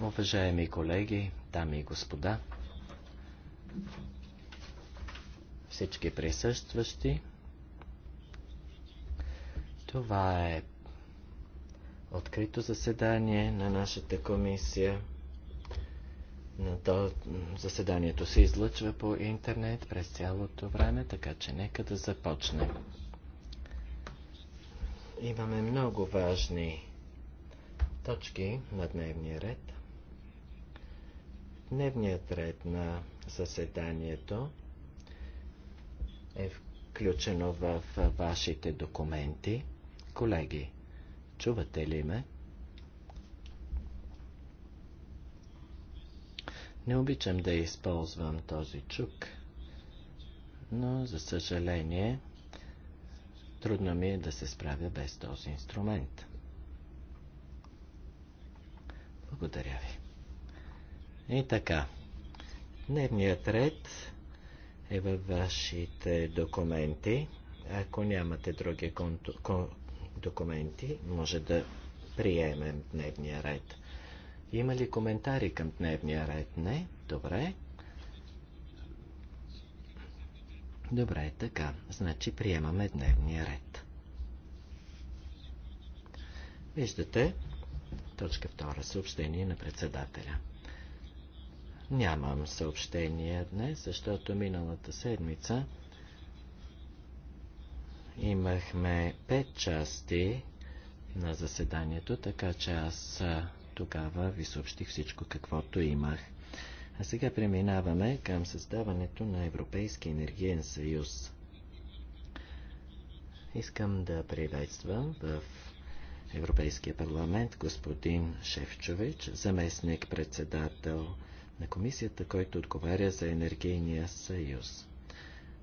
Уважаеми колеги, дами и господа, всички присъстващи, това е открито заседание на нашата комисия. На то заседанието се излъчва по интернет през цялото време, така че нека да започнем имаме много важни точки на дневния ред. Дневният ред на заседанието е включено в вашите документи. Колеги, чувате ли ме? Не обичам да използвам този чук, но за съжаление трудно ми е да се справя без този инструмент. Благодаря ви. И така. Дневният ред е във вашите документи. Ако нямате други конту... документи, може да приемем дневния ред. Има ли коментари към дневния ред? Не? Добре. Добре, така. Значи приемаме дневния ред. Виждате, Точка втора. Съобщение на председателя. Нямам съобщение днес, защото миналата седмица имахме пет части на заседанието, така че аз тогава ви съобщих всичко каквото имах. А сега преминаваме към създаването на Европейски енергиен съюз. Искам да приветствам в Европейския парламент, господин Шефчович, заместник-председател на комисията, който отговаря за енергийния съюз.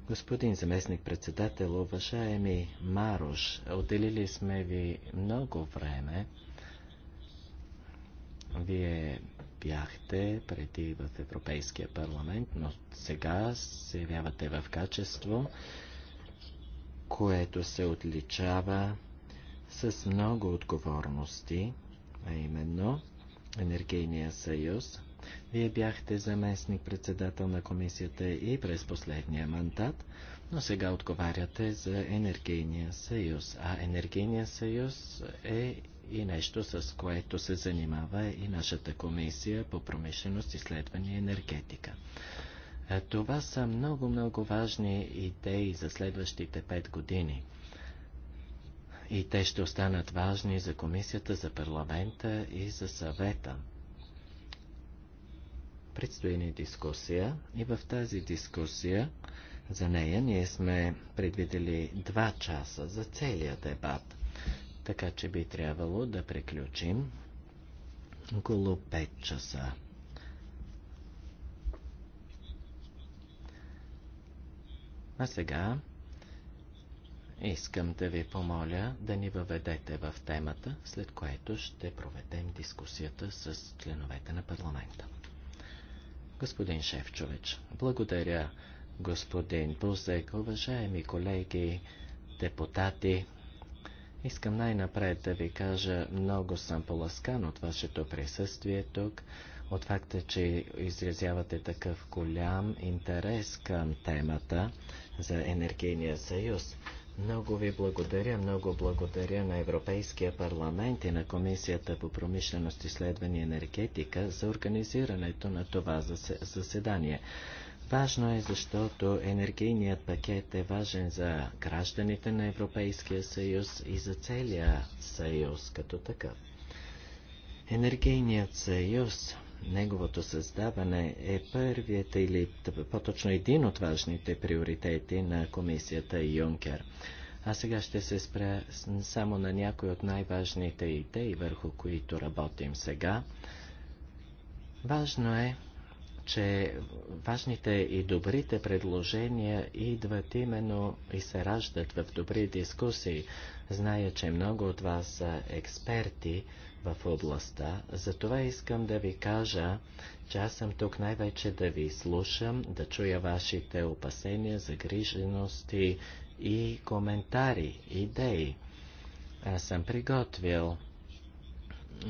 Господин заместник-председател, уважаеми Марош, отделили сме ви много време. Вие бяхте преди в Европейския парламент, но сега се явявате в качество, което се отличава с много отговорности, а именно Енергийния съюз. Вие бяхте заместник председател на комисията и през последния мандат, но сега отговаряте за Енергийния съюз. А Енергийния съюз е и нещо, с което се занимава и нашата комисия по промишленост, изследване и енергетика. Това са много-много важни идеи за следващите пет години – и те ще останат важни за комисията, за парламента и за съвета. Предстои ни дискусия и в тази дискусия за нея ние сме предвидели два часа за целия дебат, така че би трябвало да приключим около 5 часа. А сега Искам да ви помоля да ни въведете в темата, след което ще проведем дискусията с членовете на парламента. Господин Шефчович, благодаря, господин Бузек, уважаеми колеги, депутати. Искам най-напред да ви кажа, много съм поласкан от вашето присъствие тук, от факта, че изразявате такъв голям интерес към темата за енергийния съюз. Много ви благодаря, много благодаря на Европейския парламент и на Комисията по промишленост, изследване и енергетика за организирането на това заседание. Важно е, защото енергийният пакет е важен за гражданите на Европейския съюз и за целия съюз като такъв. Енергийният съюз, неговото създаване е първият или по-точно един от важните приоритети на комисията Юнкер. А сега ще се спра само на някои от най-важните идеи, върху които работим сега. Важно е, че важните и добрите предложения идват именно и се раждат в добри дискусии. Зная, че много от вас са експерти в областта, затова искам да ви кажа, че аз съм тук най-вече да ви слушам, да чуя вашите опасения, загрижености и коментари, идеи. Аз съм приготвил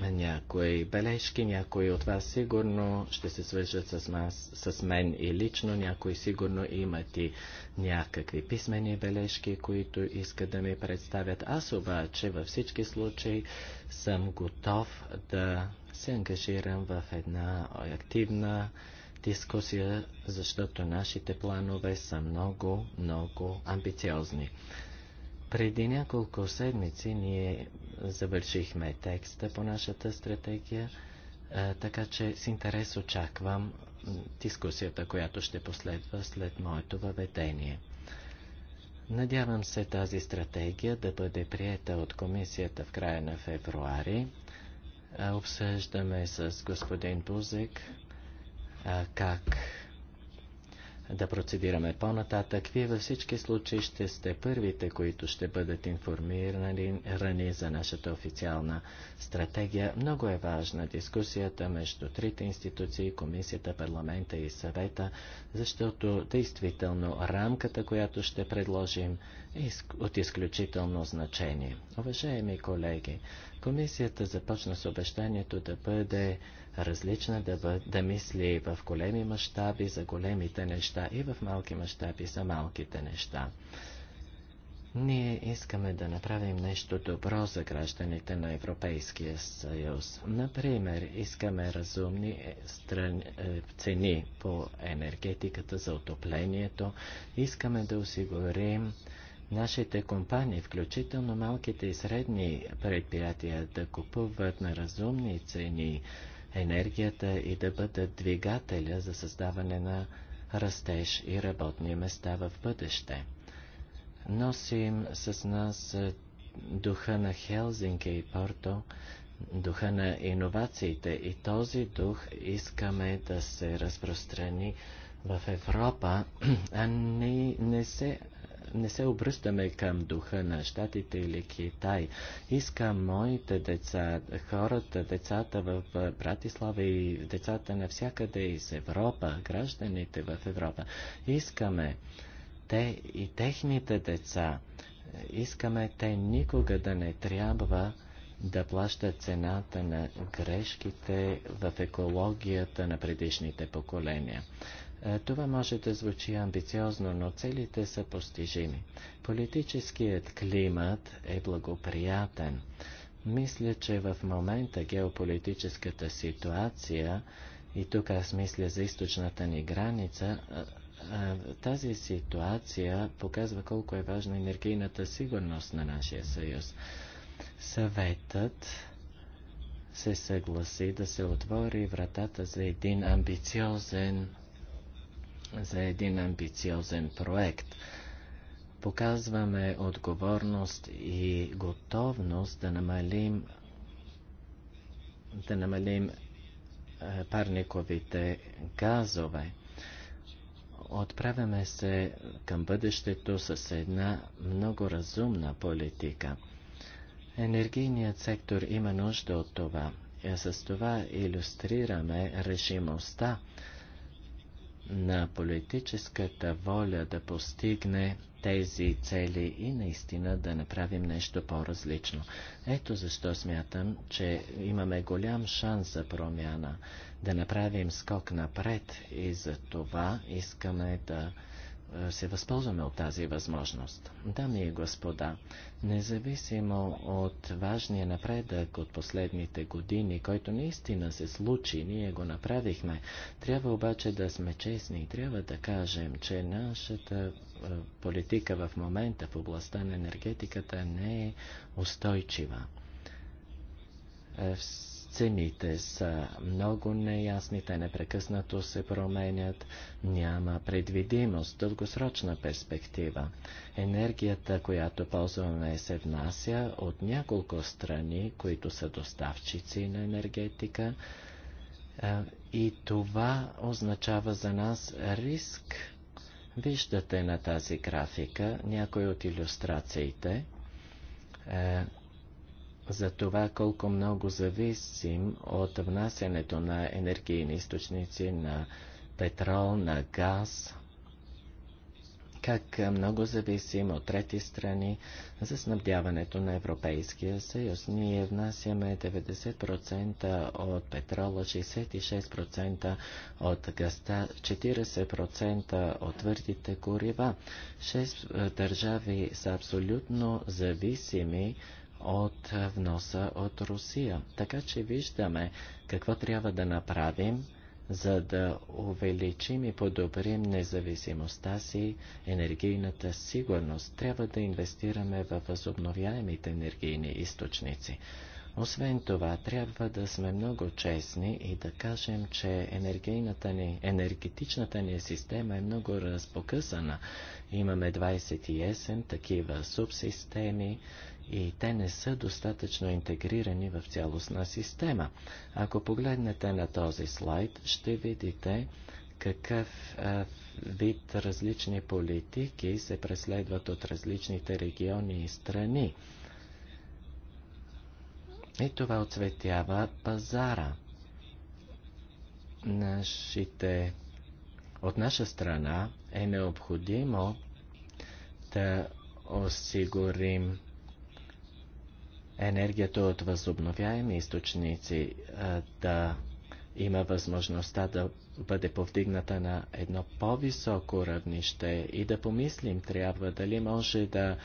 някои бележки, някои от вас сигурно ще се свържат с, с мен и лично, някои сигурно имат и някакви писмени бележки, които искат да ми представят. Аз обаче във всички случаи съм готов да се ангажирам в една активна дискусия, защото нашите планове са много, много амбициозни. Преди няколко седмици ние завършихме текста по нашата стратегия, е, така че с интерес очаквам дискусията, която ще последва след моето въведение. Надявам се тази стратегия да бъде приета от комисията в края на февруари. Е, обсъждаме с господин Бузик как да процедираме по-нататък. Вие във всички случаи ще сте първите, които ще бъдат информирани за нашата официална стратегия. Много е важна дискусията между трите институции, комисията, парламента и съвета, защото действително рамката, която ще предложим, е от изключително значение. Уважаеми колеги, комисията започна с обещанието да бъде различна, да, бъ... да мисли в големи мащаби за големите неща и в малки мащаби за малките неща. Ние искаме да направим нещо добро за гражданите на Европейския съюз. Например, искаме разумни е, е, цени по енергетиката за отоплението. Искаме да осигурим нашите компании, включително малките и средни предприятия, да купуват на разумни цени енергията и да бъдат двигателя за създаване на растеж и работни места в бъдеще. Носим с нас е, духа на Хелзинки и Порто, духа на иновациите и този дух искаме да се разпространи в Европа, а не, не се не се обръщаме към духа на Штатите или Китай. Искам моите деца, хората, децата в Братислава и децата навсякъде из Европа, гражданите в Европа. Искаме те и техните деца, искаме те никога да не трябва да плащат цената на грешките в екологията на предишните поколения. Е, това може да звучи амбициозно, но целите са постижими. Политическият климат е благоприятен. Мисля, че в момента геополитическата ситуация, и тук аз мисля за източната ни граница, е, е, тази ситуация показва колко е важна енергийната сигурност на нашия съюз. Съветът се съгласи да се отвори вратата за един амбициозен за един амбициозен проект. Показваме отговорност и готовност да намалим да намалим е, парниковите газове. Отправяме се към бъдещето с една много разумна политика. Енергийният сектор има нужда от това. И е, с това иллюстрираме решимостта на политическата воля да постигне тези цели и наистина да направим нещо по-различно. Ето защо смятам, че имаме голям шанс за промяна, да направим скок напред и за това искаме да е, се възползваме от тази възможност. Дами и господа, независимо от важния напредък от последните години, който наистина се случи, ние го направихме, трябва обаче да сме честни и трябва да кажем, че нашата е, политика в момента в областта на енергетиката не е устойчива е, Цените са много неясни, те непрекъснато се променят, няма предвидимост, дългосрочна перспектива. Енергията, която ползваме, се внася от няколко страни, които са доставчици на енергетика. И това означава за нас риск. Виждате на тази графика някои от иллюстрациите е, за това колко много зависим от внасянето на енергийни източници, на петрол, на газ, как много зависим от трети страни за снабдяването на Европейския съюз. Ние внасяме 90% от петрола, 66% от газта, 40% от твърдите горива. Шест е, държави са абсолютно зависими от вноса от Русия. Така че виждаме какво трябва да направим, за да увеличим и подобрим независимостта си, енергийната сигурност. Трябва да инвестираме в възобновяемите енергийни източници. Освен това, трябва да сме много честни и да кажем, че енергийната ни, енергетичната ни система е много разпокъсана. Имаме 28 такива субсистеми и те не са достатъчно интегрирани в цялостна система. Ако погледнете на този слайд, ще видите какъв а, вид различни политики се преследват от различните региони и страни. И това оцветява пазара. Нашите... От наша страна е необходимо да осигурим енергията от възобновяеми източници да има възможността да бъде повдигната на едно по-високо равнище и да помислим трябва дали може да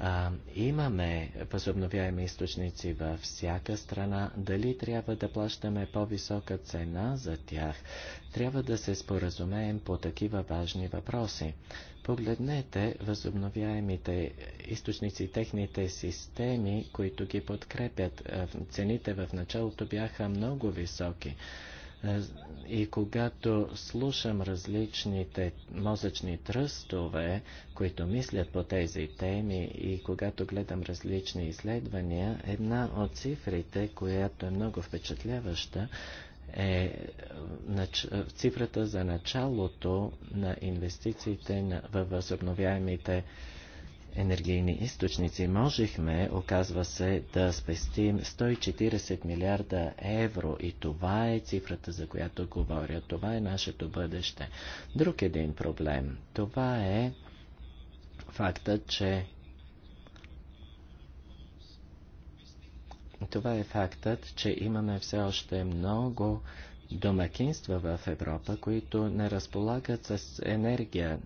а, имаме възобновяеми източници във всяка страна. Дали трябва да плащаме по-висока цена за тях? Трябва да се споразумеем по такива важни въпроси. Погледнете възобновяемите източници, техните системи, които ги подкрепят. Цените в началото бяха много високи. Е, и когато слушам различните мозъчни тръстове, които мислят по тези теми, и когато гледам различни изследвания, една от цифрите, която е много впечатляваща, е цифрата за началото на инвестициите в възобновяемите енергийни източници. Можехме, оказва се, да спестим 140 милиарда евро и това е цифрата, за която говоря. Това е нашето бъдеще. Друг един проблем. Това е факта, че това е фактът, че имаме все още много домакинства в Европа, които не разполагат с енергия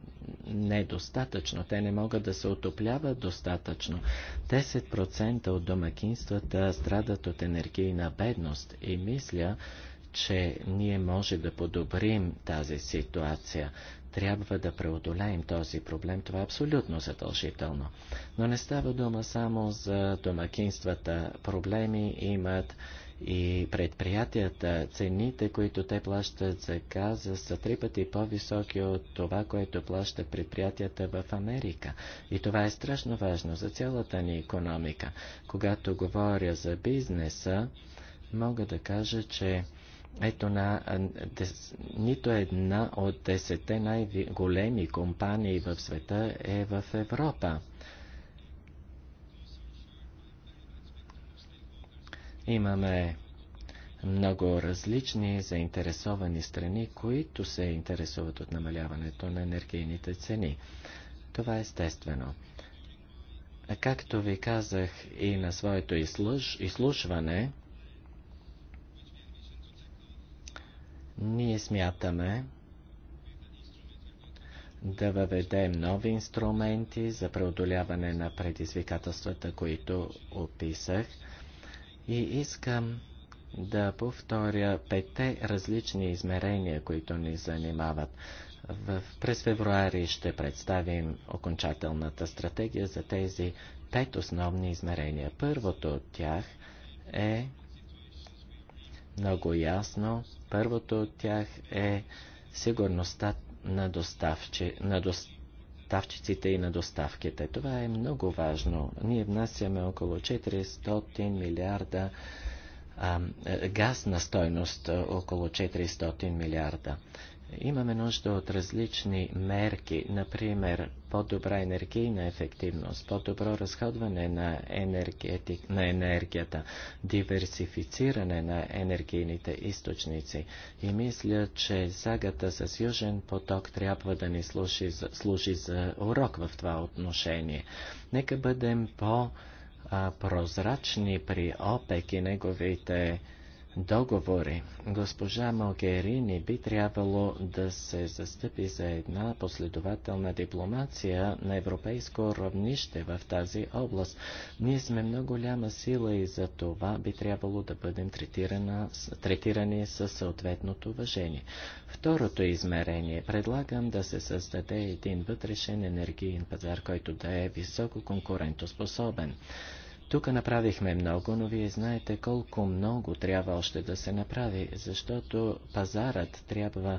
недостатъчно. Те не могат да се отопляват достатъчно. 10% от домакинствата страдат от енергийна бедност и мисля, че ние може да подобрим тази ситуация. Трябва да преодолеем този проблем. Това е абсолютно задължително. Но не става дума само за домакинствата. Проблеми имат и предприятията, цените, които те плащат за газа, са три пъти по-високи от това, което плащат предприятията в Америка. И това е страшно важно за цялата ни економика. Когато говоря за бизнеса, мога да кажа, че ето на дес, нито една от десете най-големи компании в света е в Европа. Имаме много различни заинтересовани страни, които се интересуват от намаляването на енергийните цени. Това е естествено. Както ви казах и на своето изслуш... изслушване, ние смятаме да въведем нови инструменти за преодоляване на предизвикателствата, които описах – и искам да повторя петте различни измерения, които ни занимават. В, през февруари ще представим окончателната стратегия за тези пет основни измерения. Първото от тях е много ясно. Първото от тях е сигурността на, доставче, на доставче доставчиците и на доставките. Това е много важно. Ние внасяме около 400 милиарда а, е, газ на стойност е, около 400 милиарда. Имаме нужда от различни мерки, например по-добра енергийна ефективност, по-добро разходване на, на енергията, диверсифициране на енергийните източници. И мисля, че сагата с Южен поток трябва да ни служи служи за урок в това отношение. Нека бъдем по-прозрачни при ОПЕК и неговите договори. Госпожа Могерини би трябвало да се застъпи за една последователна дипломация на европейско равнище в тази област. Ние сме много голяма сила и за това би трябвало да бъдем третирани със съответното уважение. Второто измерение. Предлагам да се създаде един вътрешен енергиен пазар, който да е високо конкурентоспособен. Тук направихме много, но вие знаете колко много трябва още да се направи, защото пазарът трябва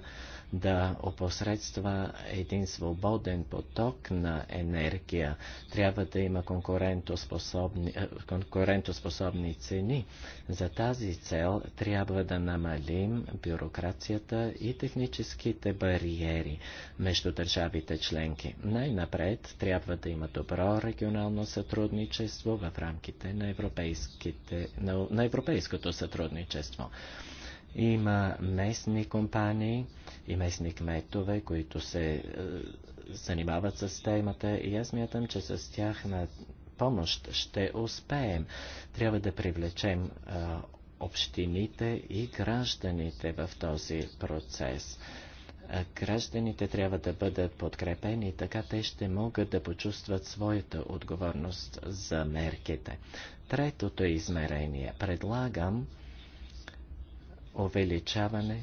да опосредства един свободен поток на енергия. Трябва да има конкурентоспособни, е, конкурентоспособни цени. За тази цел трябва да намалим бюрокрацията и техническите бариери между държавите членки. Най-напред трябва да има добро регионално сътрудничество в рамките на, на, на европейското сътрудничество. Има местни компании, и местни кметове, които се е, занимават с темата и аз мятам, че с тях на помощ ще успеем. Трябва да привлечем е, общините и гражданите в този процес. Е, гражданите трябва да бъдат подкрепени, така те ще могат да почувстват своята отговорност за мерките. Третото измерение. Предлагам увеличаване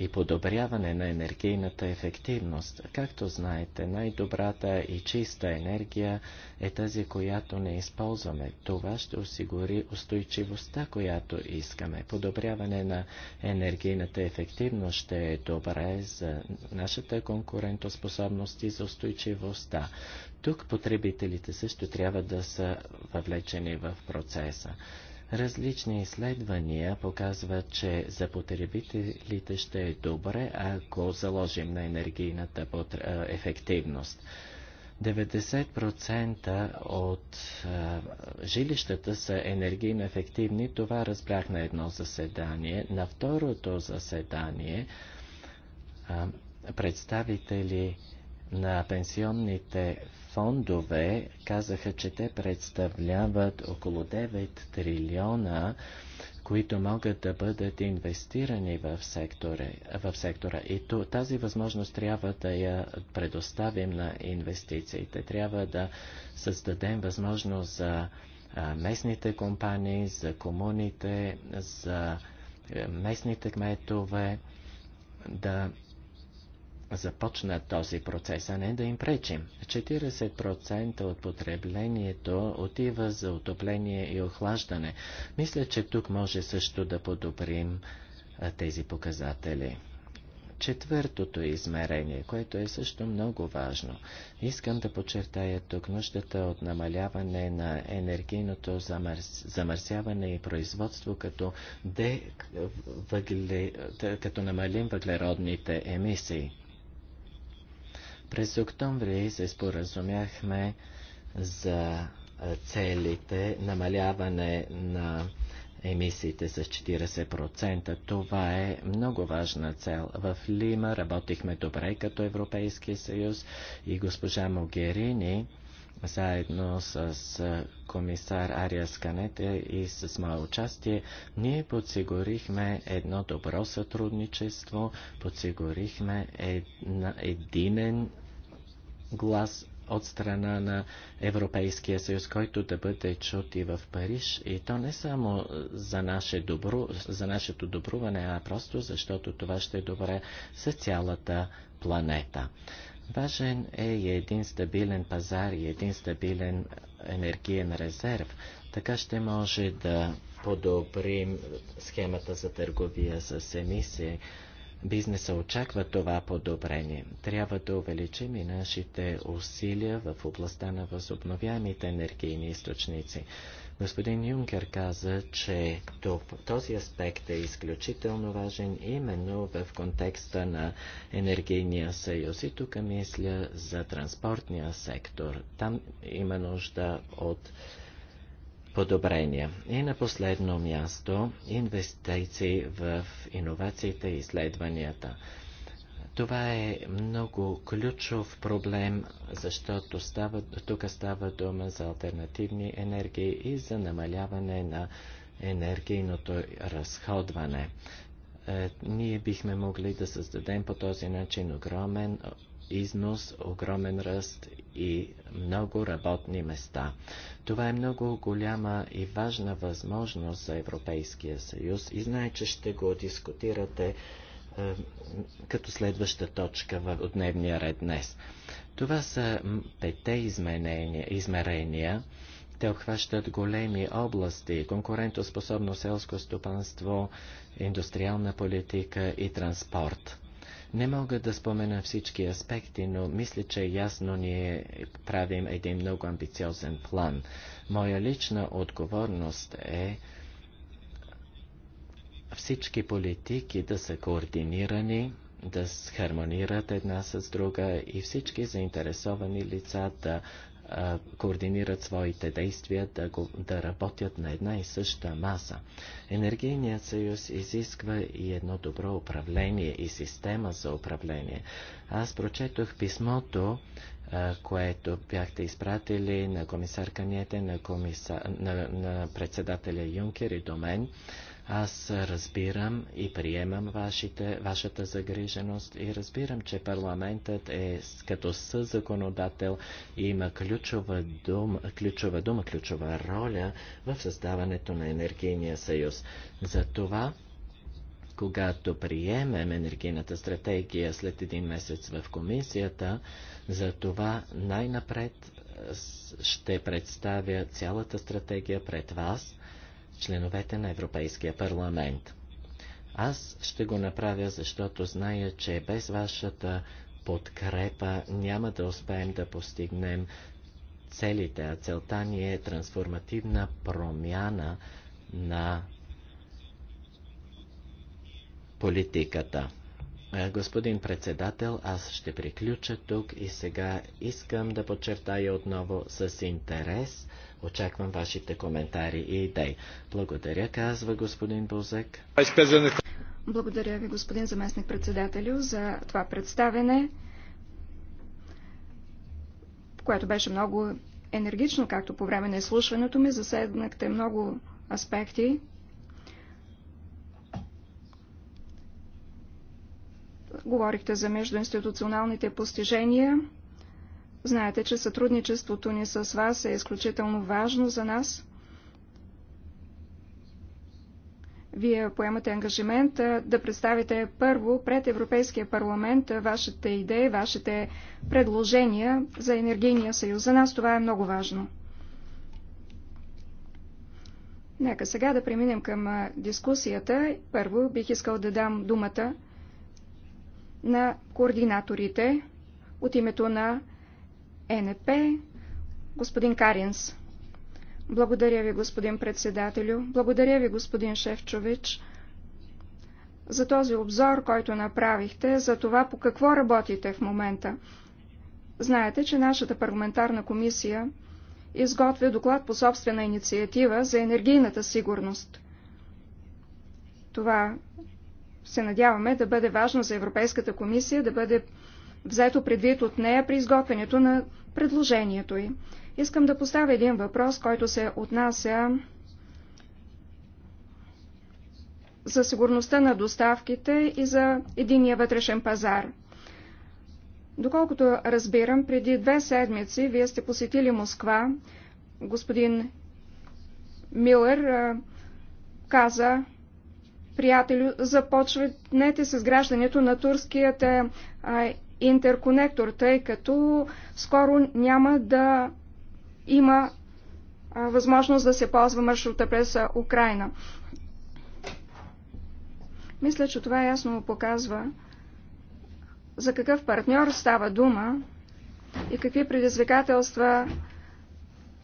и подобряване на енергийната ефективност. Както знаете, най-добрата и чиста енергия е тази, която не използваме. Това ще осигури устойчивостта, която искаме. Подобряване на енергийната ефективност ще е добре за нашата конкурентоспособност и за устойчивостта. Тук потребителите също трябва да са въвлечени в процеса. Различни изследвания показват, че за потребителите ще е добре, ако заложим на енергийната ефективност. 90% от а, жилищата са енергийно ефективни. Това разбрах на едно заседание. На второто заседание а, представители на пенсионните фондове казаха, че те представляват около 9 трилиона, които могат да бъдат инвестирани в сектора. В сектора. И тази възможност трябва да я предоставим на инвестициите. Трябва да създадем възможност за местните компании, за комуните, за е, местните кметове да започнат този процес, а не да им пречим. 40% от потреблението отива за отопление и охлаждане. Мисля, че тук може също да подобрим а, тези показатели. Четвъртото измерение, което е също много важно. Искам да подчертая тук нуждата от намаляване на енергийното замърс... замърсяване и производство, като, де... въгле... като намалим въглеродните емисии. През октомври се споразумяхме за целите намаляване на емисиите с 40%. Това е много важна цел. В Лима работихме добре като Европейски съюз и госпожа Могерини заедно с комисар Ариас Канете и с мое участие, ние подсигурихме едно добро сътрудничество, подсигурихме една, единен глас от страна на Европейския съюз, който да бъде чут и в Париж. И то не само за, наше добро, за нашето добруване, а просто защото това ще е добре за цялата планета. Важен е и един стабилен пазар и един стабилен енергиен резерв. Така ще може да подобрим схемата за търговия с емисии. Бизнеса очаква това подобрение. Трябва да увеличим и нашите усилия в областта на възобновяемите енергийни източници. Господин Юнкер каза, че този аспект е изключително важен именно в контекста на енергийния съюз. И тук мисля за транспортния сектор. Там има нужда от подобрения. И на последно място инвестиции в иновациите и изследванията. Това е много ключов проблем, защото става, тук става дума за альтернативни енергии и за намаляване на енергийното разходване. Е, ние бихме могли да създадем по този начин огромен износ, огромен ръст и много работни места. Това е много голяма и важна възможност за Европейския съюз и знае, че ще го дискутирате е, като следваща точка от дневния ред днес. Това са пете измерения. Те обхващат големи области – конкурентоспособно селско стопанство, индустриална политика и транспорт. Не мога да спомена всички аспекти, но мисля, че ясно ние правим един много амбициозен план. Моя лична отговорност е всички политики да са координирани, да хармонират една с друга и всички заинтересовани лица да а, координират своите действия, да, го, да работят на една и съща маса. Енергийният съюз изисква и едно добро управление и система за управление. Аз прочетох писмото, а, което бяхте изпратили на комисар Ниете, на, комисар, на, на председателя Юнкер и до мен. А, аз разбирам и приемам вашите, вашата загриженост и разбирам, че парламентът е като съзаконодател и има ключова дума, ключова дума, ключова роля в създаването на енергийния съюз. Затова когато приемем енергийната стратегия след един месец в комисията, за това най-напред ще представя цялата стратегия пред вас членовете на Европейския парламент. Аз ще го направя, защото зная, че без вашата подкрепа няма да успеем да постигнем целите, а целта ни е трансформативна промяна на политиката. Е, господин председател, аз ще приключа тук и сега искам да подчертая отново с интерес. Очаквам вашите коментари и идеи. Благодаря, казва господин Бузек. Благодаря ви, господин заместник председателю, за това представене, което беше много енергично, както по време на изслушването ми. Заседнахте много аспекти, Говорихте за междуинституционалните постижения. Знаете, че сътрудничеството ни с вас е изключително важно за нас. Вие поемате ангажимент да представите първо пред Европейския парламент вашите идеи, вашите предложения за енергийния съюз. За нас това е много важно. Нека сега да преминем към дискусията. Първо бих искал да дам думата на координаторите от името на НП, господин Каринс. Благодаря ви, господин председателю. Благодаря ви, господин Шефчович, за този обзор, който направихте, за това по какво работите в момента. Знаете, че нашата парламентарна комисия изготвя доклад по собствена инициатива за енергийната сигурност. Това се надяваме да бъде важно за Европейската комисия, да бъде взето предвид от нея при изготвянето на предложението й. Искам да поставя един въпрос, който се отнася за сигурността на доставките и за единия вътрешен пазар. Доколкото разбирам, преди две седмици вие сте посетили Москва. Господин Милър каза, приятелю, започнете с изграждането на турският интерконектор, тъй като скоро няма да има възможност да се ползва маршрута през Украина. Мисля, че това ясно му показва за какъв партньор става дума и какви предизвикателства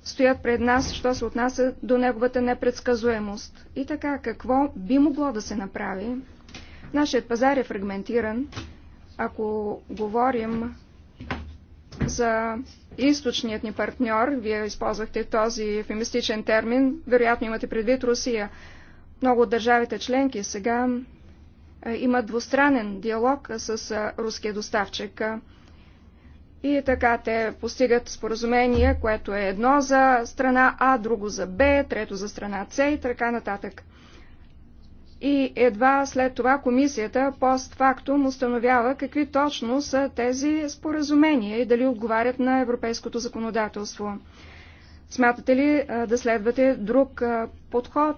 стоят пред нас, що се отнася до неговата непредсказуемост. И така, какво би могло да се направи? Нашият пазар е фрагментиран. Ако говорим за източният ни партньор, вие използвахте този фемистичен термин, вероятно имате предвид Русия. Много от държавите членки сега е, имат двустранен диалог с е, руския доставчик. И така те постигат споразумение, което е едно за страна А, друго за Б, трето за страна С и така нататък. И едва след това комисията постфактум установява какви точно са тези споразумения и дали отговарят на европейското законодателство. Смятате ли да следвате друг подход,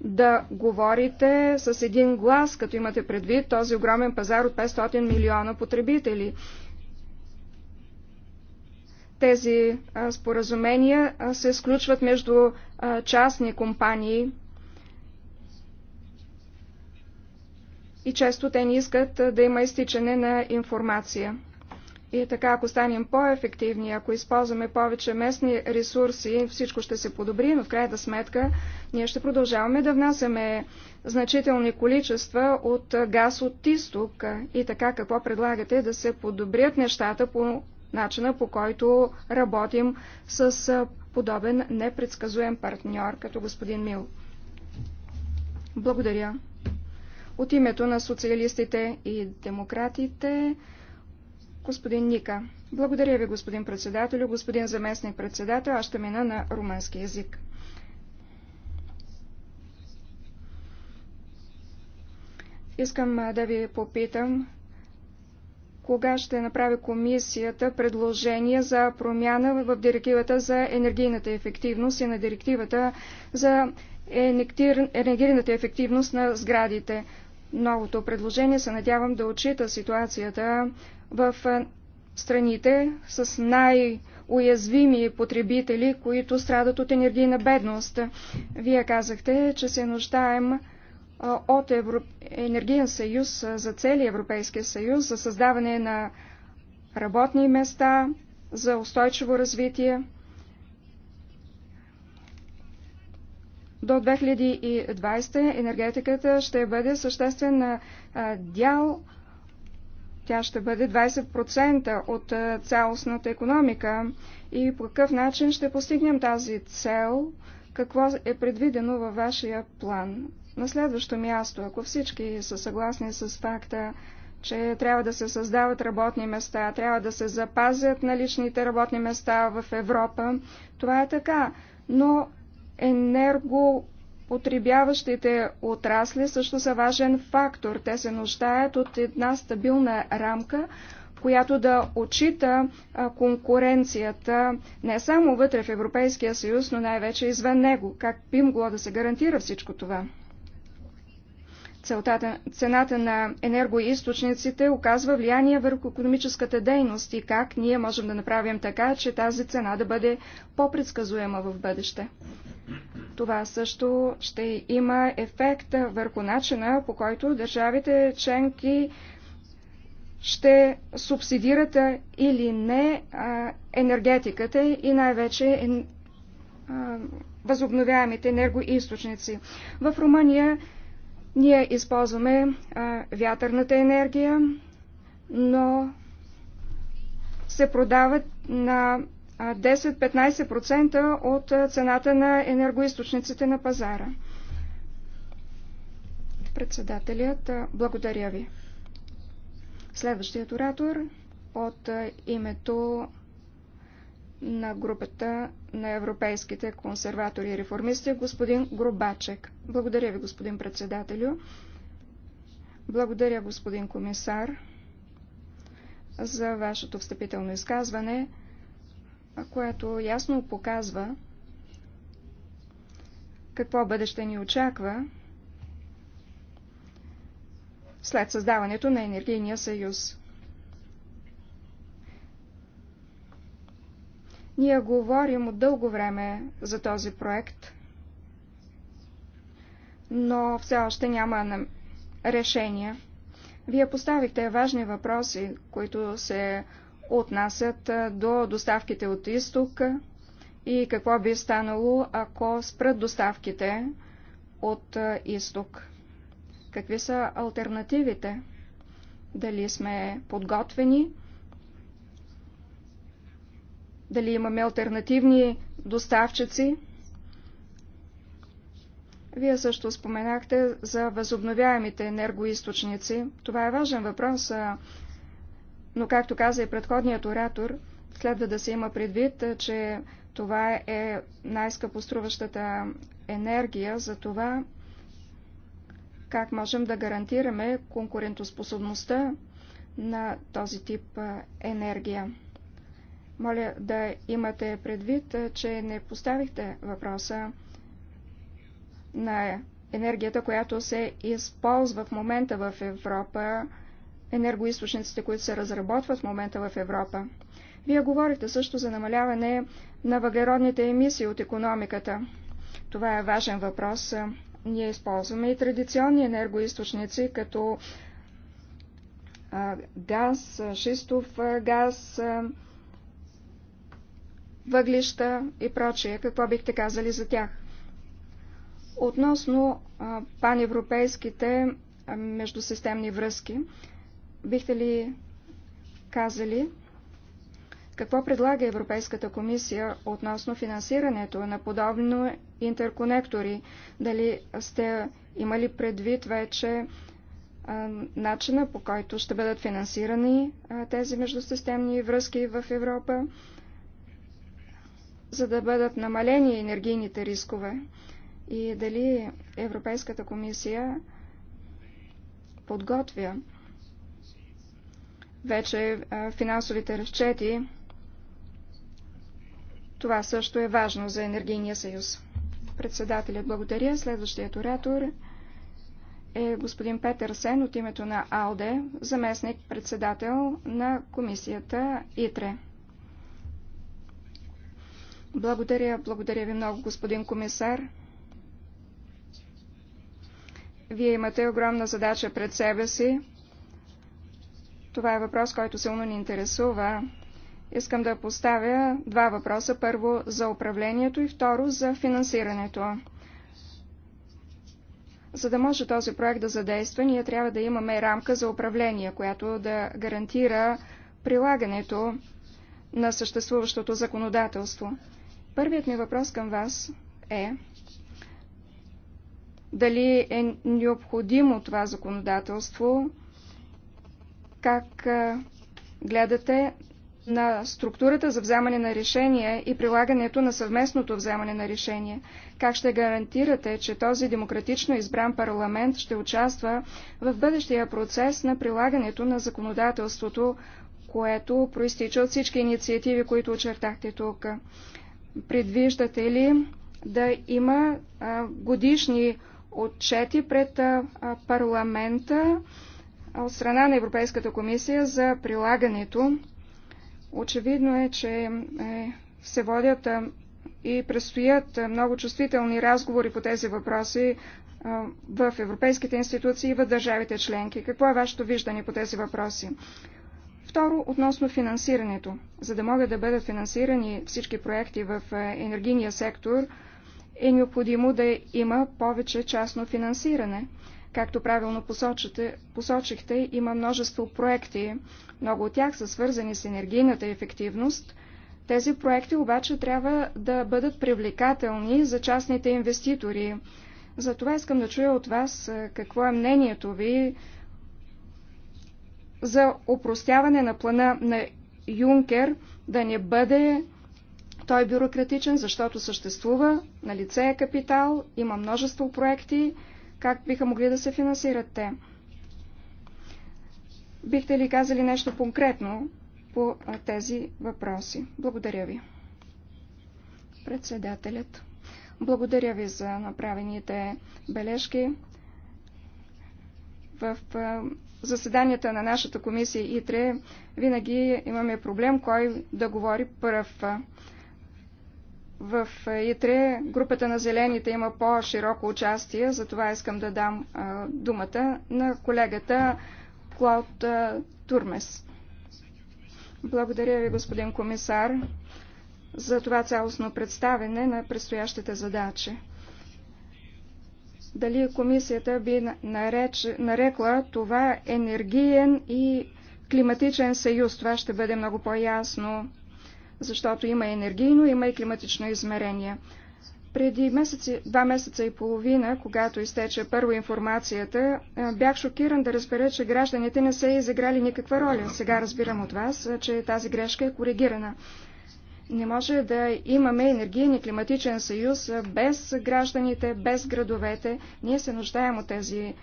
да говорите с един глас, като имате предвид този огромен пазар от 500 милиона потребители? Тези споразумения се сключват между частни компании и често те не искат да има изтичане на информация. И така, ако станем по-ефективни, ако използваме повече местни ресурси, всичко ще се подобри, но в крайна сметка ние ще продължаваме да внасяме значителни количества от газ от изток. И така, какво предлагате да се подобрят нещата по начина по който работим с подобен непредсказуем партньор, като господин Мил. Благодаря. От името на социалистите и демократите, господин Ника. Благодаря ви, господин председател, господин заместник председател. Аз ще мина на румънски язик. Искам да ви попитам кога ще направи комисията предложение за промяна в директивата за енергийната ефективност и на директивата за енергийната ефективност на сградите. Новото предложение се надявам да отчита ситуацията в страните с най- уязвими потребители, които страдат от енергийна бедност. Вие казахте, че се нуждаем от Евро... Енергиен съюз за целия Европейския съюз, за създаване на работни места, за устойчиво развитие. До 2020 енергетиката ще бъде съществен дял, тя ще бъде 20% от цялостната економика и по какъв начин ще постигнем тази цел, какво е предвидено във вашия план на следващо място, ако всички са съгласни с факта, че трябва да се създават работни места, трябва да се запазят наличните работни места в Европа, това е така. Но енергопотребяващите отрасли също са важен фактор. Те се нуждаят от една стабилна рамка, която да отчита конкуренцията не само вътре в Европейския съюз, но най-вече извън него. Как би могло да се гарантира всичко това? Целтата, цената на енергоисточниците оказва влияние върху економическата дейност и как ние можем да направим така, че тази цена да бъде по-предсказуема в бъдеще. Това също ще има ефект върху начина, по който държавите членки ще субсидират или не енергетиката и най-вече възобновяемите енергоисточници. В Румъния ние използваме а, вятърната енергия, но се продават на 10-15% от цената на енергоисточниците на пазара. Председателят, благодаря ви. Следващият оратор от името на групата на европейските консерватори и реформисти, господин Гробачек. Благодаря ви, господин председателю. Благодаря, господин комисар, за вашето встъпително изказване, което ясно показва какво бъдеще ни очаква след създаването на Енергийния съюз. Ние говорим от дълго време за този проект, но все още няма решение. Вие поставихте важни въпроси, които се отнасят до доставките от изток и какво би станало, ако спрат доставките от изток. Какви са альтернативите? Дали сме подготвени? дали имаме альтернативни доставчици. Вие също споменахте за възобновяемите енергоисточници. Това е важен въпрос, но както каза и предходният оратор, следва да се има предвид, че това е най-скъпоструващата енергия за това как можем да гарантираме конкурентоспособността на този тип енергия. Моля да имате предвид, че не поставихте въпроса на енергията, която се използва в момента в Европа, енергоисточниците, които се разработват в момента в Европа. Вие говорихте също за намаляване на въглеродните емисии от економиката. Това е важен въпрос. Ние използваме и традиционни енергоисточници, като газ, шистов газ, въглища и прочее. Какво бихте казали за тях? Относно паневропейските междусистемни връзки, бихте ли казали какво предлага Европейската комисия относно финансирането на подобно интерконектори? Дали сте имали предвид вече начина по който ще бъдат финансирани тези междусистемни връзки в Европа? за да бъдат намалени енергийните рискове и дали Европейската комисия подготвя вече финансовите разчети. Това също е важно за Енергийния съюз. Председателят благодаря. Следващият оратор е господин Петър Сен от името на АЛДЕ, заместник председател на комисията ИТРЕ. Благодаря, благодаря ви много, господин комисар. Вие имате огромна задача пред себе си. Това е въпрос, който силно ни интересува. Искам да поставя два въпроса. Първо за управлението и второ за финансирането. За да може този проект да задейства, ние трябва да имаме рамка за управление, която да гарантира прилагането на съществуващото законодателство. Първият ми въпрос към вас е дали е необходимо това законодателство, как гледате на структурата за вземане на решения и прилагането на съвместното вземане на решения. Как ще гарантирате, че този демократично избран парламент ще участва в бъдещия процес на прилагането на законодателството, което проистича от всички инициативи, които очертахте тук? Предвиждате ли да има годишни отчети пред парламента от страна на Европейската комисия за прилагането? Очевидно е, че е, се водят и предстоят много чувствителни разговори по тези въпроси в европейските институции и в държавите членки. Какво е вашето виждане по тези въпроси? Второ, относно финансирането. За да могат да бъдат финансирани всички проекти в е, енергийния сектор, е необходимо да има повече частно финансиране. Както правилно посочите, посочихте, има множество проекти. Много от тях са свързани с енергийната ефективност. Тези проекти обаче трябва да бъдат привлекателни за частните инвеститори. Затова искам да чуя от вас е, какво е мнението ви за упростяване на плана на Юнкер да не бъде той е бюрократичен, защото съществува, на лице е капитал, има множество проекти, как биха могли да се финансират те. Бихте ли казали нещо конкретно по тези въпроси? Благодаря ви. Председателят. Благодаря ви за направените бележки. В заседанията на нашата комисия ИТРЕ винаги имаме проблем кой да говори пръв. В ИТРЕ групата на зелените има по-широко участие, затова искам да дам думата на колегата Клауд Турмес. Благодаря ви, господин комисар, за това цялостно представене на предстоящите задачи дали комисията би нареч, нарекла това енергиен и климатичен съюз. Това ще бъде много по-ясно, защото има енергийно, има и климатично измерение. Преди месеци, два месеца и половина, когато изтече първо информацията, бях шокиран да разбера, че гражданите не са изиграли никаква роля. Сега разбирам от вас, че тази грешка е коригирана. Не може да имаме енергиен и климатичен съюз без гражданите, без градовете. Ние се нуждаем от тези,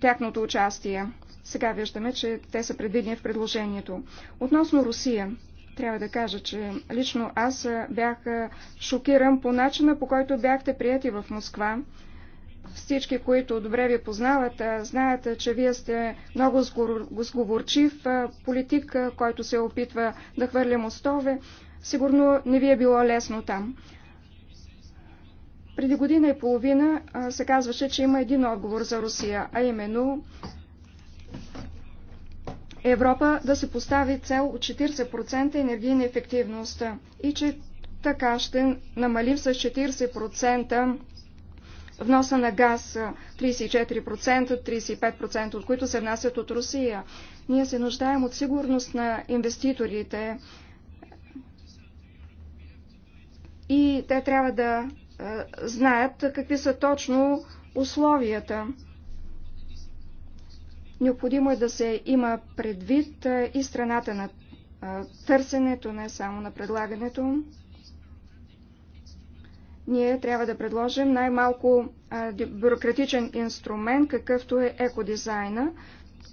тяхното участие. Сега виждаме, че те са предвидени в предложението. Относно Русия, трябва да кажа, че лично аз бях шокиран по начина, по който бяхте прияти в Москва. Всички, които добре ви познават, знаят, че вие сте много сговорчив политик, който се опитва да хвърля мостове. Сигурно не ви е било лесно там. Преди година и половина се казваше, че има един отговор за Русия, а именно Европа да се постави цел от 40% енергийна ефективност и че така ще намалим с 40% вноса на газ 34%, 35% от които се внасят от Русия. Ние се нуждаем от сигурност на инвеститорите, и те трябва да е, знаят какви са точно условията. Необходимо е да се има предвид е, и страната на е, търсенето, не само на предлагането. Ние трябва да предложим най-малко бюрократичен инструмент, какъвто е екодизайна.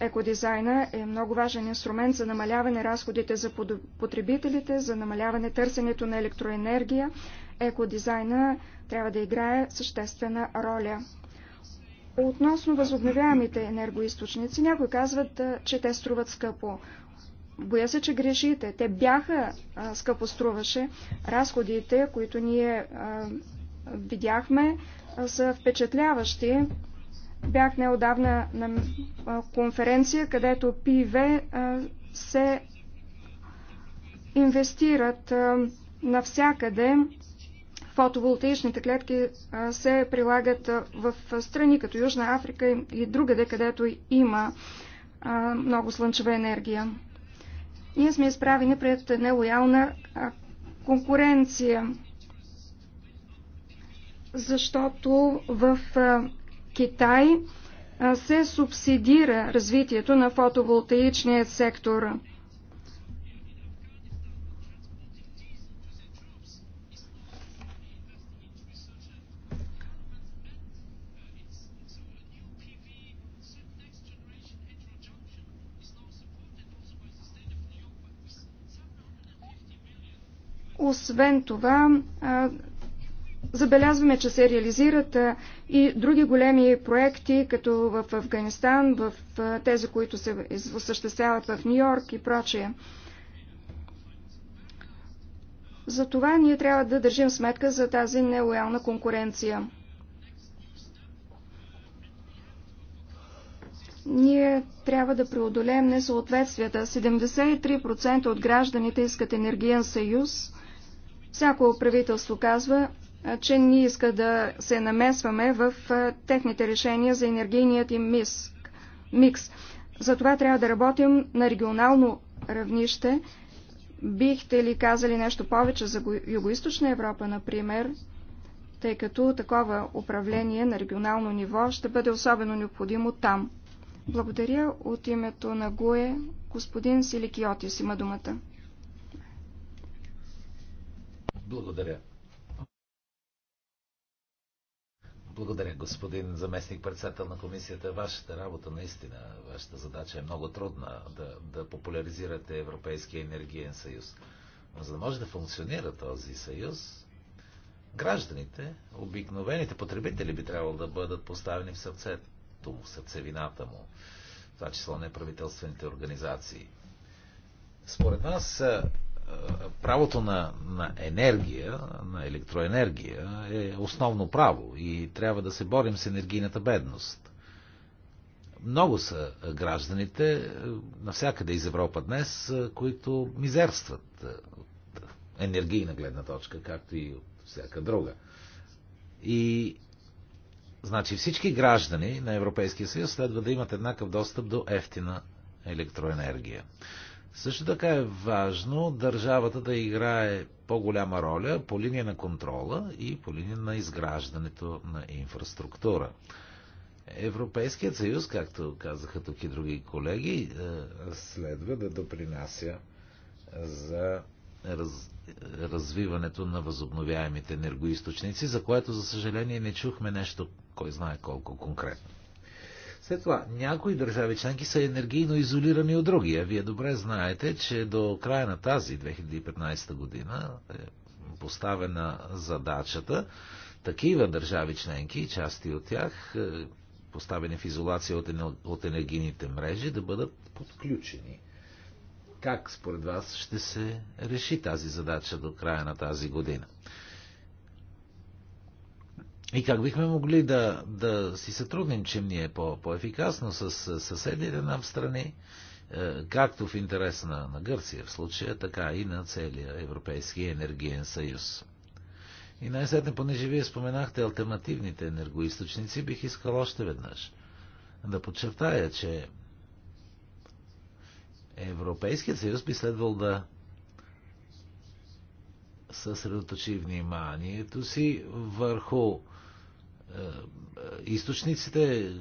Екодизайна е много важен инструмент за намаляване разходите за потребителите, за намаляване търсенето на електроенергия. Екодизайна трябва да играе съществена роля. Относно възобновяемите енергоисточници, някои казват, че те струват скъпо. Боя се, че грешите. Те бяха а, скъпо струваше. Разходите, които ние а, видяхме, а, са впечатляващи. Бях неодавна на конференция, където ПИВ се инвестират навсякъде. Фотоволтаичните клетки се прилагат в страни като Южна Африка и другаде, където има много слънчева енергия. Ние сме изправени пред нелоялна конкуренция, защото в Китай се субсидира развитието на фотоволтаичния сектор. Освен това, Забелязваме, че се реализират и други големи проекти, като в Афганистан, в тези, които се осъществяват в Нью-Йорк и прочее. За това ние трябва да държим сметка за тази нелоялна конкуренция. Ние трябва да преодолеем несъответствията. 73% от гражданите искат енергиен съюз. Всяко правителство казва, че ние иска да се намесваме в техните решения за енергийният им микс. Затова трябва да работим на регионално равнище. Бихте ли казали нещо повече за Юго-Источна Европа, например, тъй като такова управление на регионално ниво ще бъде особено необходимо там? Благодаря от името на ГУЕ. Господин Силикиотис има думата. Благодаря. Благодаря, господин заместник председател на комисията. Вашата работа наистина, вашата задача е много трудна да, да популяризирате Европейския енергиен съюз. Но за да може да функционира този съюз, гражданите, обикновените потребители би трябвало да бъдат поставени в сърцето му, в сърцевината му, в това число неправителствените организации. Според нас правото на, на енергия, на електроенергия е основно право и трябва да се борим с енергийната бедност. Много са гражданите е, навсякъде из Европа днес, е, които мизерстват е, от енергийна гледна точка, както и от всяка друга. И значи всички граждани на Европейския съюз следва да имат еднакъв достъп до ефтина електроенергия. Също така е важно държавата да играе по-голяма роля по линия на контрола и по линия на изграждането на инфраструктура. Европейският съюз, както казаха тук и други колеги, е, следва да допринася за раз, развиването на възобновяемите енергоисточници, за което, за съжаление, не чухме нещо, кой знае колко конкретно. След това, някои държави членки са енергийно изолирани от други. А вие добре знаете, че до края на тази 2015 година е поставена задачата такива държави членки, части от тях, е, поставени в изолация от енергийните мрежи, да бъдат подключени. Как според вас ще се реши тази задача до края на тази година? И как бихме могли да, да си сътрудничим ние по, по-ефикасно с съседите нам страни, е, както в интерес на, на Гърция в случая, така и на целия Европейски енергиен съюз. И най-сетне, понеже вие споменахте альтернативните енергоисточници, бих искал още веднъж да подчертая, че Европейският съюз би следвал да съсредоточи вниманието си върху е, е, източниците, е,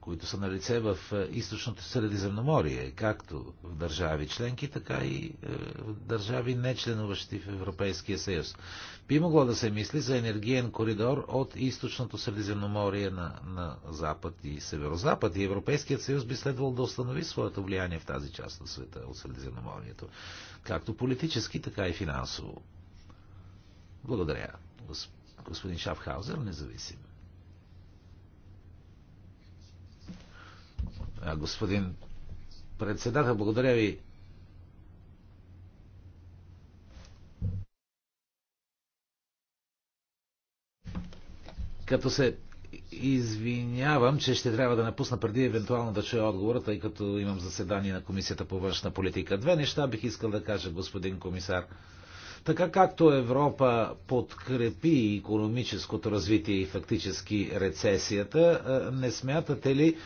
които са на лице в източното Средиземноморие, както в държави членки, така и в държави не членуващи в Европейския съюз. Би могло да се мисли за енергиен коридор от източното Средиземноморие на, на запад и Северозапад и Европейският съюз би следвал да установи своето влияние в тази част на света от Средиземноморието, както политически, така и финансово. Благодаря, господин Шафхаузер, независим. господин председател, благодаря ви. Като се извинявам, че ще трябва да напусна преди евентуално да чуя отговора, тъй като имам заседание на Комисията по външна политика. Две неща бих искал да кажа, господин комисар. Така както Европа подкрепи економическото развитие и фактически рецесията, не смятате ли,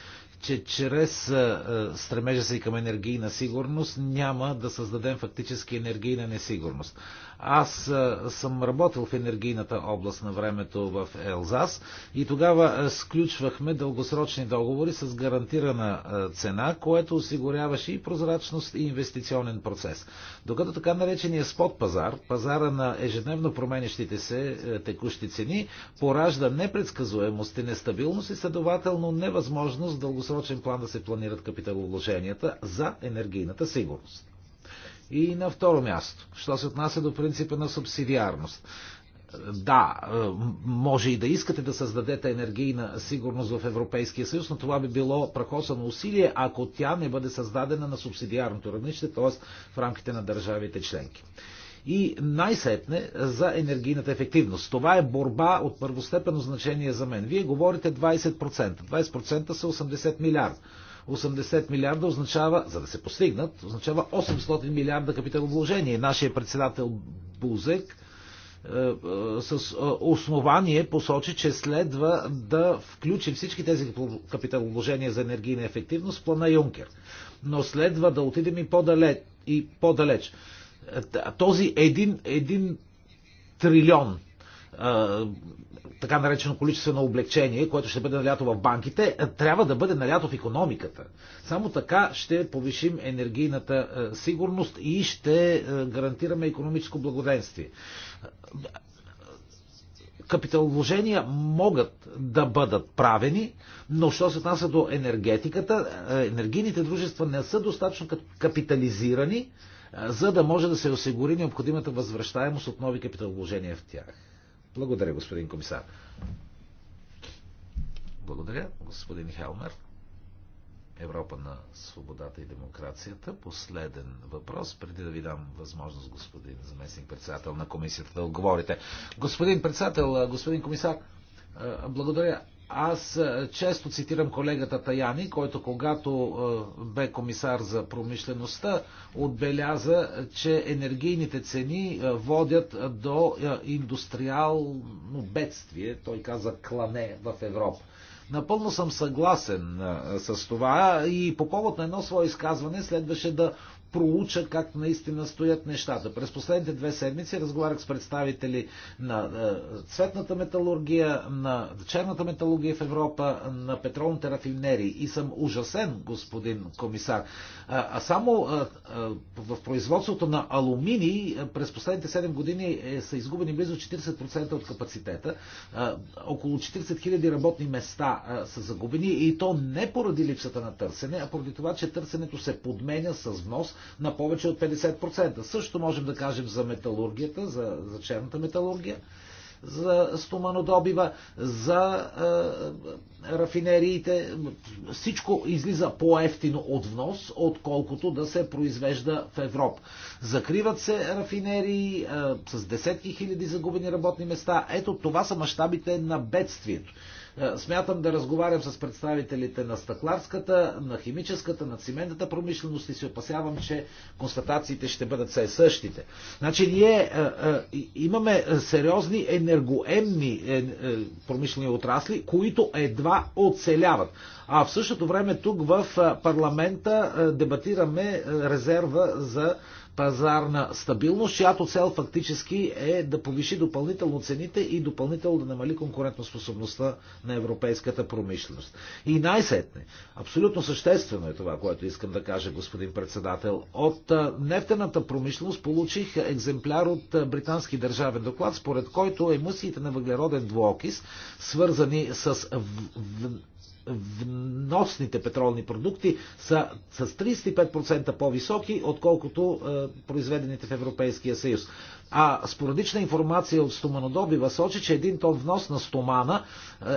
че чрез е, е, стремежа си към енергийна сигурност няма да създадем фактически енергийна несигурност. Аз съм работил в енергийната област на времето в Елзас и тогава сключвахме дългосрочни договори с гарантирана цена, което осигуряваше и прозрачност и инвестиционен процес. Докато така наречения спот пазар, пазара на ежедневно променящите се текущи цени, поражда непредсказуемост и нестабилност и следователно невъзможност в дългосрочен план да се планират капиталовложенията за енергийната сигурност. И на второ място, що се отнася до принципа на субсидиарност. Да, е, може и да искате да създадете енергийна сигурност в Европейския съюз, но това би било прахосано усилие, ако тя не бъде създадена на субсидиарното равнище, т.е. в рамките на държавите членки и най-сетне за енергийната ефективност. Това е борба от първостепенно значение за мен. Вие говорите 20%. 20% са 80 милиарда. 80 милиарда означава, за да се постигнат, означава 800 милиарда капиталовложение. Нашия председател Бузек е, е, с е, основание посочи, че следва да включи всички тези капиталовложения за енергийна ефективност в плана Юнкер. Но следва да отидем и по-далеч. И по-далеч. Този един, един трилион така наречено количествено облегчение, което ще бъде налято в банките, трябва да бъде налято в економиката. Само така ще повишим енергийната сигурност и ще гарантираме економическо благоденствие. Капиталовложения могат да бъдат правени, но що се отнася до енергетиката, енергийните дружества не са достатъчно капитализирани, за да може да се осигури необходимата възвръщаемост от нови капиталовложения в тях. Благодаря, господин комисар. Благодаря, господин Хелмер. Европа на свободата и демокрацията. Последен въпрос, преди да ви дам възможност, господин заместник председател на комисията, да отговорите. Господин председател, господин комисар, благодаря. Аз е, често цитирам колегата Таяни, който когато е, бе комисар за промишлеността, отбеляза, че енергийните цени е, водят до индустриално бедствие, той каза клане в Европа. Напълно съм съгласен с това и по повод на едно свое изказване следваше да проуча как наистина стоят нещата. През последните две седмици разговарях с представители на е, цветната металургия, на черната металургия в Европа, на петролните рафинерии и съм ужасен, господин комисар. Е, а само е, в производството на алуминий през последните 7 години са изгубени близо 40% от капацитета. Около 40 000 работни места са загубени и то не поради липсата на търсене, а поради това, че търсенето се подменя с внос на повече от 50%. Също можем да кажем за металургията, за, за черната металургия, за стоманодобива, за е, рафинериите. Всичко излиза по-ефтино от внос, отколкото да се произвежда в Европа. Закриват се рафинерии е, с десетки хиляди загубени работни места. Ето това са мащабите на бедствието. Е, смятам да разговарям с представителите на стъкларската, на химическата, на циментната промишленост и се опасявам, че констатациите ще бъдат все същите. Значи ние е, е, имаме сериозни енергоемни промишлени отрасли, които едва оцеляват. А в същото време тук в парламента дебатираме резерва за пазарна стабилност, чиято цел фактически е да повиши допълнително цените и допълнително да намали конкурентоспособността на европейската промишленост. И най-сетне, абсолютно съществено е това, което искам да кажа, господин председател. От нефтената промишленост получих екземпляр от британски държавен доклад, според който емисиите на въглероден двуокис, свързани с вносните петролни продукти са с 35% по-високи, отколкото е, произведените в Европейския съюз. А спорадична информация от стоманодобива сочи, че един тон внос на стомана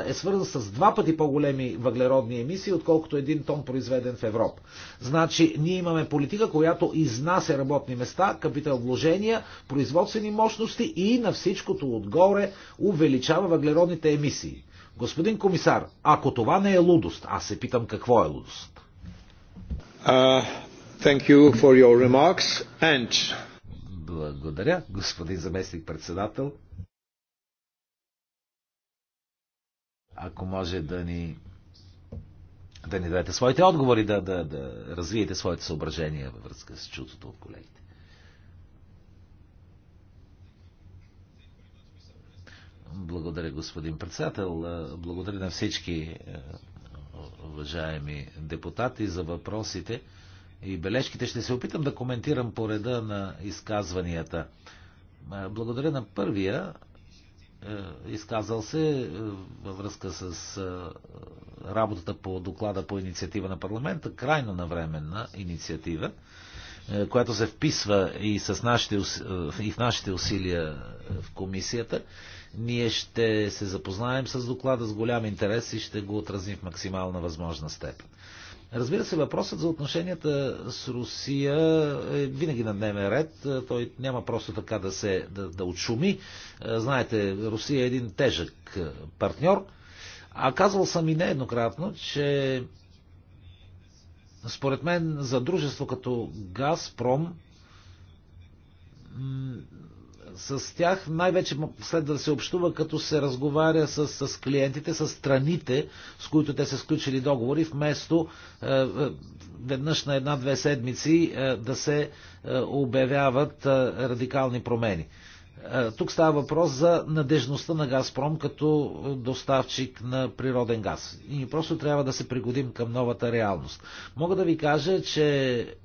е, е свързан с два пъти по-големи въглеродни емисии, отколкото един тон произведен в Европа. Значи, ние имаме политика, която изнася работни места, капитал вложения, производствени мощности и на всичкото отгоре увеличава въглеродните емисии. Господин комисар, ако това не е лудост, аз се питам какво е лудост. Uh, thank you for your remarks and... Благодаря, господин заместник председател. Ако може да ни да ни дадете своите отговори, да, да, да развиете своите съображения във връзка с чутото от колегите. Благодаря, господин председател. Е, благодаря на всички е, уважаеми депутати за въпросите и бележките. Ще се опитам да коментирам по реда на изказванията. Е, благодаря на първия, изказал се във връзка с работата по доклада по инициатива на парламента, крайно навременна инициатива, която се вписва и, с нашите, и в нашите усилия в комисията. Ние ще се запознаем с доклада с голям интерес и ще го отразим в максимална възможна степен. Разбира се, въпросът за отношенията с Русия е винаги на дневен ред. Той няма просто така да се да, да отшуми. Знаете, Русия е един тежък партньор. А казвал съм и нееднократно, че според мен за дружество като Газпром с тях най-вече следва да се общува, като се разговаря с, с клиентите, с страните, с които те са сключили договори, вместо е, е, веднъж на една-две седмици е, да се е, обявяват е, радикални промени. Е, тук става въпрос за надежността на Газпром като доставчик на природен газ. И просто трябва да се пригодим към новата реалност. Мога да ви кажа, че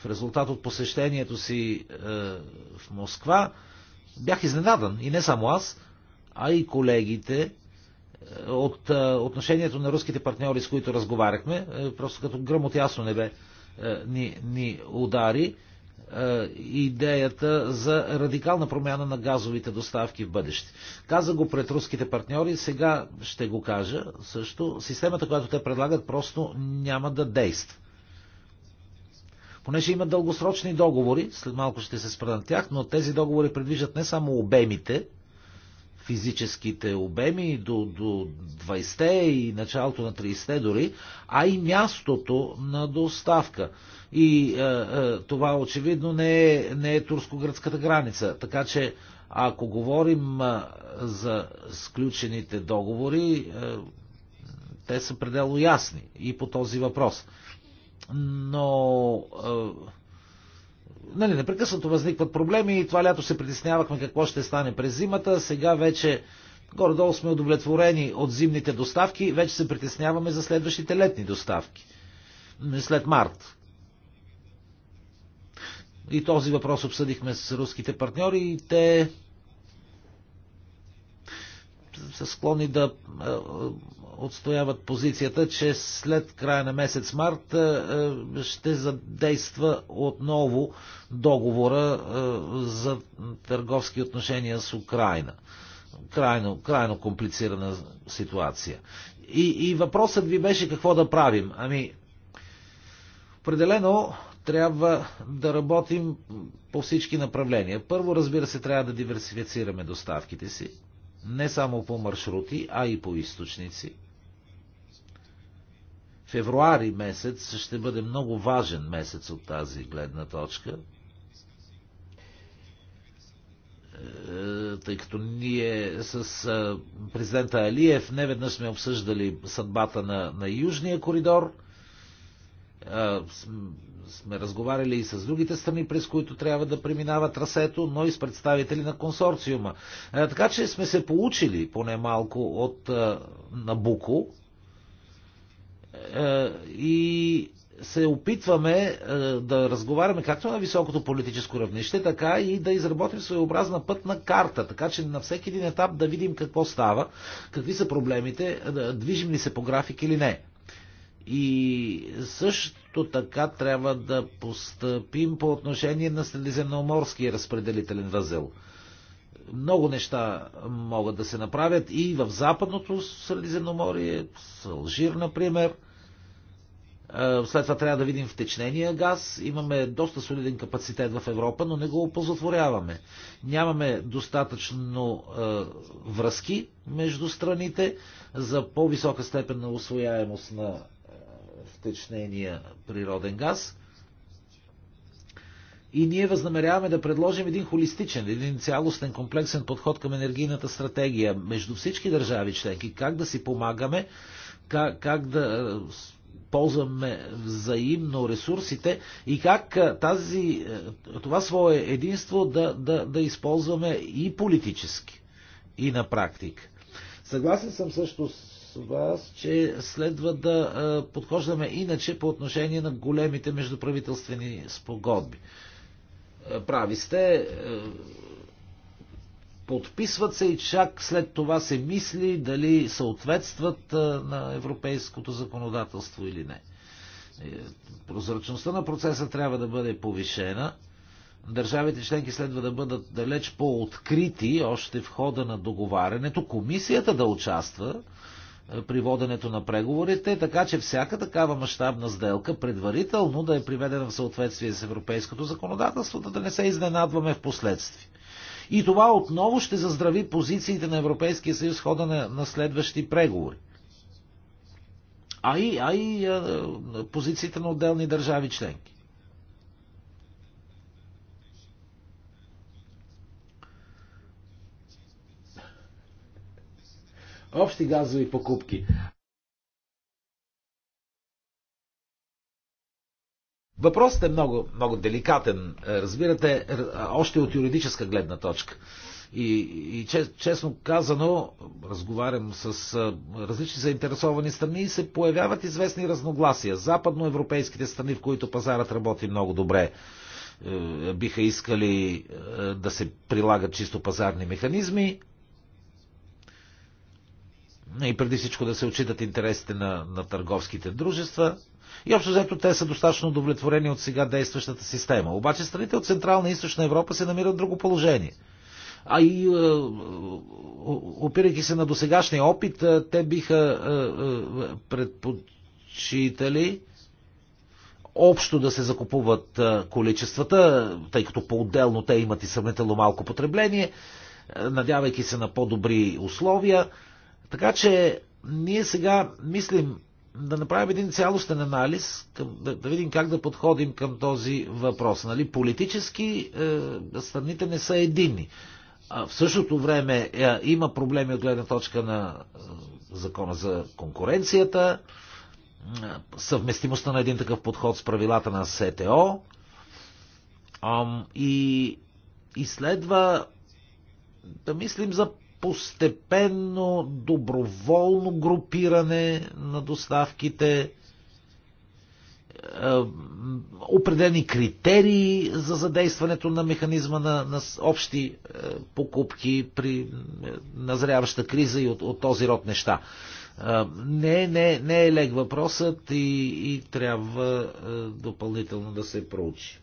в резултат от посещението си е, в Москва, бях изненадан. И не само аз, а и колегите е, от е, отношението на руските партньори, с които разговаряхме. Просто като гръм от ясно небе ни, ни удари идеята за радикална промяна на газовите доставки в бъдеще. Каза го пред руските партньори, сега ще го кажа също. Системата, която те предлагат, просто няма да действа понеже има дългосрочни договори, след малко ще се спра на тях, но тези договори предвиждат не само обемите, физическите обеми до, до 20-те и началото на 30-те дори, а и мястото на доставка. И е, е, това очевидно не е, не е турско-гръцката граница. Така че ако говорим е, за сключените договори, е, те са пределно ясни и по този въпрос но нали, непрекъснато възникват проблеми и това лято се притеснявахме какво ще стане през зимата. Сега вече горе-долу сме удовлетворени от зимните доставки, вече се притесняваме за следващите летни доставки. След март. И този въпрос обсъдихме с руските партньори и те са склонни да отстояват позицията, че след края на месец март е, е, ще задейства отново договора е, за търговски отношения с Украина. Крайно, крайно комплицирана ситуация. И, и въпросът ви беше какво да правим. Ами, определено трябва да работим по всички направления. Първо, разбира се, трябва да диверсифицираме доставките си, не само по маршрути, а и по източници. Февруари месец ще бъде много важен месец от тази гледна точка, е, тъй като ние с е, президента Алиев неведнъж сме обсъждали съдбата на, на Южния коридор, е, сме разговаряли и с другите страни, през които трябва да преминава трасето, но и с представители на консорциума. Така че сме се получили поне малко от Набуко, е, и се опитваме е, да разговаряме както на високото политическо равнище, така и да изработим своеобразна пътна карта, така че на всеки един етап да видим какво става, какви са проблемите, е, движим ли се по график или не. И също така трябва да постъпим по отношение на Средиземноморския разпределителен възел – много неща могат да се направят и в Западното Средиземноморие, с Алжир, например. Е, след това трябва да видим втечнения газ. Имаме доста солиден капацитет в Европа, но не го опозатворяваме. Нямаме достатъчно е, връзки между страните за по-висока степен на освояемост на е, втечнения природен газ. И ние възнамеряваме да предложим един холистичен, един цялостен комплексен подход към енергийната стратегия между всички държави членки. Как да си помагаме, как, как да е, ползваме взаимно ресурсите и как е, тази, е, това свое единство да, да, да използваме и политически, и на практика. Съгласен съм също с вас, че следва да подхождаме иначе по отношение на големите междуправителствени спогодби прави сте, е, подписват се и чак след това се мисли дали съответстват е, на европейското законодателство или не. Е, прозрачността на процеса трябва да бъде повишена. Държавите членки следва да бъдат далеч по-открити още в хода на договарянето. Комисията да участва при воденето на преговорите, така че всяка такава мащабна сделка предварително да е приведена в съответствие с европейското законодателство, да не се изненадваме в последствие. И това отново ще заздрави позициите на Европейския съюз в хода на, на следващи преговори. А и, а и а, позициите на отделни държави членки. общи газови покупки. Въпросът е много, много деликатен, е, разбирате, е, още от юридическа гледна точка. И, и честно казано, разговарям с е, различни заинтересовани страни и се появяват известни разногласия. Западноевропейските страни, в които пазарът работи много добре, биха искали да се прилагат чисто пазарни механизми и преди всичко да се отчитат интересите на, на търговските дружества. И общо взето те са достатъчно удовлетворени от сега действащата система. Обаче страните от Централна и Източна Европа се намират в друго положение. А и е, опирайки се на досегашния опит, е, те биха е, предпочитали общо да се закупуват количествата, тъй като по-отделно те имат и сравнително малко потребление, надявайки се на по-добри условия така че ние сега мислим да направим един цялостен анализ, да, да видим как да подходим към този въпрос. Нали? Политически е, страните не са едини. А в същото време е, има проблеми от гледна точка на е, закона за конкуренцията, е, съвместимостта на един такъв подход с правилата на СТО. Е, и, и следва да мислим за постепенно, доброволно групиране на доставките, е, определени критерии за задействането на механизма на, на общи е, покупки при е, назряваща криза и от, от този род неща. Не, не, не е лег въпросът и, и трябва допълнително да се проучи.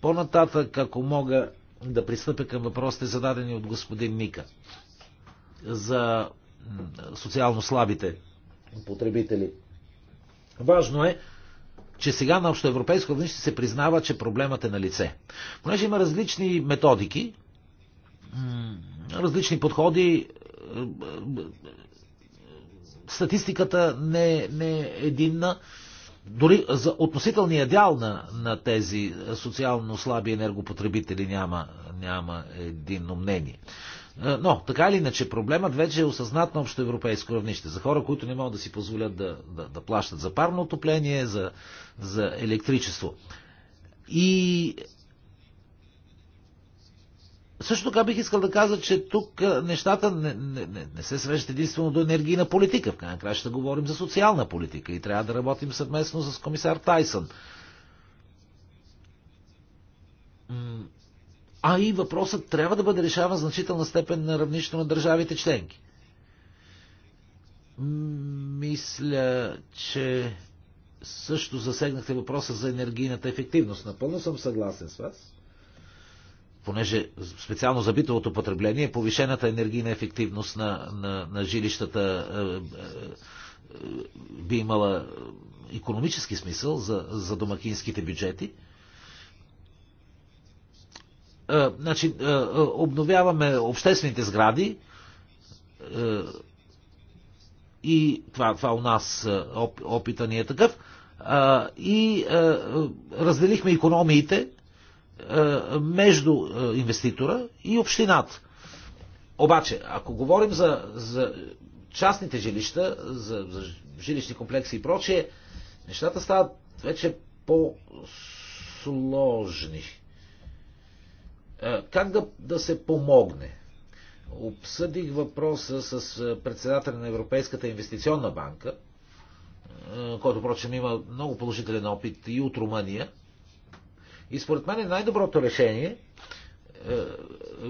По-нататък, ако мога да пристъпя към въпросите, зададени от господин Мика за социално слабите потребители. Важно е, че сега на общоевропейско равнище се признава, че проблемът е на лице. Понеже има различни методики, различни подходи, статистиката не, не е единна. Дори за относителния дял на, на тези социално слаби енергопотребители няма, няма единно мнение. Е, но, така или иначе, проблемът вече е осъзнат на общоевропейско равнище. За хора, които не могат да си позволят да, да, да плащат за парно отопление, за, за електричество. И също така бих искал да кажа, че тук е, нещата не, не, не, не се свеждат единствено до енергийна политика. В крайна края ще говорим за социална политика и трябва да работим съвместно с комисар Тайсън а и въпросът трябва да бъде решаван значителна степен на равнището на държавите членки. Мисля, че също засегнахте въпроса за енергийната ефективност. Напълно съм съгласен с вас. Понеже специално за битовото потребление, е повишената енергийна ефективност на, на, на жилищата е, е, е би имала економически смисъл за, за домакинските бюджети – е, значи, е, е, обновяваме обществените сгради и това, това у нас оп, опита ни е такъв. И разделихме економиите между инвеститора и общината. Обаче, ако говорим за, за частните жилища, за, за жилищни комплекси и прочие, нещата стават вече по-сложни как да, да се помогне? Обсъдих въпроса с председателя на Европейската инвестиционна банка, който, впрочем, има много положителен опит и от Румъния. И според мен най-доброто решение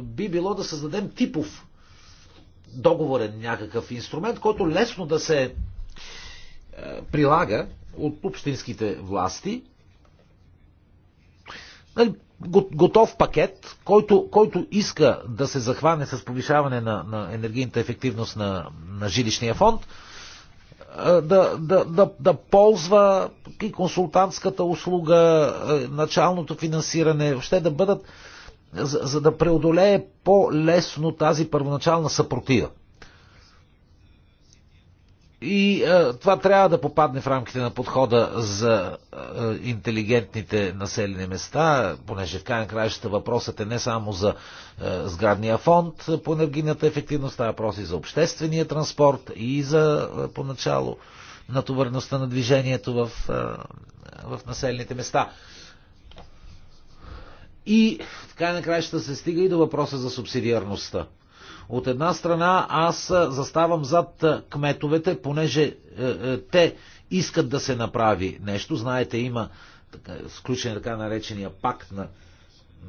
би било да създадем типов договорен някакъв инструмент, който лесно да се прилага от общинските власти. Нали, готов пакет, който, който иска да се захване с повишаване на, на енергийната ефективност на, на жилищния фонд, да, да, да, да ползва и консултантската услуга, началното финансиране, въобще да бъдат, за, за да преодолее по-лесно тази първоначална съпротива. И е, това трябва да попадне в рамките на подхода за е, интелигентните населени места, понеже в крайна краища въпросът е не само за е, сградния фонд по енергийната ефективност, а въпрос и за обществения транспорт и за е, поначало натовареността на движението в, е, в населените места. И в крайна краища се стига и до въпроса за субсидиарността. От една страна аз заставам зад кметовете, понеже е, е, те искат да се направи нещо. Знаете, има така, сключен така наречения пакт на,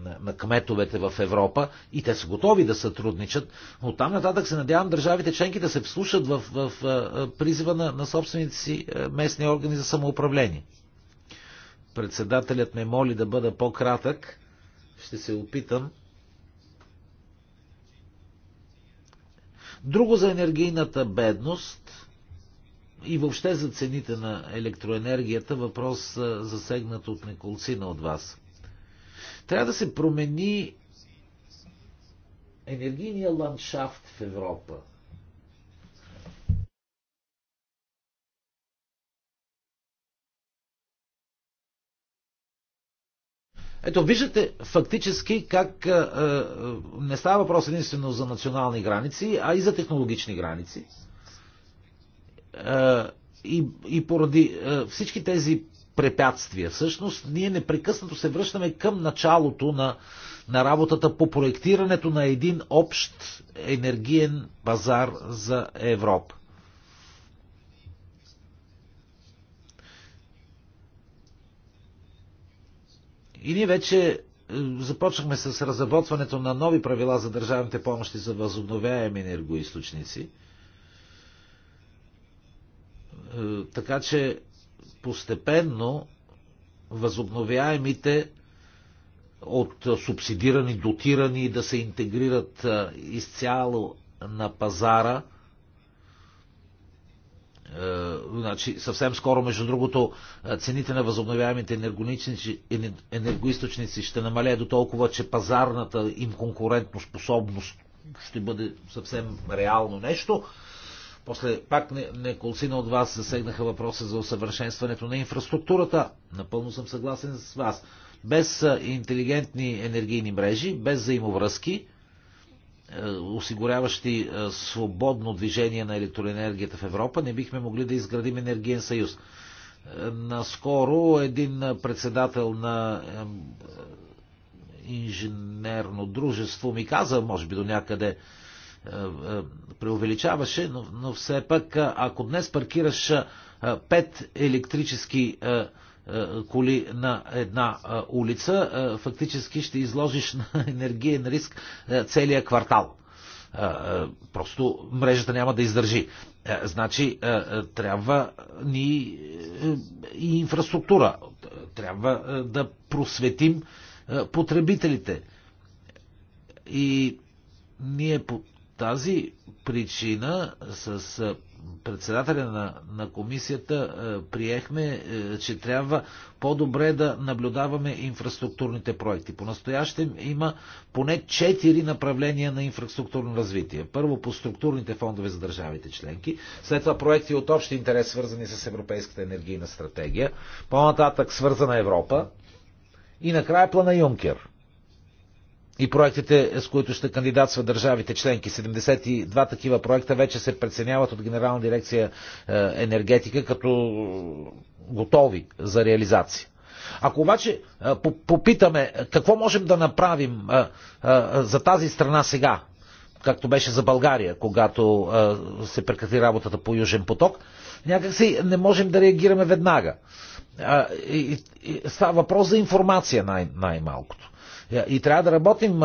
на, на кметовете в Европа и те са готови да сътрудничат. но там нататък се надявам държавите членки да се вслушат в, в, в призива на, на собствените си е, местни органи за самоуправление. Председателят ме моли да бъда по-кратък. Ще се опитам. Друго за енергийната бедност и въобще за цените на електроенергията, въпрос засегнат от неколцина от вас. Трябва да се промени енергийния ландшафт в Европа – Ето, виждате фактически как е, е, не става въпрос единствено за национални граници, а и за технологични граници. Е, и, и поради е, всички тези препятствия, всъщност, ние непрекъснато се връщаме към началото на, на работата по проектирането на един общ енергиен пазар за Европа. И ние вече е, започнахме с разработването на нови правила за държавните помощи за възобновяеми енергоисточници. Е, така че постепенно възобновяемите от субсидирани, дотирани да се интегрират е, изцяло на пазара е, значи, съвсем скоро, между другото, е, цените на възобновяемите енергоисточници ще намалее до толкова, че пазарната им конкурентно способност ще бъде съвсем реално нещо. После пак неколцина не от вас засегнаха въпроса за усъвършенстването на инфраструктурата. Напълно съм съгласен с вас. Без е, интелигентни енергийни мрежи, без взаимовръзки, е, осигуряващи е, свободно движение на електроенергията в Европа, не бихме могли да изградим енергиен съюз. Е, наскоро един председател на инженерно дружество ми каза, може би до някъде преувеличаваше, но, все пък, ако днес паркираш пет електрически е, коли на една е, улица, е, фактически ще изложиш на енергиен риск целия квартал. Просто мрежата няма да издържи. Значи, трябва ни и инфраструктура. Трябва да просветим потребителите. И ние по тази причина с председателя на, на комисията е, приехме, е, че трябва по-добре да наблюдаваме инфраструктурните проекти. По-настоящем има поне четири направления на инфраструктурно развитие. Първо по структурните фондове за държавите членки, след това проекти от общ интерес, свързани с Европейската енергийна стратегия, по-нататък свързана Европа и накрая плана Юнкер – и проектите, с които ще кандидатства държавите членки. 72 такива проекта вече се преценяват от Генерална дирекция е, енергетика като готови за реализация. Ако обаче е, попитаме какво можем да направим е, за тази страна сега, както беше за България, когато се прекрати работата по Южен поток, някакси не можем да реагираме веднага. става въпрос за информация най-малкото. Е, и трябва да работим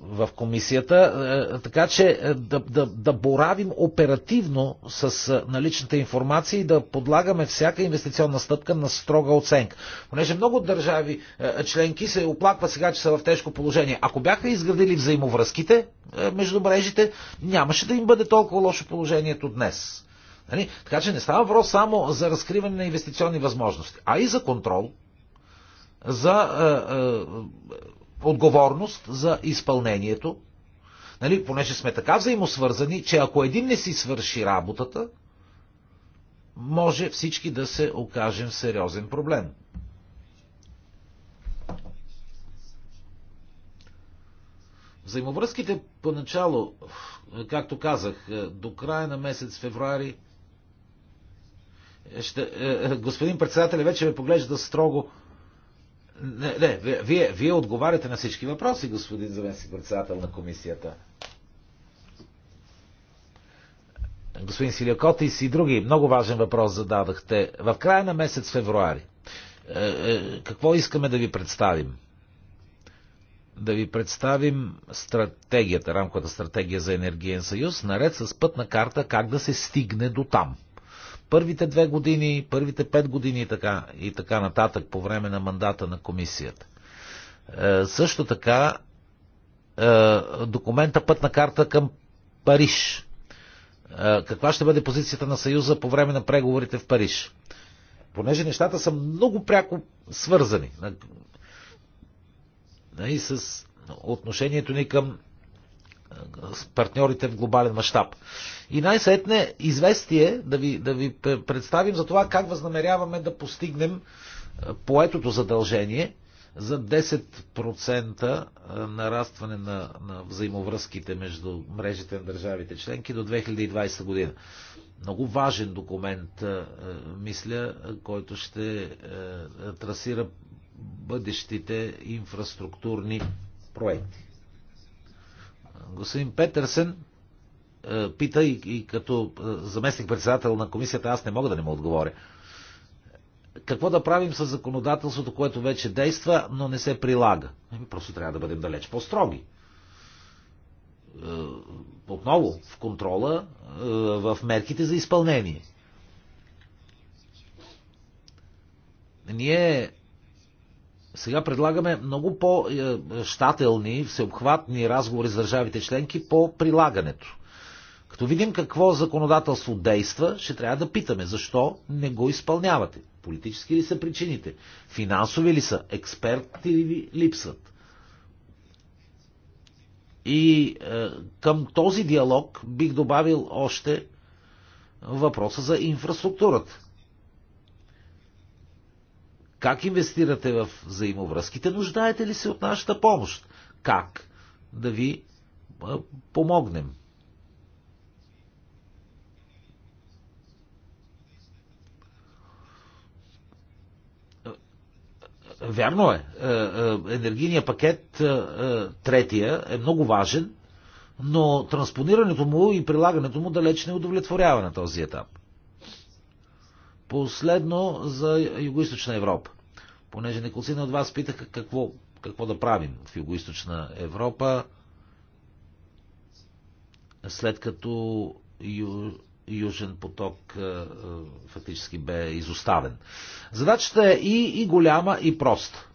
в комисията, е, така че е, да, да, да боравим оперативно с наличната информация и да подлагаме всяка инвестиционна стъпка на строга оценка. Понеже много държави членки се оплакват сега, че са в тежко положение. Ако бяха изградили взаимовръзките между мрежите, нямаше да им бъде толкова лошо положението днес. Нали? Така че не става въпрос само за разкриване на инвестиционни възможности, а и за контрол, за е, отговорност за изпълнението. Нали, понеже сме така взаимосвързани, че ако един не си свърши работата, може всички да се окажем сериозен проблем. Взаимовръзките поначало, както казах, до края на месец февруари ще, е, е, господин председател, вече ме поглежда строго. Не, не, вие, вие отговаряте на всички въпроси, господин заместник председател на комисията. Господин Силиокотис и други, много важен въпрос зададахте. В края на месец февруари, е, е, какво искаме да ви представим? Да ви представим стратегията, рамковата стратегия за енергиен съюз, наред с пътна карта как да се стигне до там – първите две години, първите пет години и така, и така нататък по време на мандата на комисията. Е, също така е, документа пътна карта към Париж. Е, каква ще бъде позицията на Съюза по време на преговорите в Париж? Понеже нещата са много пряко свързани. И с отношението ни към е, с партньорите в глобален мащаб. И най-сетне известие да ви, да ви представим за това как възнамеряваме да постигнем е, поетото задължение за 10% е, нарастване на, на взаимовръзките между мрежите на държавите членки до 2020 година. Много важен документ, е, мисля, който ще трасира бъдещите инфраструктурни проекти. Господин Петърсен е, пита и, и като е, заместник-председател на комисията аз не мога да не му отговоря. Какво да правим с законодателството, което вече действа, но не се прилага? Ами, просто трябва да бъдем далеч по-строги. Е, отново в контрола, в мерките за изпълнение. Ние сега предлагаме много по-щателни, всеобхватни разговори с държавите членки по прилагането като видим какво законодателство действа, ще трябва да питаме защо не го изпълнявате. Политически ли са причините? Финансови ли са? Експерти ли ви липсват? И е, към този диалог бих добавил още въпроса за инфраструктурата. Как инвестирате в взаимовръзките? Нуждаете ли се от нашата помощ? Как да ви е, помогнем? Вярно е. Е, е, енергийният пакет е, третия е много важен, но транспонирането му и прилагането му далеч не удовлетворява на този етап. Последно за юго Европа. Понеже неколцина от вас питаха какво, какво да правим в юго Европа, след като Южен поток е, е, фактически бе изоставен. Задачата е и, и голяма, и проста.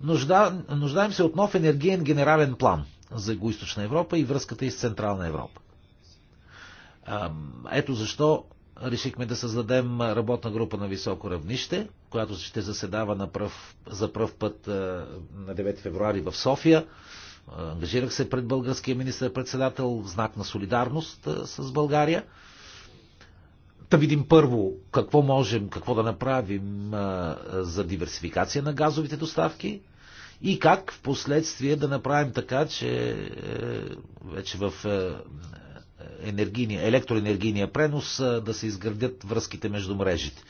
Нужда, нуждаем се от нов енергиен генерален план за юго Европа и връзката и с Централна Европа. Ето защо решихме да създадем работна група на високо равнище, която ще заседава на пръв, за пръв път е, на 9 февруари в София. Ангажирах се пред българския министър-председател в знак на солидарност с България. Да видим първо какво можем, какво да направим за диверсификация на газовите доставки и как в последствие да направим така, че е, вече в е, е, енергийния, електроенергийния пренос да се изградят връзките между мрежите.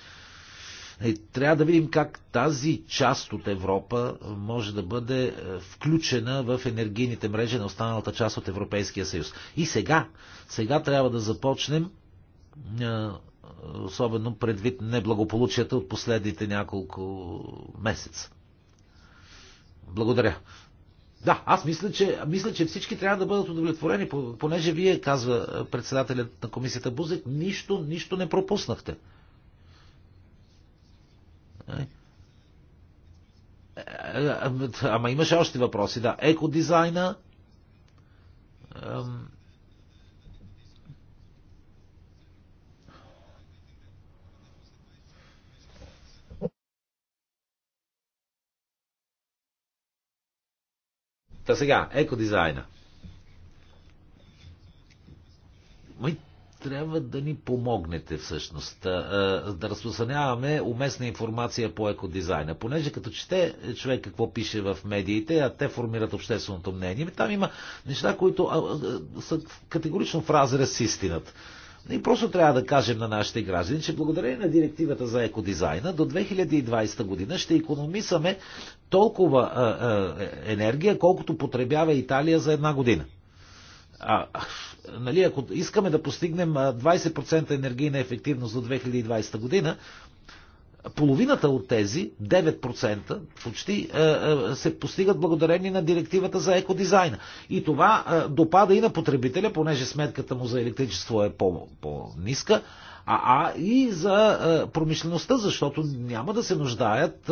Трябва да видим как тази част от Европа може да бъде включена в енергийните мрежи на останалата част от Европейския съюз. И сега, сега трябва да започнем особено предвид неблагополучията от последните няколко месеца. Благодаря. Да, аз мисля, че, мисля, че всички трябва да бъдат удовлетворени, понеже вие, казва председателят на комисията Бузек, нищо, нищо не пропуснахте. Е. Е, е, ама имаше още въпроси, да. Екодизайна, Та сега, екодизайна. Май трябва да ни помогнете всъщност да разпространяваме уместна информация по екодизайна. Понеже като чете човек какво пише в медиите, а те формират общественото мнение, там има неща, които са категорично в разрез с истината. И просто трябва да кажем на нашите граждани, че благодарение на директивата за екодизайна до 2020 година ще економисаме толкова а, а, енергия, колкото потребява Италия за една година. А, нали, ако искаме да постигнем 20% енергийна ефективност до 2020 година, половината от тези, 9%, почти се постигат благодарение на директивата за екодизайна. И това допада и на потребителя, понеже сметката му за електричество е по-ниска, по а, а и за промишлеността, защото няма да се нуждаят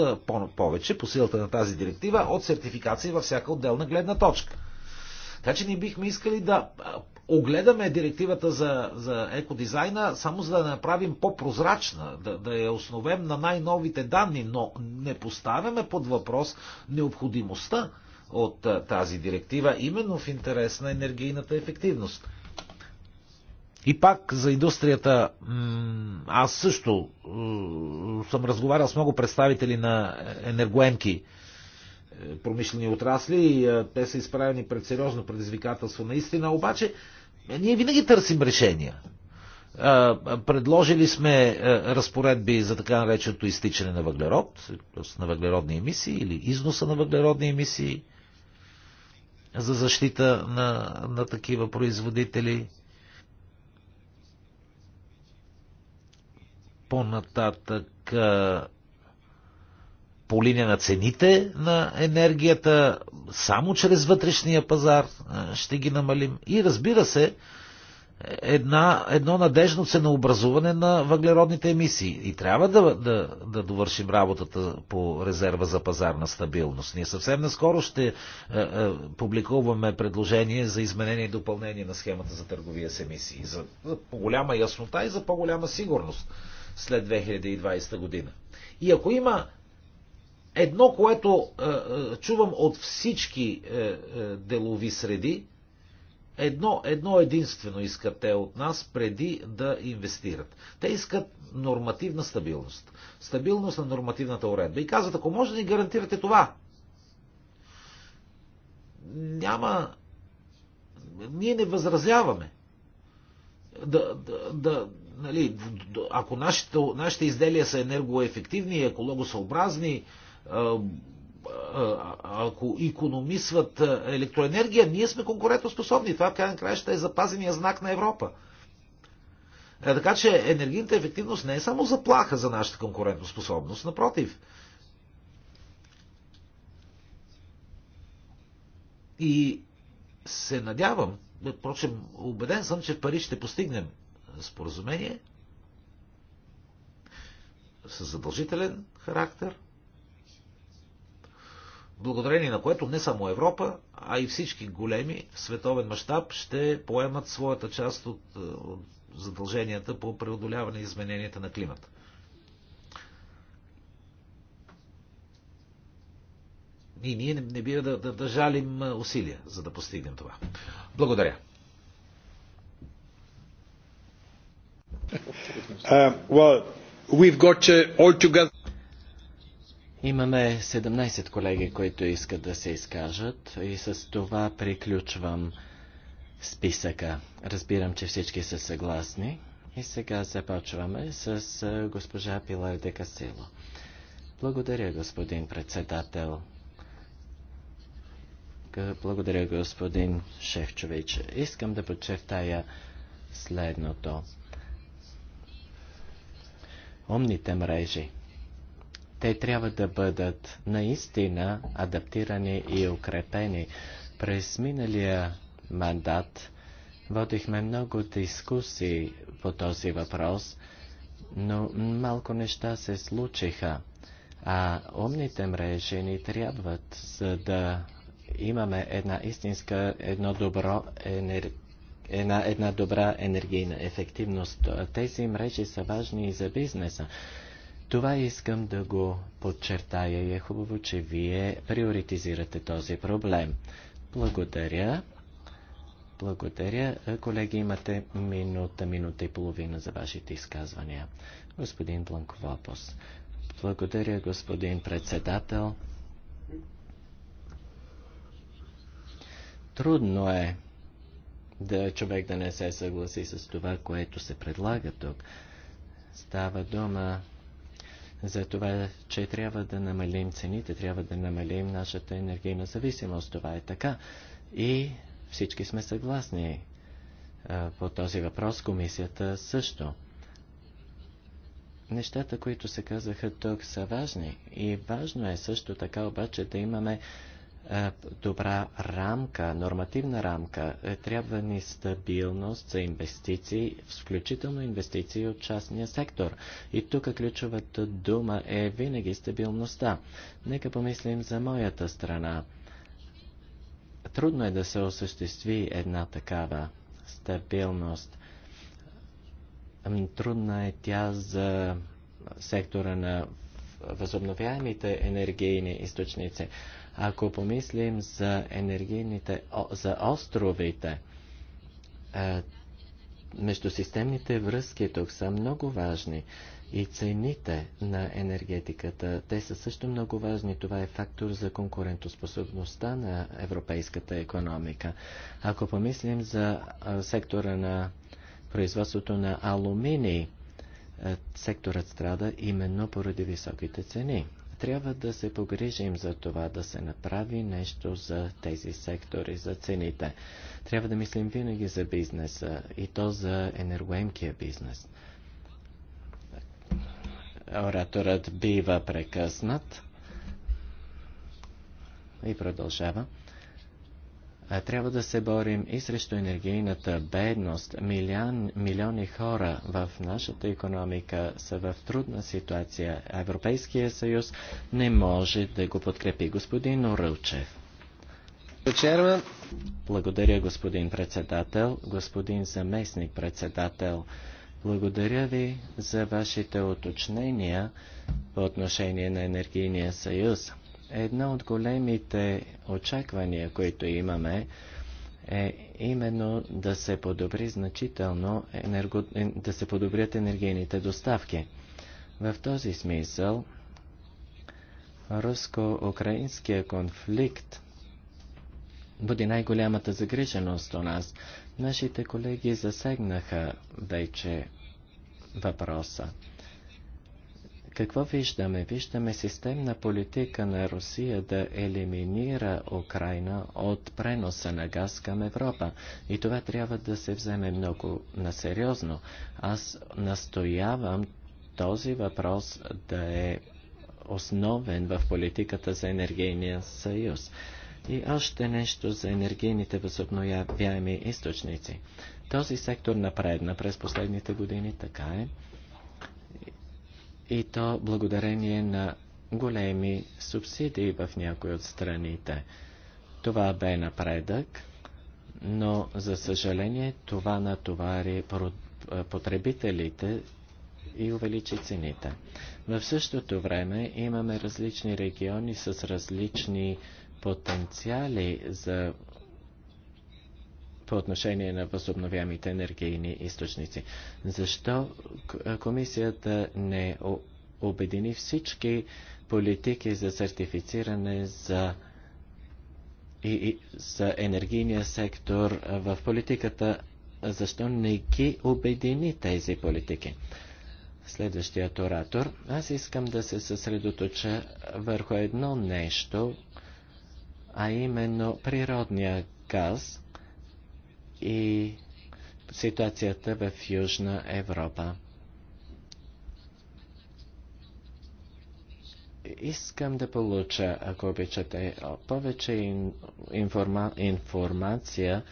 повече по силата на тази директива от сертификации във всяка отделна гледна точка. Така че ние бихме искали да огледаме директивата за, за екодизайна, само за да направим по-прозрачна, да, да я основем на най-новите данни, но не поставяме под въпрос необходимостта от тази директива, именно в интерес на енергийната ефективност. И пак за индустрията, аз също е, съм разговарял с много представители на енергоемки е, промишлени отрасли и е, те са изправени пред сериозно предизвикателство наистина, обаче ние винаги търсим решения. Предложили сме разпоредби за така нареченото изтичане на въглерод, на въглеродни емисии или износа на въглеродни емисии за защита на, на такива производители – По-нататък по линия на цените на енергията, само чрез вътрешния пазар ще ги намалим. И разбира се, една, едно надежно ценообразуване на въглеродните емисии. И трябва да, да, да довършим работата по резерва за пазарна стабилност. Ние съвсем наскоро ще е, е, публикуваме предложение за изменение и допълнение на схемата за търговия с емисии. За, за по-голяма яснота и за по-голяма сигурност след 2020 година. И ако има едно, което е, е, чувам от всички е, е, делови среди, едно, едно единствено искат те от нас преди да инвестират. Те искат нормативна стабилност. Стабилност на нормативната уредба. И казват, ако може да ни гарантирате това, няма. Ние не възразяваме. Да, да, да, Нали, ако нашите, нашите изделия са енергоефективни, екологосъобразни, ако економисват електроенергия, ние сме конкурентоспособни. Това в крайна ще е запазения знак на Европа. Е, така че енергийната ефективност не е само заплаха за нашата конкурентоспособност, напротив. И се надявам, впрочем, убеден съм, че в Париж ще постигнем споразумение с задължителен характер, благодарение на което не само Европа, а и всички големи в световен мащаб ще поемат своята част от, е, от задълженията по преодоляване измененията на климата. И ние не, не бива да, да, да жалим е, усилия, за да постигнем това. Благодаря. Uh, uh, Имаме 17 колеги, които искат да се изкажат и с това приключвам списъка. Разбирам, че всички са съгласни. И сега започваме с госпожа Пилар де Касило. Благодаря, господин председател. Благодаря, господин Шефчович. Искам да подчертая следното умните мрежи. Те трябва да бъдат наистина адаптирани и укрепени. През миналия мандат водихме много дискусии по този въпрос, но малко неща се случиха. А умните мрежи ни трябват, за да имаме една истинска, едно добро енер една, една добра енергийна ефективност. Тези мрежи са важни и за бизнеса. Това искам да го подчертая и е хубаво, че вие приоритизирате този проблем. Благодаря. Благодаря. Колеги, имате минута, минута и половина за вашите изказвания. Господин Бланковопос. Благодаря, господин председател. Трудно е да човек да не се съгласи с това, което се предлага тук. Става дума за това, че трябва да намалим цените, трябва да намалим нашата енергийна зависимост. Това е така. И всички сме съгласни по този въпрос. Комисията също. Нещата, които се казаха тук, са важни. И важно е също така обаче да имаме е, добра рамка, нормативна рамка. Е, трябва ни стабилност за инвестиции, включително инвестиции от частния сектор. И тук ключовата дума е винаги стабилността. Нека помислим за моята страна. Трудно е да се осъществи една такава стабилност. Трудна е тя за сектора на възобновяемите енергийни източници. Ако помислим за енергийните, за островите, е, междусистемните връзки тук са много важни и цените на енергетиката, те са също много важни. Това е фактор за конкурентоспособността на европейската економика. Ако помислим за е, сектора на производството на алуминий, е, секторът страда именно поради високите цени. Трябва да се погрижим за това да се направи нещо за тези сектори, за цените. Трябва да мислим винаги за бизнеса и то за енергоемкия бизнес. Ораторът бива прекъснат и продължава. Трябва да се борим и срещу енергийната бедност. Милион, милиони хора в нашата економика са в трудна ситуация. Европейския съюз не може да го подкрепи. Господин Орълчев. Благодаря, господин председател, господин заместник председател. Благодаря ви за вашите уточнения по отношение на Енергийния съюз. Едно от големите очаквания, които имаме, е именно да се подобри значително, енерго... да се подобрят енергийните доставки. В този смисъл, руско-украинския конфликт буди най-голямата загриженост у нас. Нашите колеги засегнаха вече въпроса. Какво виждаме? Виждаме системна политика на Русия да елиминира Украина от преноса на газ към Европа. И това трябва да се вземе много насериозно. Аз настоявам този въпрос да е основен в политиката за енергийния съюз. И още нещо за енергийните възобновяеми източници. Този сектор напредна през последните години, така е и то благодарение на големи субсидии в някои от страните. Това бе напредък, но за съжаление това натовари потребителите и увеличи цените. В същото време имаме различни региони с различни потенциали за по отношение на възобновяемите енергийни източници. Защо комисията не обедини всички политики за сертифициране за, и, и, за енергийния сектор в политиката? Защо не ги обедини тези политики? Следващият оратор. Аз искам да се съсредоточа върху едно нещо, а именно природния газ – и ситуацията в Южна Европа. Искам да получа, ако обичате, повече информа, информация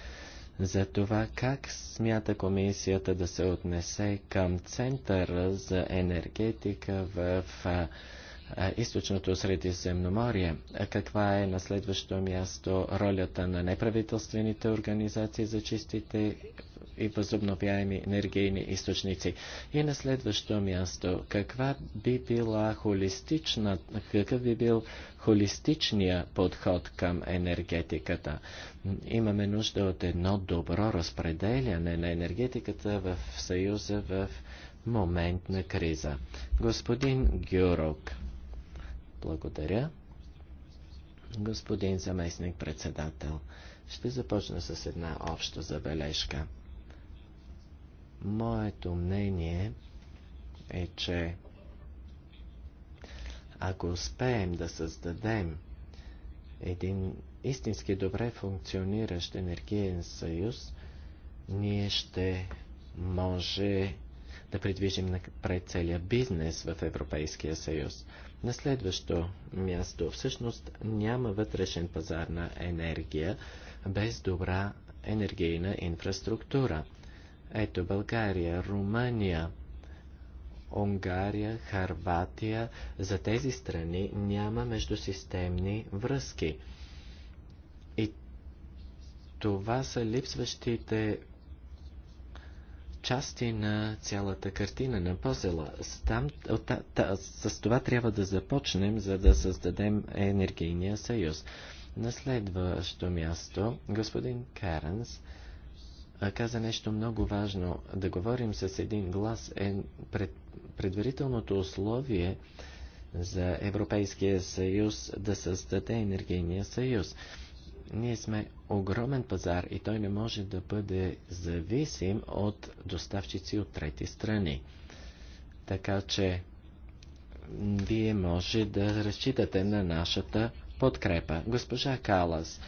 за това как смята комисията да се отнесе към Центъра за енергетика в източното средиземноморие. Каква е на следващо място ролята на неправителствените организации за чистите и възобновяеми енергийни източници? И на следващо място, каква би била холистична, какъв би бил холистичния подход към енергетиката? Имаме нужда от едно добро разпределяне на енергетиката в Съюза в момент на криза. Господин Гюрок, благодаря. Господин заместник председател, ще започна с една обща забележка. Моето мнение е, че ако успеем да създадем един истински добре функциониращ енергиен съюз, ние ще може да придвижим напред целия бизнес в Европейския съюз. На следващо място, всъщност няма вътрешен пазар на енергия без добра енергийна инфраструктура. Ето България, Румъния, Унгария, Харватия, за тези страни няма междусистемни връзки. И това са липсващите части на цялата картина на пъзела. Там, та, та, с това трябва да започнем, за да създадем енергийния съюз. На следващо място, господин Каренс каза нещо много важно. Да говорим с един глас е пред, предварителното условие за Европейския съюз да създаде енергийния съюз. Ние сме огромен пазар и той не може да бъде зависим от доставчици от трети страни. Така че вие може да разчитате на нашата подкрепа. Госпожа Калас,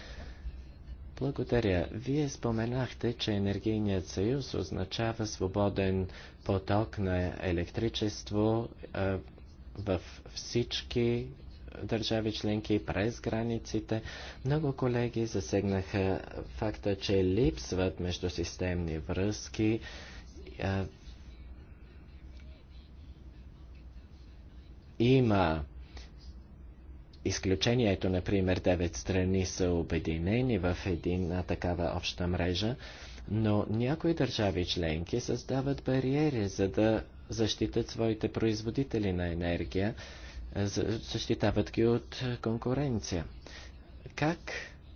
благодаря. Вие споменахте, че енергийният съюз означава свободен поток на електричество в всички държави членки, през границите. Много колеги засегнаха факта, че липсват междусистемни връзки. Има изключението, например, девет страни са обединени в една такава обща мрежа, но някои държави членки създават бариери, за да защитат своите производители на енергия защитават ги от конкуренция. Как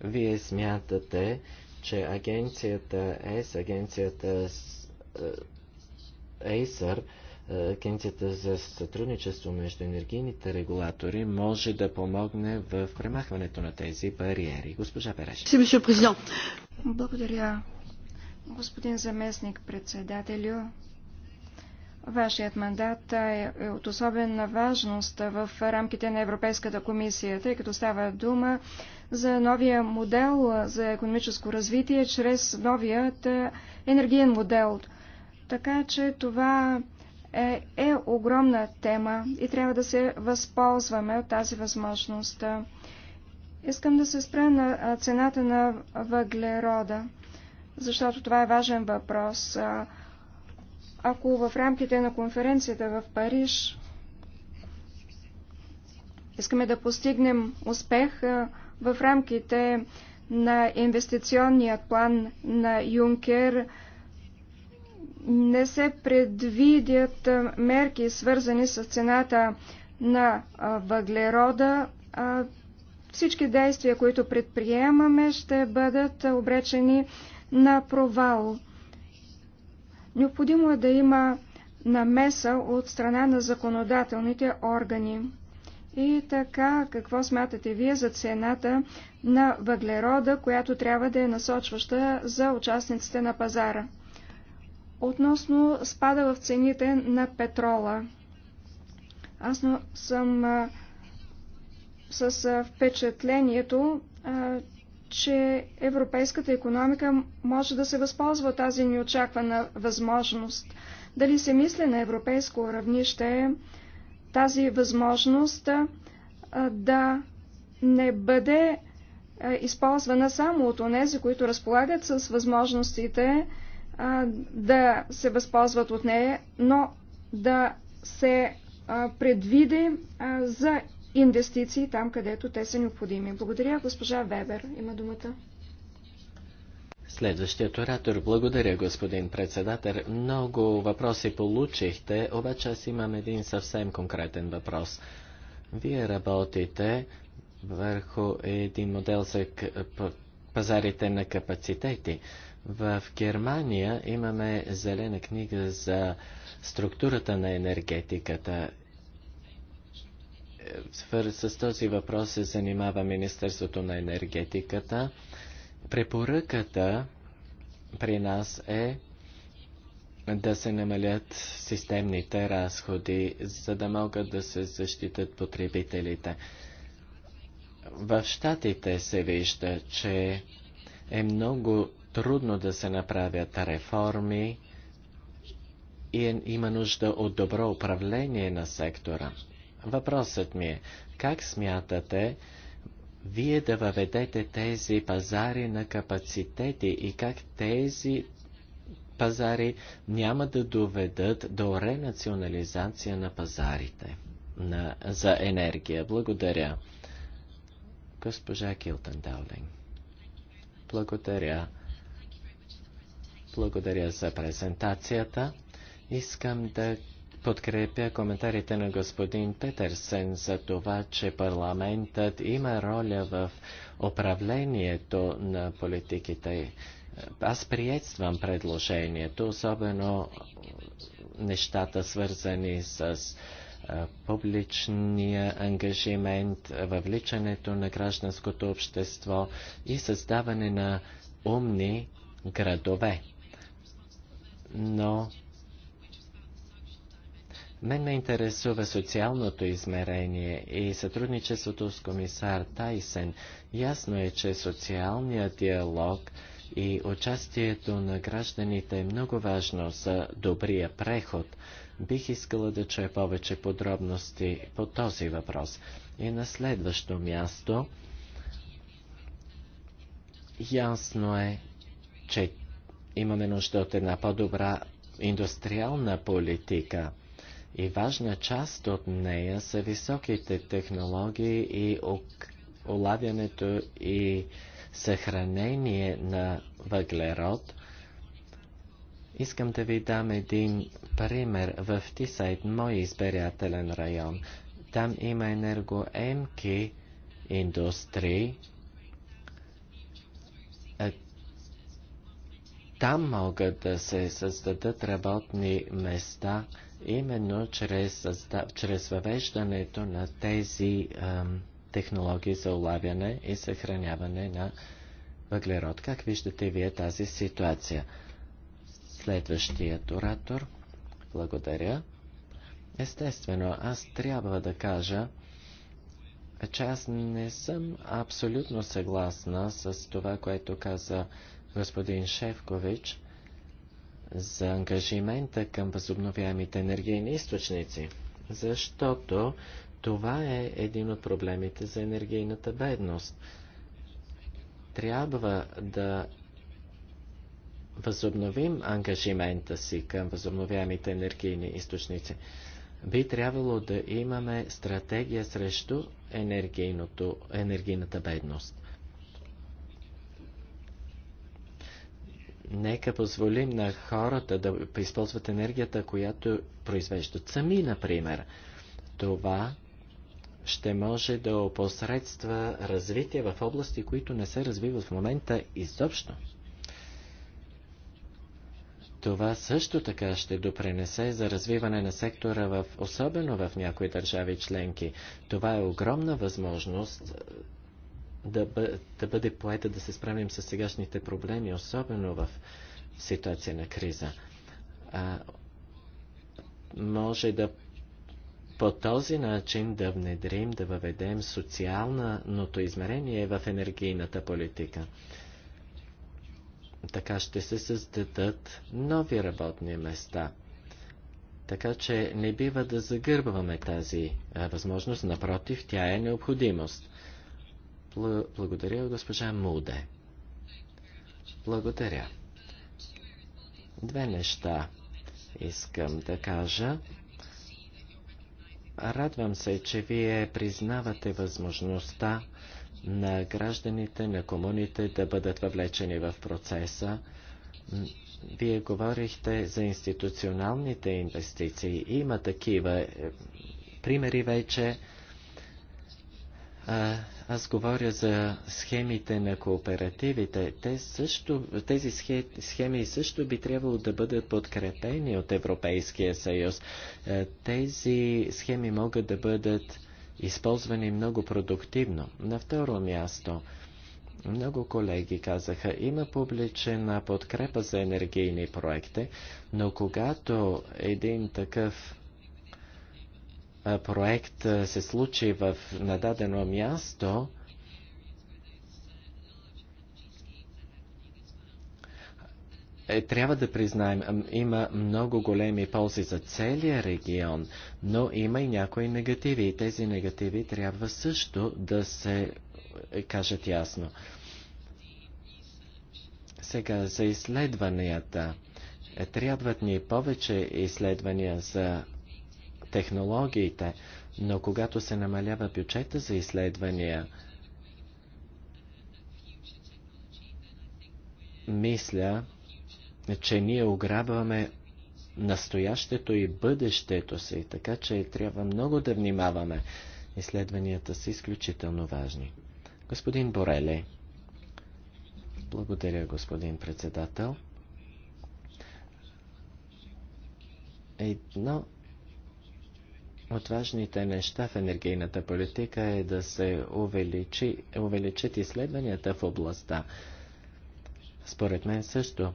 вие смятате, че агенцията ЕС, агенцията ЕСър, е, Агенцията за сътрудничество между енергийните регулатори може да помогне в премахването на тези бариери. Госпожа Береш. Благодаря, господин заместник председателю. Вашият мандат е, е от особена важност в рамките на Европейската комисия, тъй като става дума за новия модел за економическо развитие чрез новият енергиен модел. Така че това е, е огромна тема и трябва да се възползваме от тази възможност. Искам да се спра на цената на въглерода, защото това е важен въпрос ако в рамките на конференцията в Париж искаме да постигнем успех в рамките на инвестиционният план на Юнкер, не се предвидят мерки, свързани с цената на въглерода. Всички действия, които предприемаме, ще бъдат обречени на провал. Необходимо е да има намеса от страна на законодателните органи. И така, какво смятате вие за цената на въглерода, която трябва да е насочваща за участниците на пазара? Относно спада в цените на петрола. Аз съм с впечатлението, че европейската економика може да се възползва тази неочаквана възможност. Дали се мисли на европейско равнище тази възможност да не бъде използвана само от онези, които разполагат с възможностите да се възползват от нея, но да се предвиди за инвестиции там, където те са необходими. Благодаря, госпожа Вебер. Има думата. Следващият оратор. Благодаря, господин председател. Много въпроси получихте, обаче аз имам един съвсем конкретен въпрос. Вие работите върху един модел за пазарите на капацитети. В Германия имаме зелена книга за структурата на енергетиката с този въпрос се занимава Министерството на енергетиката. Препоръката при нас е да се намалят системните разходи, за да могат да се защитат потребителите. В щатите се вижда, че е много трудно да се направят реформи и е, има нужда от добро управление на сектора. Въпросът ми е, как смятате вие да въведете тези пазари на капацитети и как тези пазари няма да доведат до ренационализация на пазарите на, за енергия. Благодаря. Госпожа Килтън Даулинг. Благодаря. Благодаря за презентацията. Искам да подкрепя коментарите на господин Петерсен за това, че парламентът има роля в управлението на политиките. Аз приветствам предложението, особено нещата свързани с публичния ангажимент, въвличането на гражданското общество и създаване на умни градове. Но мен ме интересува социалното измерение и сътрудничеството с комисар Тайсен. Ясно е, че социалният диалог и участието на гражданите е много важно за добрия преход. Бих искала да чуя повече подробности по този въпрос. И на следващо място, ясно е, че имаме нужда от една по-добра индустриална политика – и важна част от нея са високите технологии и улавянето и съхранение на въглерод. Искам да ви дам един пример. В Тисайт, мой избирателен район, там има енергоемки индустрии. Там могат да се създадат работни места – именно чрез, чрез въвеждането на тези ам, технологии за улавяне и съхраняване на въглерод. Как виждате вие тази ситуация? Следващият оратор. Благодаря. Естествено, аз трябва да кажа, че аз не съм абсолютно съгласна с това, което каза господин Шевкович за ангажимента към възобновяемите енергийни източници, защото това е един от проблемите за енергийната бедност. Трябва да възобновим ангажимента си към възобновяемите енергийни източници. Би трябвало да имаме стратегия срещу енергийната бедност. Нека позволим на хората да използват енергията, която произвеждат сами, например. Това ще може да опосредства развитие в области, които не се развиват в момента изобщо. Това също така ще допренесе за развиване на сектора, в, особено в някои държави членки. Това е огромна възможност да, бъ, да бъде поета да се справим с сегашните проблеми, особено в ситуация на криза. А, може да по този начин да внедрим, да въведем социалното измерение в енергийната политика. Така ще се създадат нови работни места. Така че не бива да загърбваме тази а, възможност, напротив, тя е необходимост. Благодаря, госпожа Муде. Благодаря. Две неща искам да кажа. Радвам се, че вие признавате възможността на гражданите, на комуните да бъдат въвлечени в процеса. Вие говорихте за институционалните инвестиции. Има такива е, примери вече. Аз говоря за схемите на кооперативите. Те също, тези схеми също би трябвало да бъдат подкрепени от Европейския съюз. Е, тези схеми могат да бъдат използвани много продуктивно. На второ място, много колеги казаха, има публична подкрепа за енергийни проекти, но когато един такъв проект се случи в нададено място, е, трябва да признаем, има много големи ползи за целия регион, но има и някои негативи и тези негативи трябва също да се е, кажат ясно. Сега за изследванията. Е, трябват ни повече изследвания за технологиите, но когато се намалява бюджета за изследвания, мисля, че ние ограбваме настоящето и бъдещето си, така че трябва много да внимаваме. Изследванията са изключително важни. Господин Борели, Благодаря, господин председател. Едно от важните неща в енергийната политика е да се увеличи, увеличат изследванията в областта. Според мен също.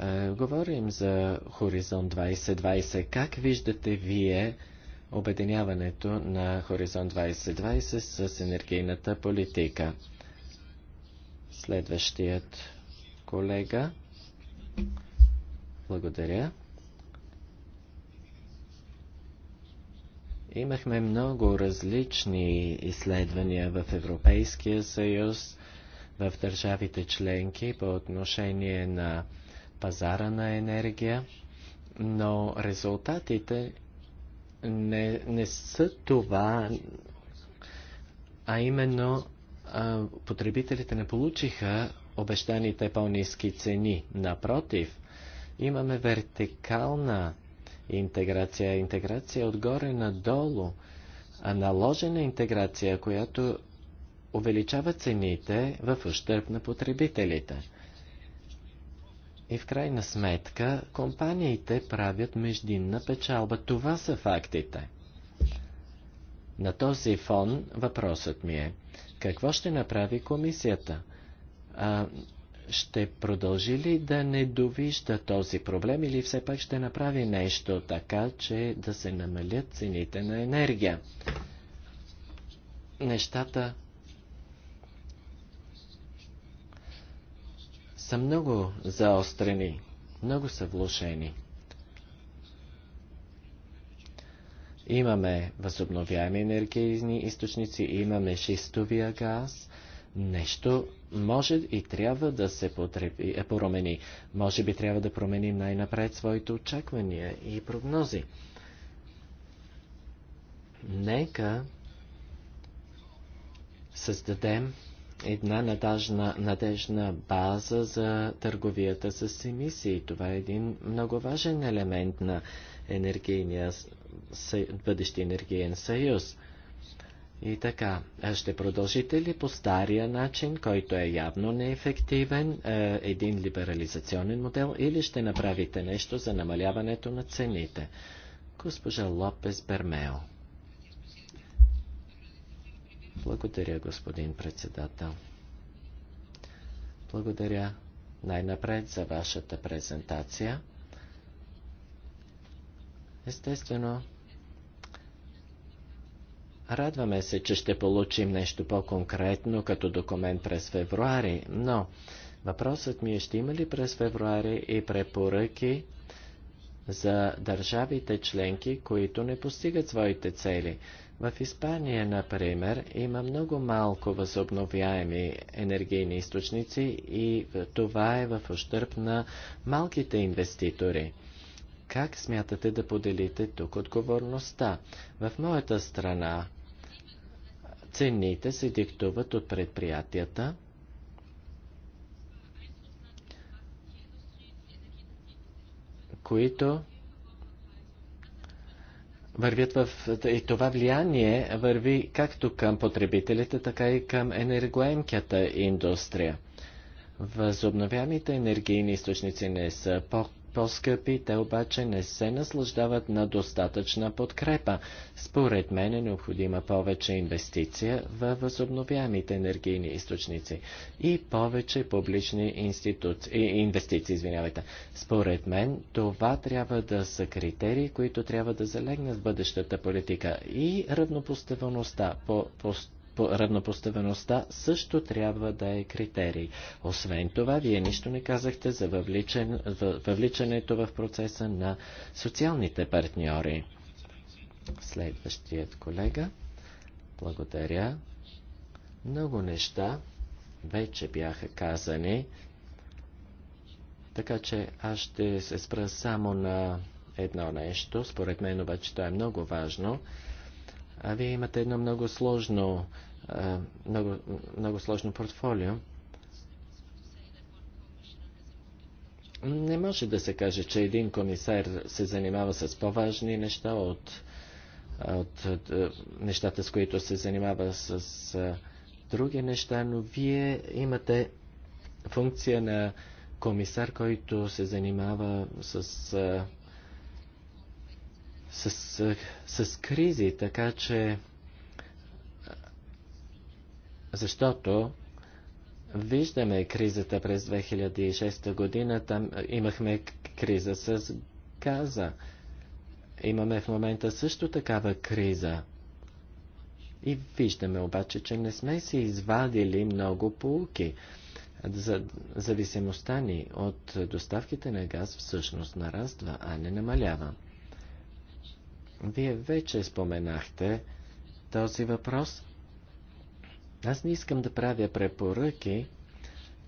Е, говорим за Хоризонт 2020. Как виждате вие обединяването на Хоризонт 2020 с енергийната политика? Следващият колега. Благодаря. Имахме много различни изследвания в Европейския съюз, в държавите членки по отношение на пазара на енергия, но резултатите не, не са това, а именно а, потребителите не получиха обещаните по-низки цени. Напротив, имаме вертикална интеграция. Интеграция отгоре надолу, а наложена интеграция, която увеличава цените в ущърп на потребителите. И в крайна сметка компаниите правят междинна печалба. Това са фактите. На този фон въпросът ми е, какво ще направи комисията? А, ще продължи ли да не довижда този проблем или все пак ще направи нещо така, че да се намалят цените на енергия? Нещата са много заострени, много са влушени. Имаме възобновяеми енергийни източници, имаме шистовия газ, нещо може и трябва да се потреби, е, промени. Може би трябва да променим най-напред своите очаквания и прогнози. Нека създадем една надежна, надежна база за търговията с емисии. Това е един много важен елемент на енергийния съ... бъдещи енергиен съюз. И така, ще продължите ли по стария начин, който е явно неефективен, един либерализационен модел, или ще направите нещо за намаляването на цените? Госпожа Лопес Бермео. Благодаря, господин председател. Благодаря най-напред за вашата презентация. Естествено, Радваме се, че ще получим нещо по-конкретно като документ през февруари, но въпросът ми е, ще има ли през февруари и препоръки за държавите членки, които не постигат своите цели. В Испания, например, има много малко възобновяеми енергийни източници и това е в ущърп на малките инвеститори. Как смятате да поделите тук отговорността? В моята страна цените се диктуват от предприятията, които вървят в... И това влияние върви както към потребителите, така и към енергоемката индустрия. Възобновяемите енергийни източници не са по по-скъпи, те обаче не се наслаждават на достатъчна подкрепа. Според мен е необходима повече инвестиция в възобновяемите енергийни източници и повече публични институции, инвестиции. Извинявайте. Според мен това трябва да са критерии, които трябва да залегнат в бъдещата политика и равнопоставеността по, по равнопоставеността също трябва да е критерий. Освен това, вие нищо не казахте за въвличен, въвличането в процеса на социалните партньори. Следващият колега. Благодаря. Много неща вече бяха казани, така че аз ще се спра само на едно нещо. Според мен обаче то е много важно. А вие имате едно много сложно е, много, много сложно портфолио. Не може да се каже, че един комисар се занимава с по-важни неща от, от, от е, нещата, с които се занимава с, с е, други неща, но вие имате функция на комисар, който се занимава с, с, с, с кризи, така че защото виждаме кризата през 2006 година, там имахме криза с газа. Имаме в момента също такава криза. И виждаме обаче, че не сме си извадили много полуки. За, зависимостта ни от доставките на газ всъщност нараства, а не намалява. Вие вече споменахте този въпрос – аз не искам да правя препоръки,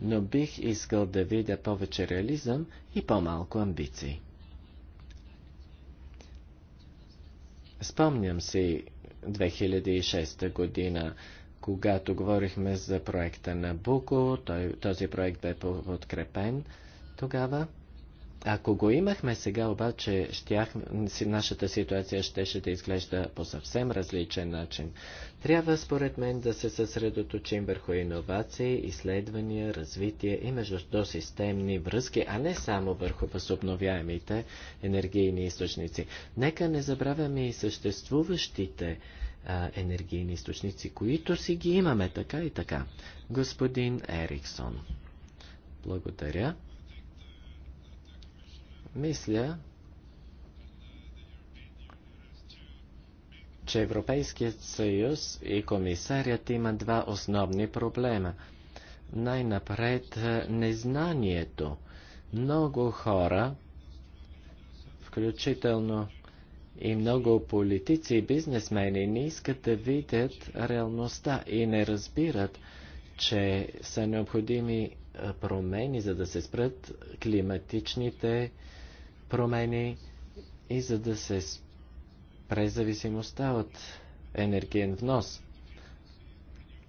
но бих искал да видя повече реализъм и по-малко амбиции. Спомням си 2006 година, когато говорихме за проекта на Буко, той, този проект бе подкрепен тогава. Ако го имахме сега, обаче, щях, нашата ситуация щеше да изглежда по съвсем различен начин. Трябва според мен да се съсредоточим върху иновации, изследвания, развитие и междусистемни връзки, а не само върху възобновяемите енергийни източници. Нека не забравяме и съществуващите а, енергийни източници, които си ги имаме така и така. Господин Ериксон, благодаря. Мисля, че Европейският съюз и комисарят има два основни проблема. Най-напред е, незнанието. Много хора, включително и много политици и бизнесмени не искат да видят реалността и не разбират, че са необходими е, промени, за да се спрат климатичните промени и за да се спрат през зависимостта от енергиен внос.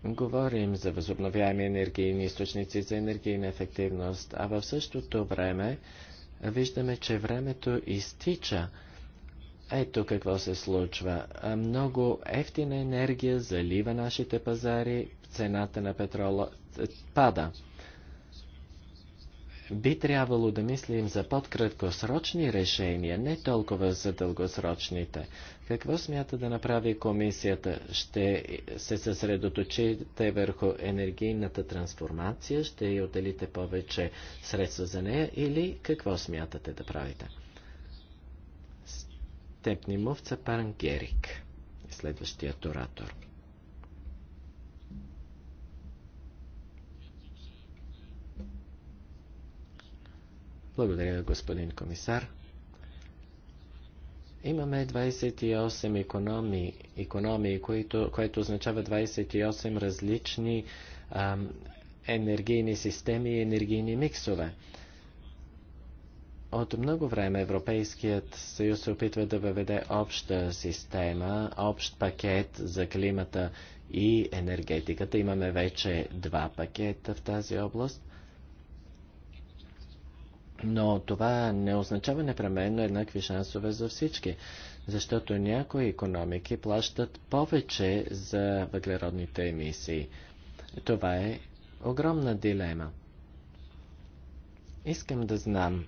Говорим за възобновяеми енергийни източници, за енергийна ефективност, а в същото време виждаме, че времето изтича. Ето какво се случва. Много ефтина енергия залива нашите пазари, цената на петрола е, пада би трябвало да мислим за по-краткосрочни решения, не толкова за дългосрочните. Какво смята да направи комисията? Ще се съсредоточите върху енергийната трансформация, ще й отделите повече средства за нея или какво смятате да правите? Степнимовца Парангерик, следващият оратор. Благодаря, господин комисар. Имаме 28 економии, економии които, което означава 28 различни ам, енергийни системи и енергийни миксове. От много време Европейският съюз се опитва да въведе обща система, общ пакет за климата и енергетиката. Имаме вече два пакета в тази област – но това не означава непременно еднакви шансове за всички, защото някои економики плащат повече за въглеродните емисии. Това е огромна дилема. Искам да знам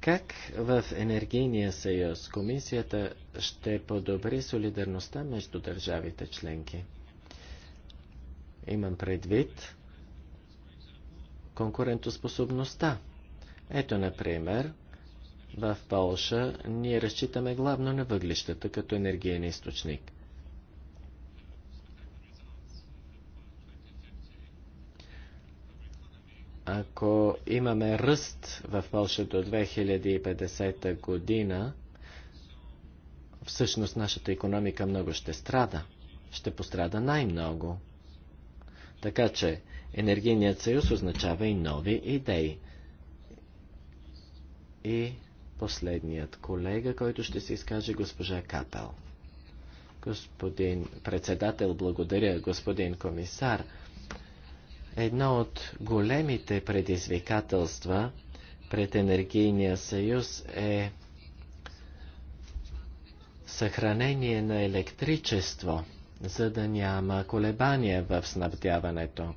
как в Енергийния съюз комисията ще подобри солидарността между държавите членки. Имам предвид, конкурентоспособността. Ето, например, в Полша ние разчитаме главно на въглищата като енергиен източник. Ако имаме ръст в Польша до 2050 година, всъщност нашата економика много ще страда. Ще пострада най-много. Така че Енергийният съюз означава и нови идеи. И последният колега, който ще се изкаже, госпожа Капел. Господин председател, благодаря, господин комисар. Едно от големите предизвикателства пред енергийния съюз е съхранение на електричество, за да няма колебания в снабдяването.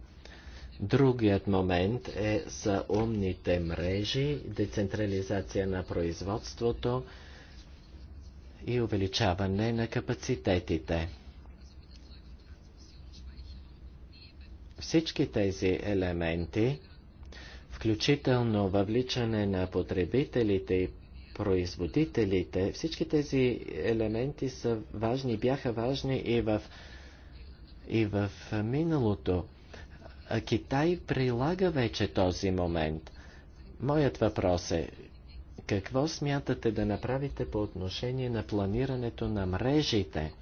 Другият момент е са умните мрежи, децентрализация на производството и увеличаване на капацитетите. Всички тези елементи, включително въвличане на потребителите и производителите, всички тези елементи са важни, бяха важни и в, и в миналото. Китай прилага вече този момент. Моят въпрос е, какво смятате да направите по отношение на планирането на мрежите?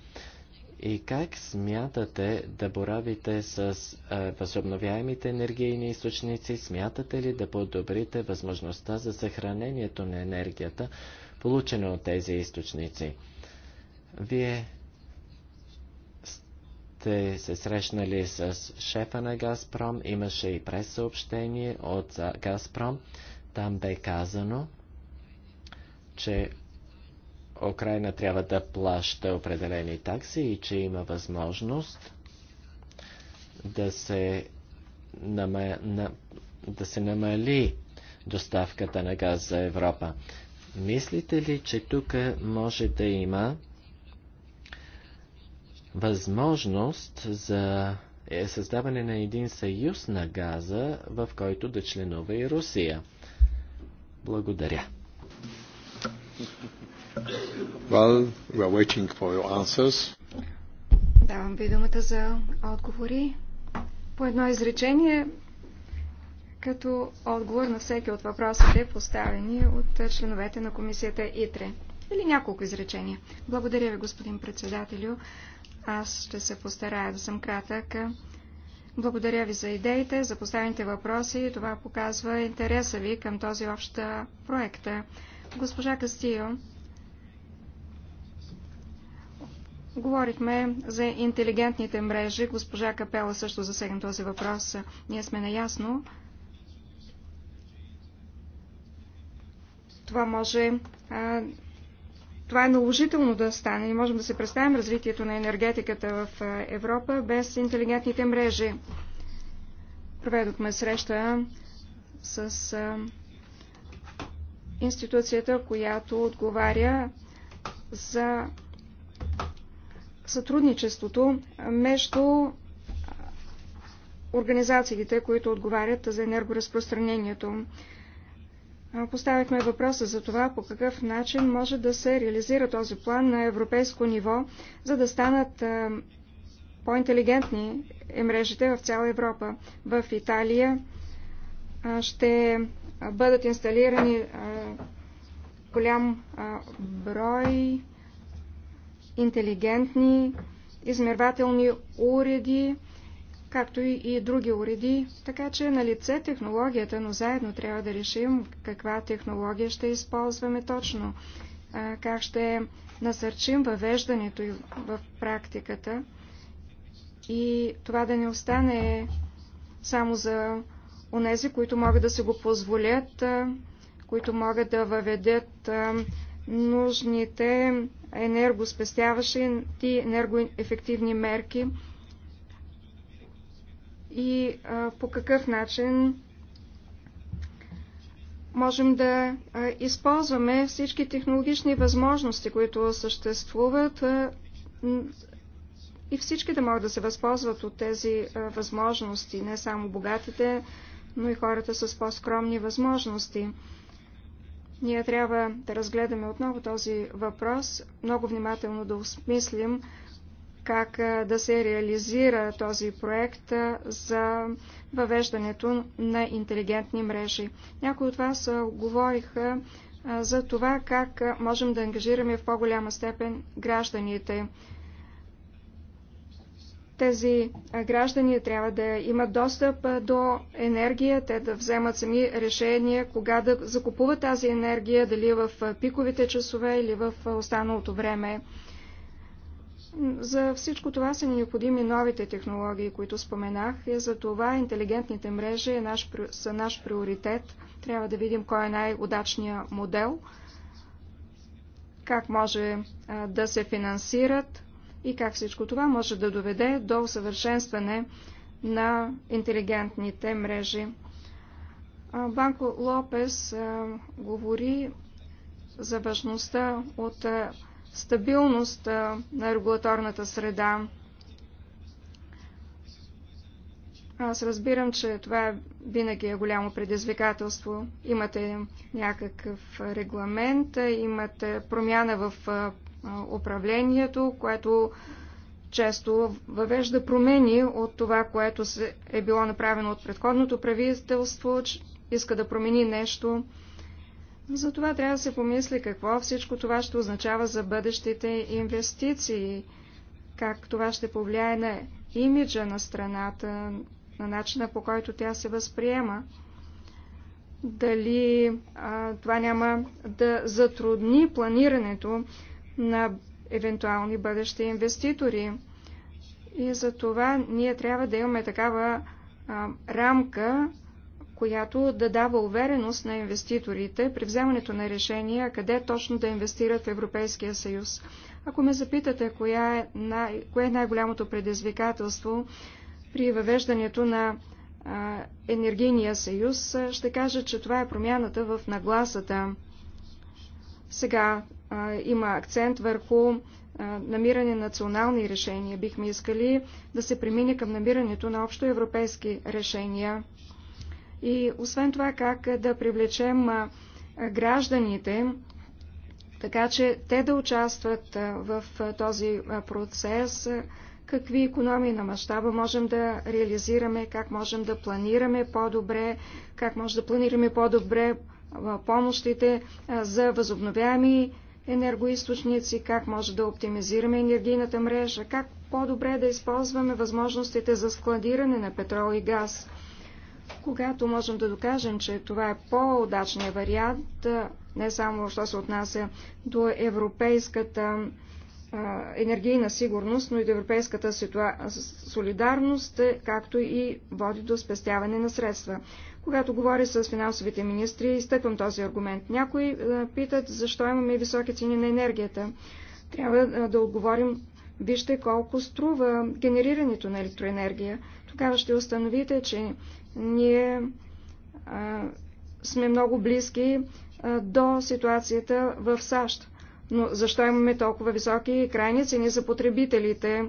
И как смятате да боравите с а, възобновяемите енергийни източници? Смятате ли да подобрите възможността за съхранението на енергията, получена от тези източници? Вие сте се срещнали с шефа на Газпром, имаше и пресъобщение от Газпром. Там бе казано, че Украина трябва да плаща определени такси и че има възможност да се, нама... на... да се намали доставката на газ за Европа. Мислите ли, че тук може да има възможност за е създаване на един съюз на газа, в който да членува и Русия. Благодаря. Well, we are waiting for your answers. Давам ви думата за отговори. По едно изречение, като отговор на всеки от въпросите, поставени от членовете на комисията ИТРЕ. Или няколко изречения. Благодаря ви, господин председателю. Аз ще се постарая да съм кратък. Благодаря ви за идеите, за поставените въпроси. Това показва интереса ви към този общ проект. Госпожа Кастио, говорихме за интелигентните мрежи. Госпожа Капела също засегна този въпрос. Ние сме наясно. Това може това е наложително да стане. Не можем да се представим развитието на енергетиката в Европа без интелигентните мрежи. Проведохме среща с институцията, която отговаря за сътрудничеството между организациите, които отговарят за енергоразпространението. Поставихме въпроса за това по какъв начин може да се реализира този план на европейско ниво, за да станат по-интелигентни е мрежите в цяла Европа. В Италия ще бъдат инсталирани голям брой интелигентни измервателни уреди, както и, и други уреди. Така че на лице технологията, но заедно трябва да решим каква технология ще използваме точно, как ще насърчим въвеждането в практиката и това да не остане само за онези, които могат да се го позволят, които могат да въведат нужните енергоспестяващи енергоефективни мерки и а, по какъв начин можем да а, използваме всички технологични възможности, които съществуват а, и всички да могат да се възползват от тези а, възможности, не само богатите, но и хората с по-скромни възможности. Ние трябва да разгледаме отново този въпрос, много внимателно да осмислим как да се реализира този проект за въвеждането на интелигентни мрежи. Някои от вас говориха за това как можем да ангажираме в по-голяма степен гражданите. Тези граждани трябва да имат достъп до енергия, те да вземат сами решения кога да закупуват тази енергия, дали в пиковите часове или в останалото време. За всичко това са ни необходими новите технологии, които споменах и за това интелигентните мрежи е наш, са наш приоритет. Трябва да видим кой е най-удачният модел, как може да се финансират и как всичко това може да доведе до усъвършенстване на интелигентните мрежи. Банко Лопес говори за важността от стабилност на регулаторната среда. Аз разбирам, че това е винаги е голямо предизвикателство. Имате някакъв регламент, имате промяна в управлението, което често въвежда промени от това, което е било направено от предходното правителство, иска да промени нещо. Затова трябва да се помисли какво всичко това ще означава за бъдещите инвестиции, как това ще повлияе на имиджа на страната, на начина по който тя се възприема. Дали а, това няма да затрудни планирането на евентуални бъдещи инвеститори. И за това ние трябва да имаме такава а, рамка, която да дава увереност на инвеститорите при вземането на решения, къде точно да инвестират в Европейския съюз. Ако ме запитате коя е най- кое е най-голямото предизвикателство при въвеждането на а, енергийния съюз, ще кажа, че това е промяната в нагласата. Сега а, има акцент върху а, намиране на национални решения. Бихме искали да се премине към намирането на общо европейски решения и освен това как да привлечем гражданите, така че те да участват в този процес, какви економии на мащаба можем да реализираме, как можем да планираме по-добре, как може да планираме по-добре помощите за възобновяеми енергоисточници, как може да оптимизираме енергийната мрежа, как по-добре да използваме възможностите за складиране на петрол и газ – когато можем да докажем, че това е по-удачният вариант, не само що се отнася до европейската енергийна сигурност, но и до европейската ситуа... солидарност, е, както и води до спестяване на средства. Когато говори с финансовите министри, изтъквам този аргумент. Някои питат защо имаме високи цени на енергията. Трябва да отговорим, вижте колко струва генерирането на електроенергия. Тогава ще установите, че ние а, сме много близки а, до ситуацията в САЩ. Но защо имаме толкова високи крайни цени за потребителите?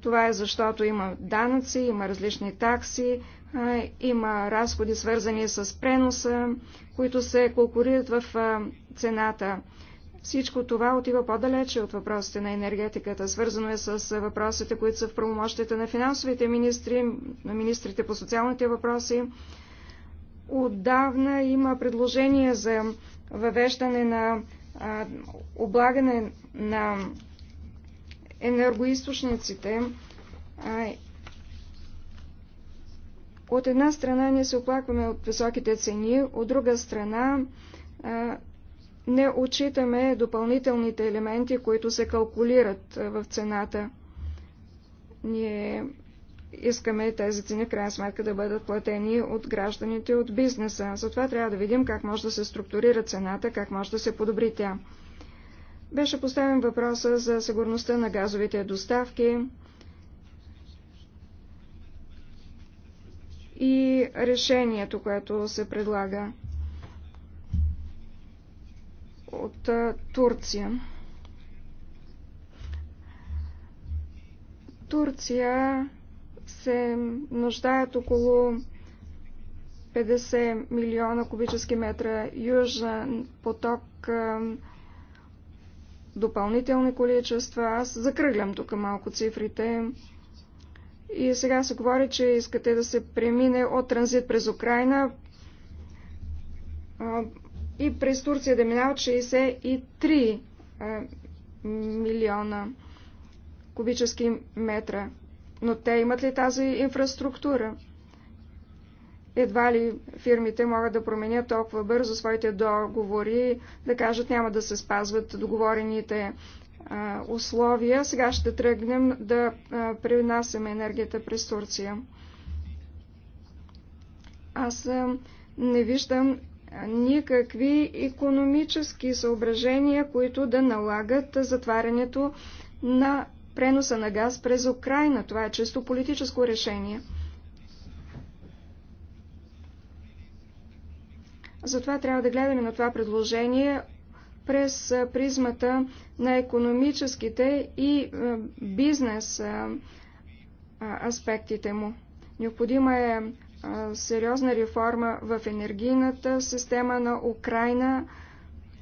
Това е защото има данъци, има различни такси, а, има разходи свързани с преноса, които се конкурират в а, цената. Всичко това отива по-далече от въпросите на енергетиката. Свързано е с въпросите, които са в правомощите на финансовите министри, на министрите по социалните въпроси. Отдавна има предложение за въвеждане на а, облагане на енергоисточниците. А, от една страна ние се оплакваме от високите цени, от друга страна а, не отчитаме допълнителните елементи, които се калкулират в цената. Ние искаме тези цени в крайна сметка да бъдат платени от гражданите, от бизнеса. Затова трябва да видим как може да се структурира цената, как може да се подобри тя. Беше поставен въпроса за сигурността на газовите доставки и решението, което се предлага от Турция. Турция се нуждаят около 50 милиона кубически метра южен поток, допълнителни количества. Аз закръглям тук малко цифрите. И сега се говори, че искате да се премине от транзит през Украина и през Турция да е минават 63 милиона кубически метра. Но те имат ли тази инфраструктура? Едва ли фирмите могат да променят толкова бързо своите договори, да кажат няма да се спазват договорените а, условия. Сега ще тръгнем да а, пренасяме енергията през Турция. Аз а, не виждам никакви економически съображения, които да налагат затварянето на преноса на газ през Украина. Това е чисто политическо решение. Затова трябва да гледаме на това предложение през призмата на економическите и е, бизнес е, е, аспектите му. Необходима е сериозна реформа в енергийната система на Украина.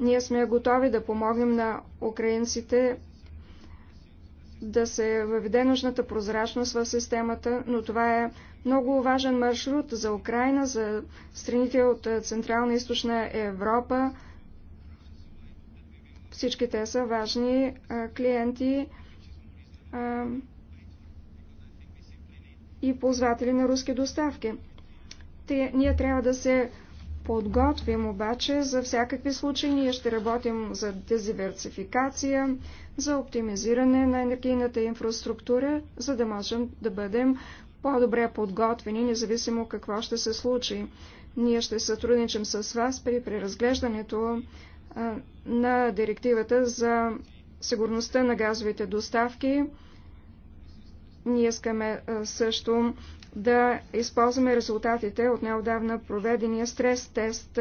Ние сме готови да помогнем на украинците да се въведе нужната прозрачност в системата, но това е много важен маршрут за Украина, за страните от Централна и Източна Европа. Всички те са важни клиенти и ползватели на руски доставки. Те, ние трябва да се подготвим обаче за всякакви случаи. Ние ще работим за дезиверсификация, за оптимизиране на енергийната инфраструктура, за да можем да бъдем по-добре подготвени, независимо какво ще се случи. Ние ще сътрудничим с вас при преразглеждането на директивата за сигурността на газовите доставки. Ние искаме също да използваме резултатите от неодавна проведения стрес-тест,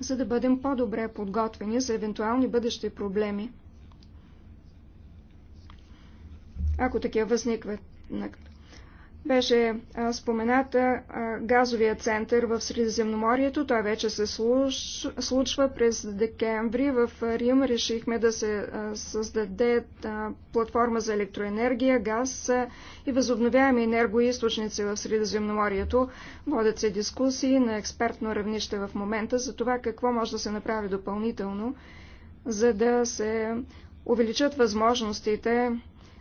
за да бъдем по-добре подготвени за евентуални бъдещи проблеми. Ако такива възникват беше а, спомената а, газовия център в Средиземноморието. Той вече се случва през декември. В Рим решихме да се а, създаде а, платформа за електроенергия, газ а, и възобновяеми енергоисточници в Средиземноморието. Водят се дискусии на експертно равнище в момента за това какво може да се направи допълнително, за да се увеличат възможностите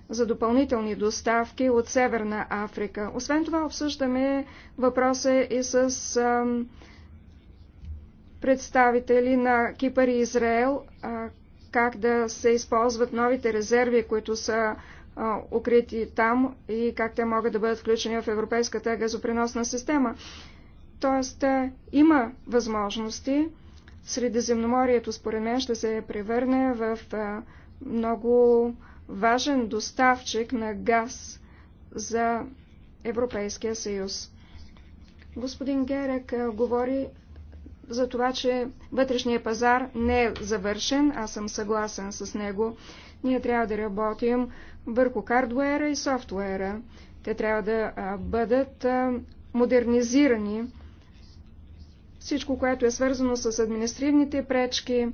за допълнителни доставки от Северна Африка. Освен това обсъждаме въпроса и с а, представители на Кипър и Израел, а, как да се използват новите резерви, които са а, укрити там и как те могат да бъдат включени в европейската газопреносна система. Тоест, а, има възможности. Средиземноморието, според мен, ще се превърне в а, много важен доставчик на газ за Европейския съюз. Господин Герек говори за това, че вътрешния пазар не е завършен. Аз съм съгласен с него. Ние трябва да работим върху хардуера и софтуера. Те трябва да бъдат модернизирани. Всичко, което е свързано с административните пречки,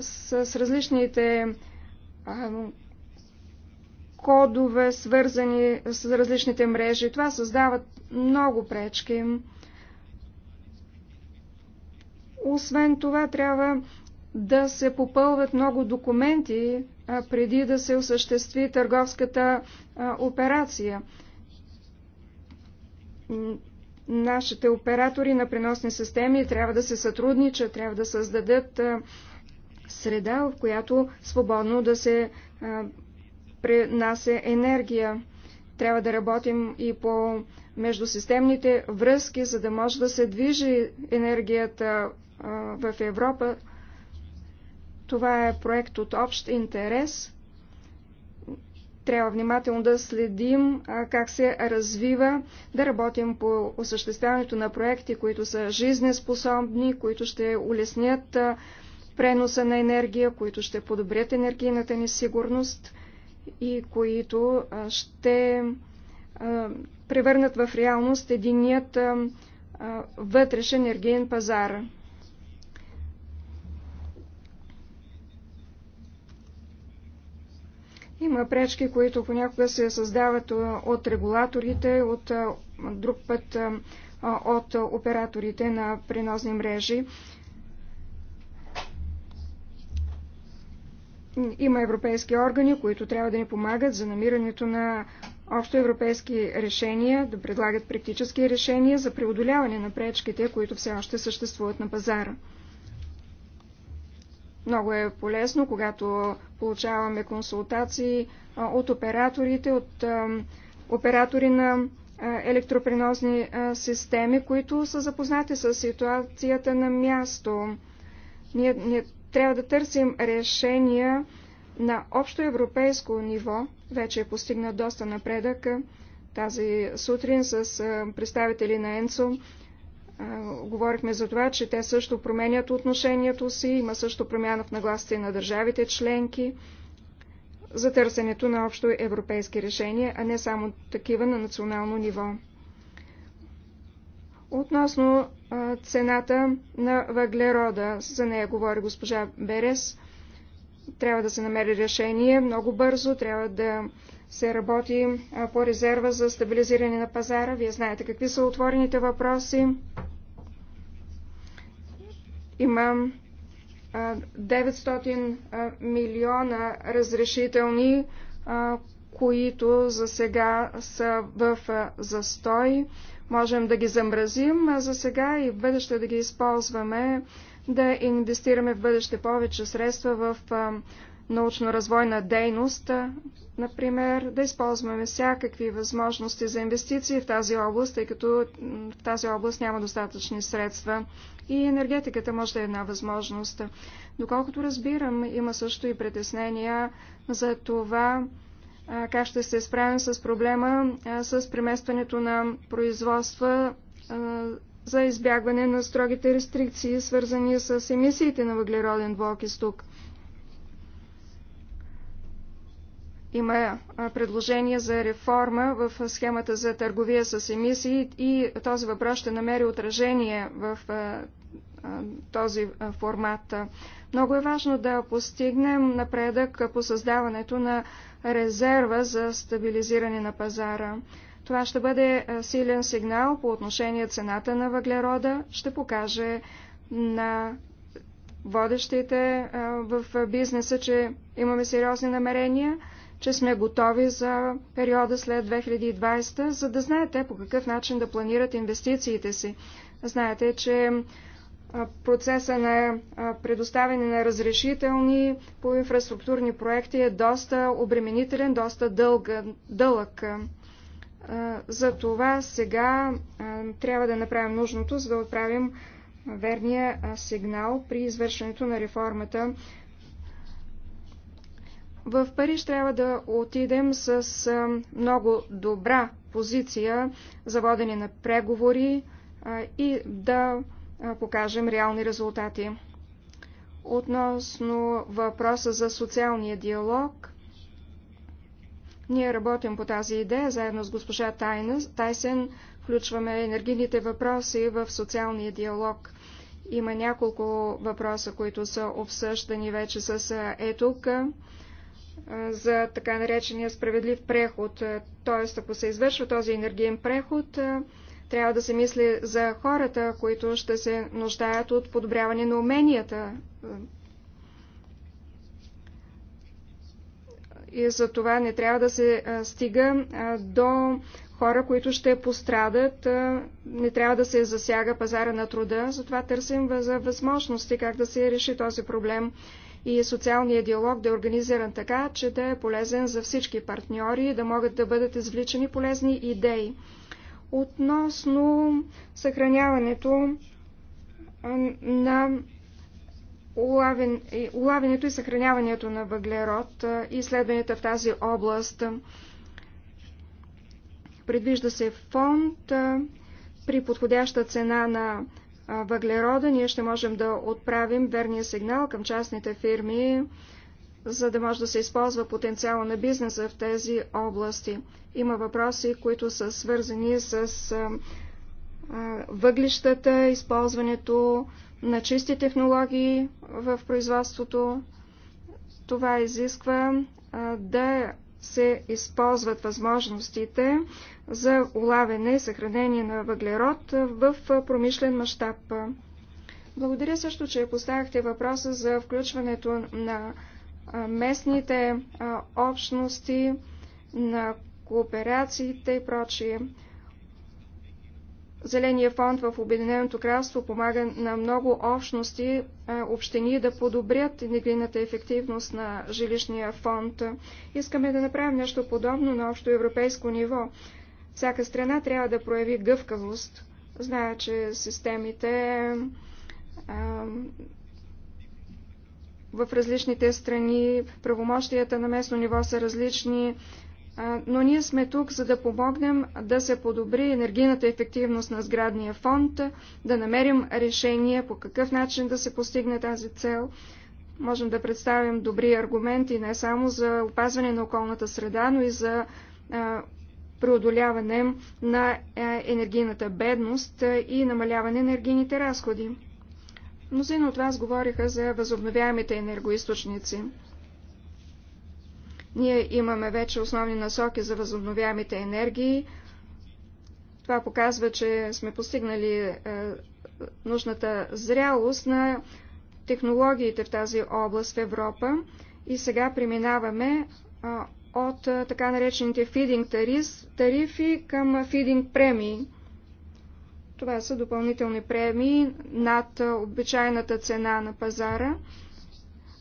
с различните кодове, свързани с различните мрежи. Това създават много пречки. Освен това, трябва да се попълват много документи преди да се осъществи търговската операция. Нашите оператори на преносни системи трябва да се сътрудничат, трябва да създадат среда, в която свободно да се Принася енергия. Трябва да работим и по междусистемните връзки, за да може да се движи енергията в Европа. Това е проект от общ интерес. Трябва внимателно да следим как се развива, да работим по осъществяването на проекти, които са жизнеспособни, които ще улеснят преноса на енергия, които ще подобрят енергийната ни сигурност и които ще превърнат в реалност единият вътрешен енергиен пазар. Има пречки, които понякога се създават от регулаторите, от друг път от операторите на преносни мрежи. Има европейски органи, които трябва да ни помагат за намирането на общо европейски решения, да предлагат практически решения за преодоляване на пречките, които все още съществуват на пазара. Много е полезно, когато получаваме консултации от операторите, от оператори на електропреносни системи, които са запознати с ситуацията на място. Ние, ние трябва да търсим решения на общо европейско ниво. Вече е постигнат доста напредък тази сутрин с представители на ЕНСО. Говорихме за това, че те също променят отношението си, има също промяна в нагласите на държавите членки за търсенето на общо европейски решения, а не само такива на национално ниво. Относно цената на въглерода. За нея говори госпожа Берес. Трябва да се намери решение много бързо, трябва да се работи по резерва за стабилизиране на пазара. Вие знаете какви са отворените въпроси. Имам 900 милиона разрешителни, които за сега са в застой можем да ги замразим а за сега и в бъдеще да ги използваме, да инвестираме в бъдеще повече средства в научно-развойна дейност, например, да използваме всякакви възможности за инвестиции в тази област, тъй като в тази област няма достатъчни средства и енергетиката може да е една възможност. Доколкото разбирам, има също и притеснения за това как ще се справим с проблема с преместването на производства за избягване на строгите рестрикции, свързани с емисиите на въглероден двуокис тук. Има предложение за реформа в схемата за търговия с емисии и този въпрос ще намери отражение в този формат. Много е важно да постигнем напредък по създаването на резерва за стабилизиране на пазара. Това ще бъде силен сигнал по отношение цената на въглерода, ще покаже на водещите в бизнеса, че имаме сериозни намерения че сме готови за периода след 2020, за да знаете по какъв начин да планират инвестициите си. Знаете, че процеса на предоставяне на разрешителни по инфраструктурни проекти е доста обременителен, доста дълга, дълъг. За това сега трябва да направим нужното, за да отправим верния сигнал при извършването на реформата в Париж трябва да отидем с много добра позиция за водене на преговори и да покажем реални резултати. Относно въпроса за социалния диалог, ние работим по тази идея заедно с госпожа Тайна. Тайсен включваме енергийните въпроси в социалния диалог. Има няколко въпроса, които са обсъждани вече с ЕТУК за така наречения справедлив преход. Т.е. ако се извършва този енергиен преход, трябва да се мисли за хората, които ще се нуждаят от подобряване на уменията. И за това не трябва да се стига до хора, които ще пострадат, не трябва да се засяга пазара на труда, затова търсим за възможности как да се реши този проблем и социалния диалог да е организиран така, че да е полезен за всички партньори, да могат да бъдат извличани полезни идеи. Относно съхраняването на улавен, улавянето и съхраняването на въглерод и изследванията в тази област. Предвижда се фонд при подходяща цена на въглерода, ние ще можем да отправим верния сигнал към частните фирми, за да може да се използва потенциала на бизнеса в тези области. Има въпроси, които са свързани с въглищата, използването на чисти технологии в производството. Това изисква да се използват възможностите за улавяне и съхранение на въглерод в промишлен мащаб. Благодаря също, че поставяхте въпроса за включването на местните общности, на кооперациите и прочие. Зеления фонд в Обединеното кралство помага на много общности, общини да подобрят енергийната ефективност на жилищния фонд. Искаме да направим нещо подобно на общо европейско ниво. Всяка страна трябва да прояви гъвкавост. Зная, че системите а, в различните страни, правомощията на местно ниво са различни, но ние сме тук, за да помогнем да се подобри енергийната ефективност на сградния фонд, да намерим решение по какъв начин да се постигне тази цел. Можем да представим добри аргументи не само за опазване на околната среда, но и за преодоляване на енергийната бедност и намаляване на енергийните разходи. Мнозина от вас говориха за възобновяемите енергоисточници. Ние имаме вече основни насоки за възобновяемите енергии. Това показва, че сме постигнали е, нужната зрялост на технологиите в тази област в Европа. И сега преминаваме е, от е, така наречените фидинг тарифи към фидинг премии. Това са допълнителни премии над обичайната цена на пазара.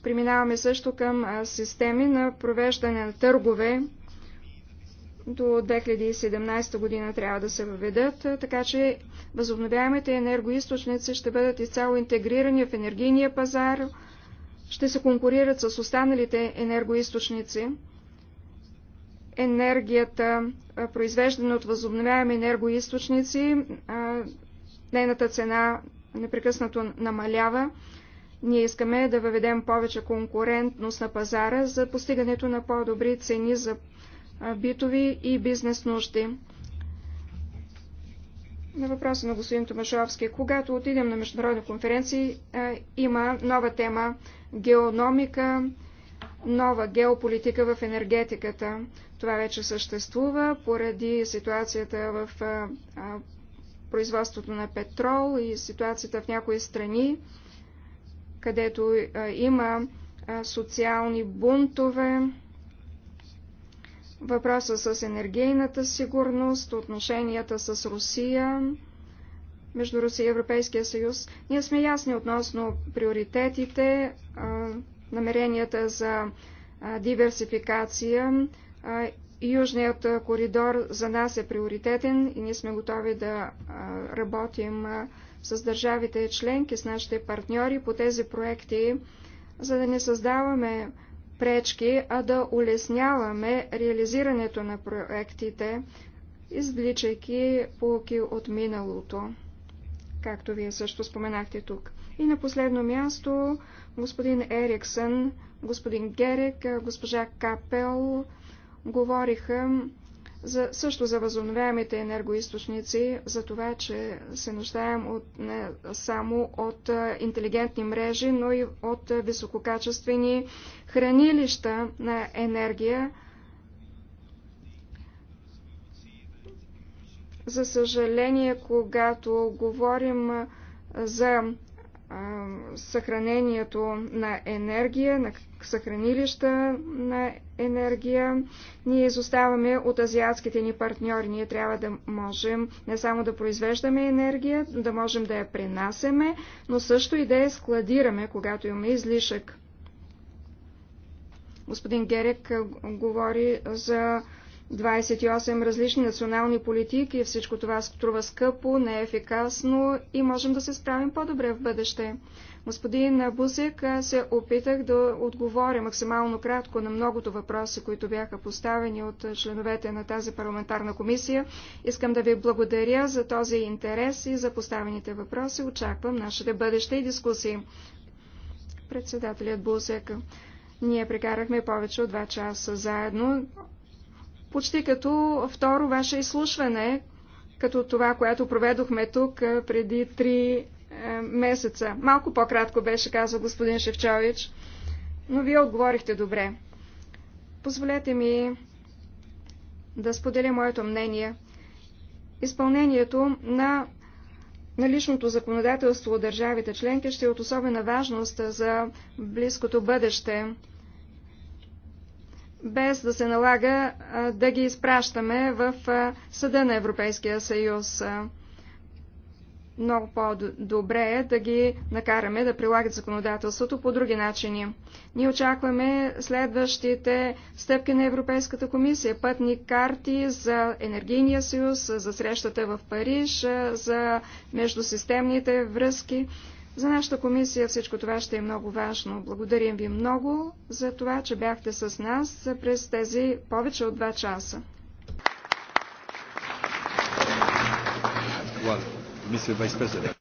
Преминаваме също към системи на провеждане на търгове. До 2017 година трябва да се въведат, така че възобновяемите енергоисточници ще бъдат изцяло интегрирани в енергийния пазар, ще се конкурират с останалите енергоисточници. Енергията, произвеждана от възобновяеми енергоисточници, нейната цена непрекъснато намалява. Ние искаме да въведем повече конкурентност на пазара за постигането на по-добри цени за битови и бизнес нужди. На въпроса на господин Томашовски. Когато отидем на международни конференции, има нова тема – геономика, нова геополитика в енергетиката. Това вече съществува поради ситуацията в производството на петрол и ситуацията в някои страни където е, има е, социални бунтове, въпроса с енергийната сигурност, отношенията с Русия, между Русия и Европейския съюз. Ние сме ясни относно приоритетите, е, намеренията за диверсификация. Южният коридор за нас е приоритетен и ние сме готови да работим с държавите членки, с нашите партньори по тези проекти, за да не създаваме пречки, а да улесняваме реализирането на проектите, извличайки полки от миналото, както вие също споменахте тук. И на последно място господин Ериксън, господин Герек, госпожа Капел говориха за, също за възобновяемите енергоисточници, за това, че се нуждаем от, не само от а, интелигентни мрежи, но и от а, висококачествени хранилища на енергия. За съжаление, когато говорим за съхранението на енергия, на съхранилища на енергия, енергия. Ние изоставаме от азиатските ни партньори. Ние трябва да можем не само да произвеждаме енергия, да можем да я пренасеме, но също и да я складираме, когато имаме излишък. Господин Герек говори за 28 различни национални политики. Всичко това струва скъпо, неефикасно и можем да се справим по-добре в бъдеще. Господин Бусик, се опитах да отговоря максимално кратко на многото въпроси, които бяха поставени от членовете на тази парламентарна комисия. Искам да ви благодаря за този интерес и за поставените въпроси. Очаквам нашите бъдеще и дискусии. Председателят Бусик, ние прекарахме повече от два часа заедно, почти като второ ваше изслушване, като това, което проведохме тук преди три е, месеца. Малко по-кратко беше, казал господин Шевчович, но вие отговорихте добре. Позволете ми да споделя моето мнение. Изпълнението на наличното законодателство от държавите членки ще е от особена важност за близкото бъдеще, без да се налага да ги изпращаме в Съда на Европейския съюз много по-добре е да ги накараме да прилагат законодателството по други начини. Ние очакваме следващите стъпки на Европейската комисия, пътни карти за енергийния съюз, за срещата в Париж, за междусистемните връзки. За нашата комисия всичко това ще е много важно. Благодарим ви много за това, че бяхте с нас през тези повече от два часа. Благодаря. Mr. Vice President.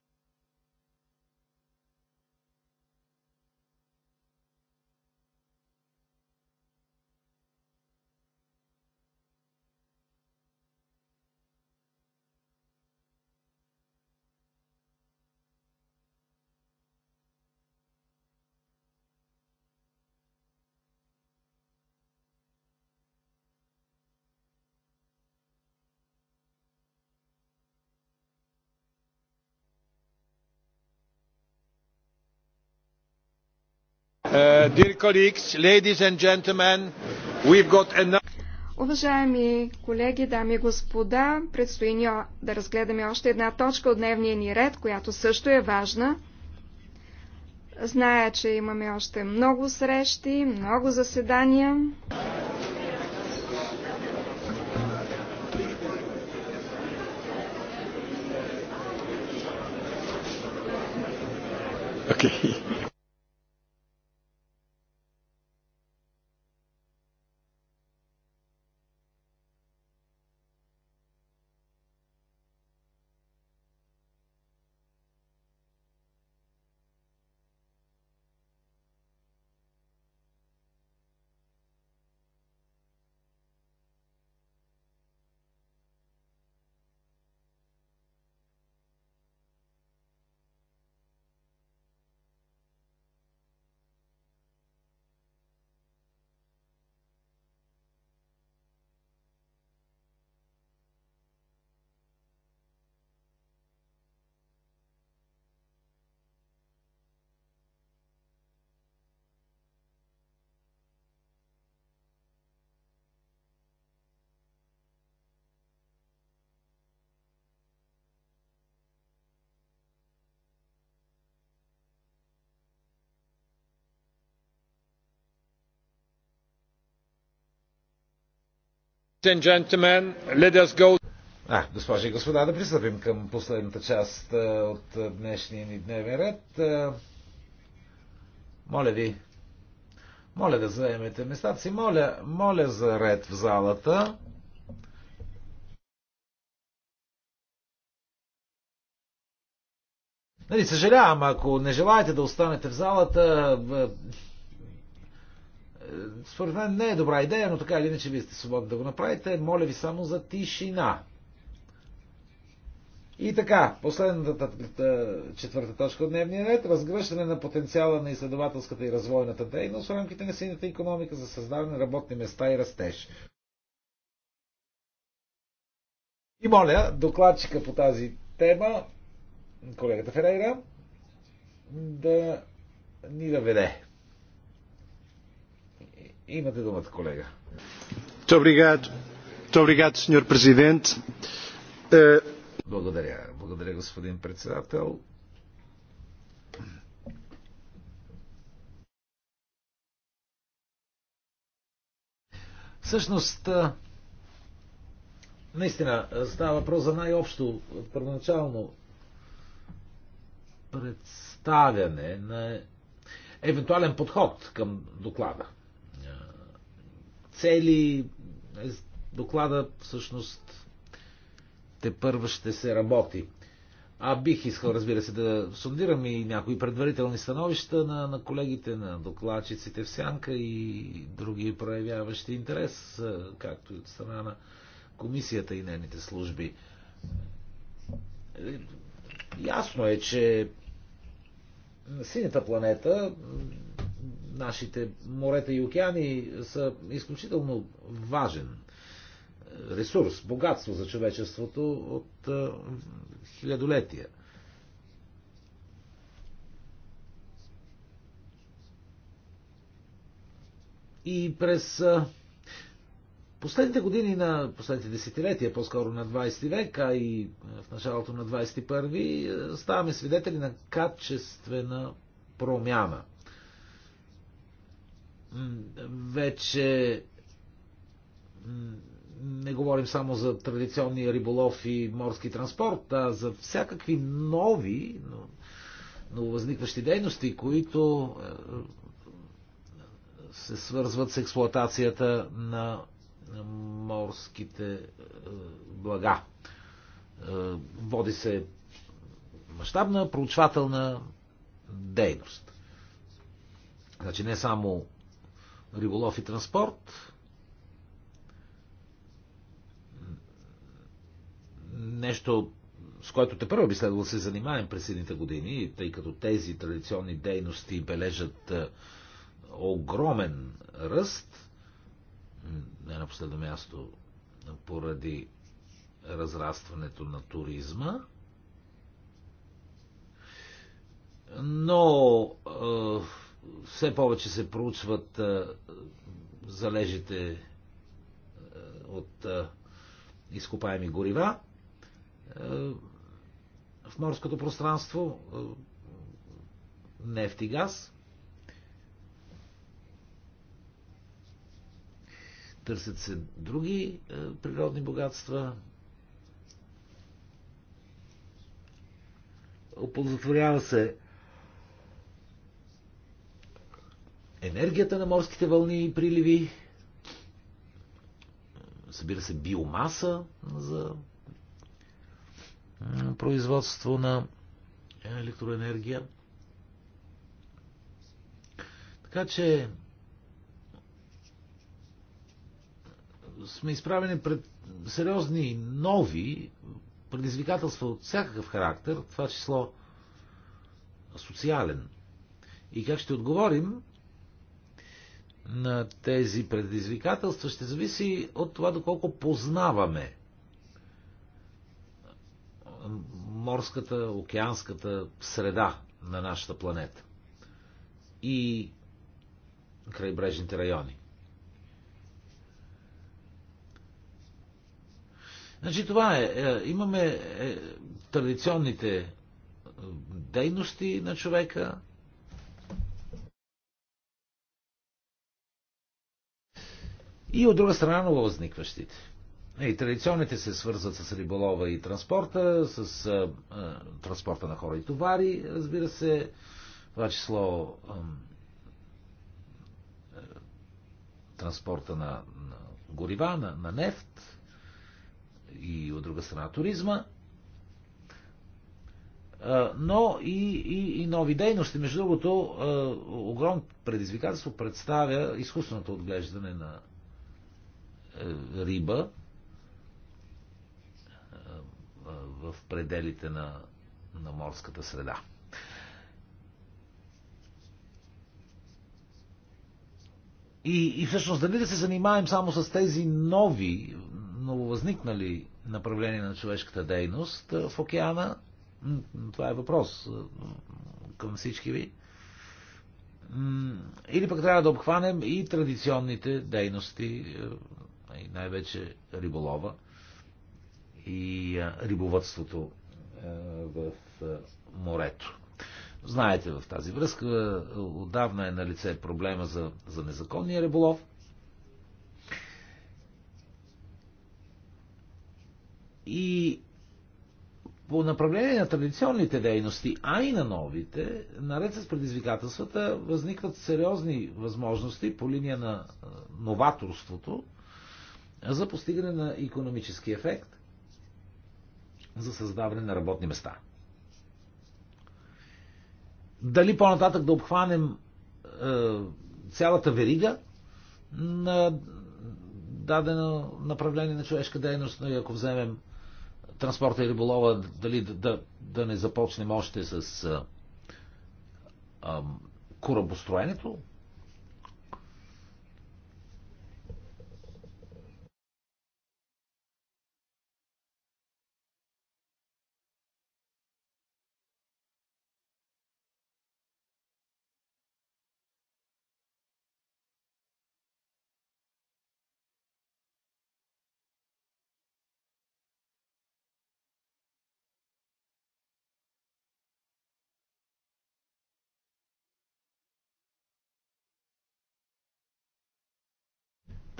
Уважаеми колеги, дами и господа, предстои ни да разгледаме още една точка от дневния ни ред, която също е важна. Зная, че имаме още много срещи, много заседания. Okay. А, госпожи и господа, да пристъпим към последната част от днешния ни дневен ред. Моля ви, моля да заемете местата си. Моля, моля за ред в залата. Нали, съжалявам, ако не желаете да останете в залата, според мен не е добра идея, но така или иначе вие сте свободни да го направите. Моля ви само за тишина. И така, последната четвърта точка от дневния ред разгръщане на потенциала на изследователската и развойната дейност в рамките на синята економика за създаване на работни места и растеж. И моля, докладчика по тази тема, колегата Ферейра, да ни да веде. Имате думата, колега. Е, благодаря. Благодаря, господин председател. Всъщност, е, наистина, е, става въпрос за най-общо първоначално представяне на евентуален подход към доклада цели. Е, доклада всъщност те първа ще се работи. А бих искал, разбира се, да сондирам и някои предварителни становища на, на колегите, на докладчиците в Сянка и други проявяващи интерес, е, както и от страна на комисията и нейните служби. Е, ясно е, че синята планета нашите морета и океани са изключително важен е, ресурс, богатство за човечеството от е, хилядолетия. И през е, последните години на последните десетилетия, по-скоро на 20 век, а и в началото на 21 ставаме свидетели на качествена промяна – вече не говорим само за традиционния риболов и морски транспорт, а за всякакви нови, нововъзникващи дейности, които е, се свързват с експлоатацията на морските е, блага. Е, води се мащабна проучвателна дейност. Значи не само риболов и транспорт. Нещо, с което те първо би следвало да се занимаем през едните години, тъй като тези традиционни дейности бележат е, огромен ръст, не на последно място поради разрастването на туризма, но е, все повече се проучват залежите от изкопаеми горива в морското пространство, нефт и газ. Търсят се други природни богатства. Оползотворява се енергията на морските вълни и приливи, събира се биомаса за производство на електроенергия. Така че сме изправени пред сериозни нови предизвикателства от всякакъв характер, това число социален. И как ще отговорим, на тези предизвикателства ще зависи от това доколко познаваме морската, океанската среда на нашата планета и крайбрежните райони. Значи това е. е имаме е, традиционните е, дейности на човека, и от друга страна нововъзникващите. И традиционните се свързват с риболова и транспорта, с а, а, транспорта на хора и товари, разбира се, това число а, транспорта на, на горива, на, на нефт и от друга страна туризма но и, и, и нови дейности. Между другото, огромно предизвикателство представя изкуственото отглеждане на е, риба е, в пределите на, на морската среда. И, и всъщност дали да се занимаем само с тези нови, нововъзникнали направления на човешката дейност е, в океана, това е въпрос към всички ви. Или пък трябва да обхванем и традиционните дейности и най-вече риболова и рибовътството в морето. Знаете, в тази връзка отдавна е на лице проблема за, за незаконния риболов. И по направление на традиционните дейности, а и на новите, наред с предизвикателствата, възникват сериозни възможности по линия на новаторството за постигане на економически ефект, за създаване на работни места. Дали по-нататък да обхванем е, цялата верига на дадено направление на човешка дейност, но и ако вземем транспорта и риболова, дали да, да, да не започнем още с е, е, корабостроенето,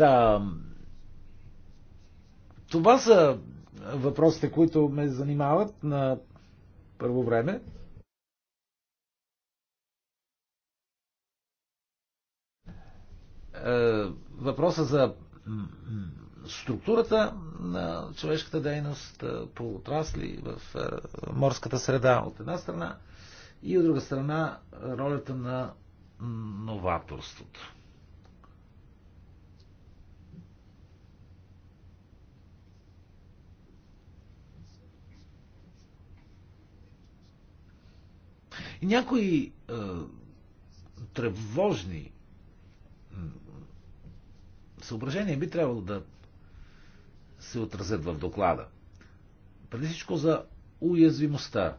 Та, това са въпросите, които ме занимават на първо време. Е, въпроса за структурата на човешката дейност е, по отрасли в е, морската среда от една страна и от друга страна ролята на новаторството. И някои е, тревожни съображения би трябвало да се отразят в доклада. Преди всичко за уязвимостта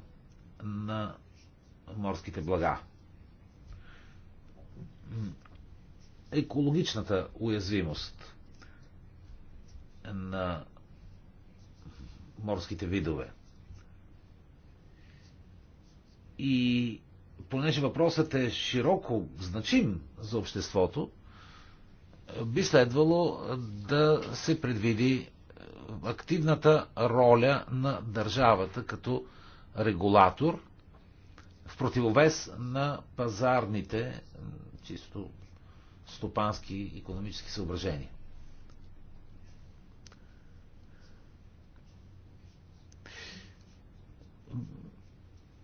на морските блага. Екологичната уязвимост на морските видове. И понеже въпросът е широко значим за обществото, би следвало да се предвиди е, активната роля на държавата като регулатор в противовес на пазарните чисто стопански и економически съображения.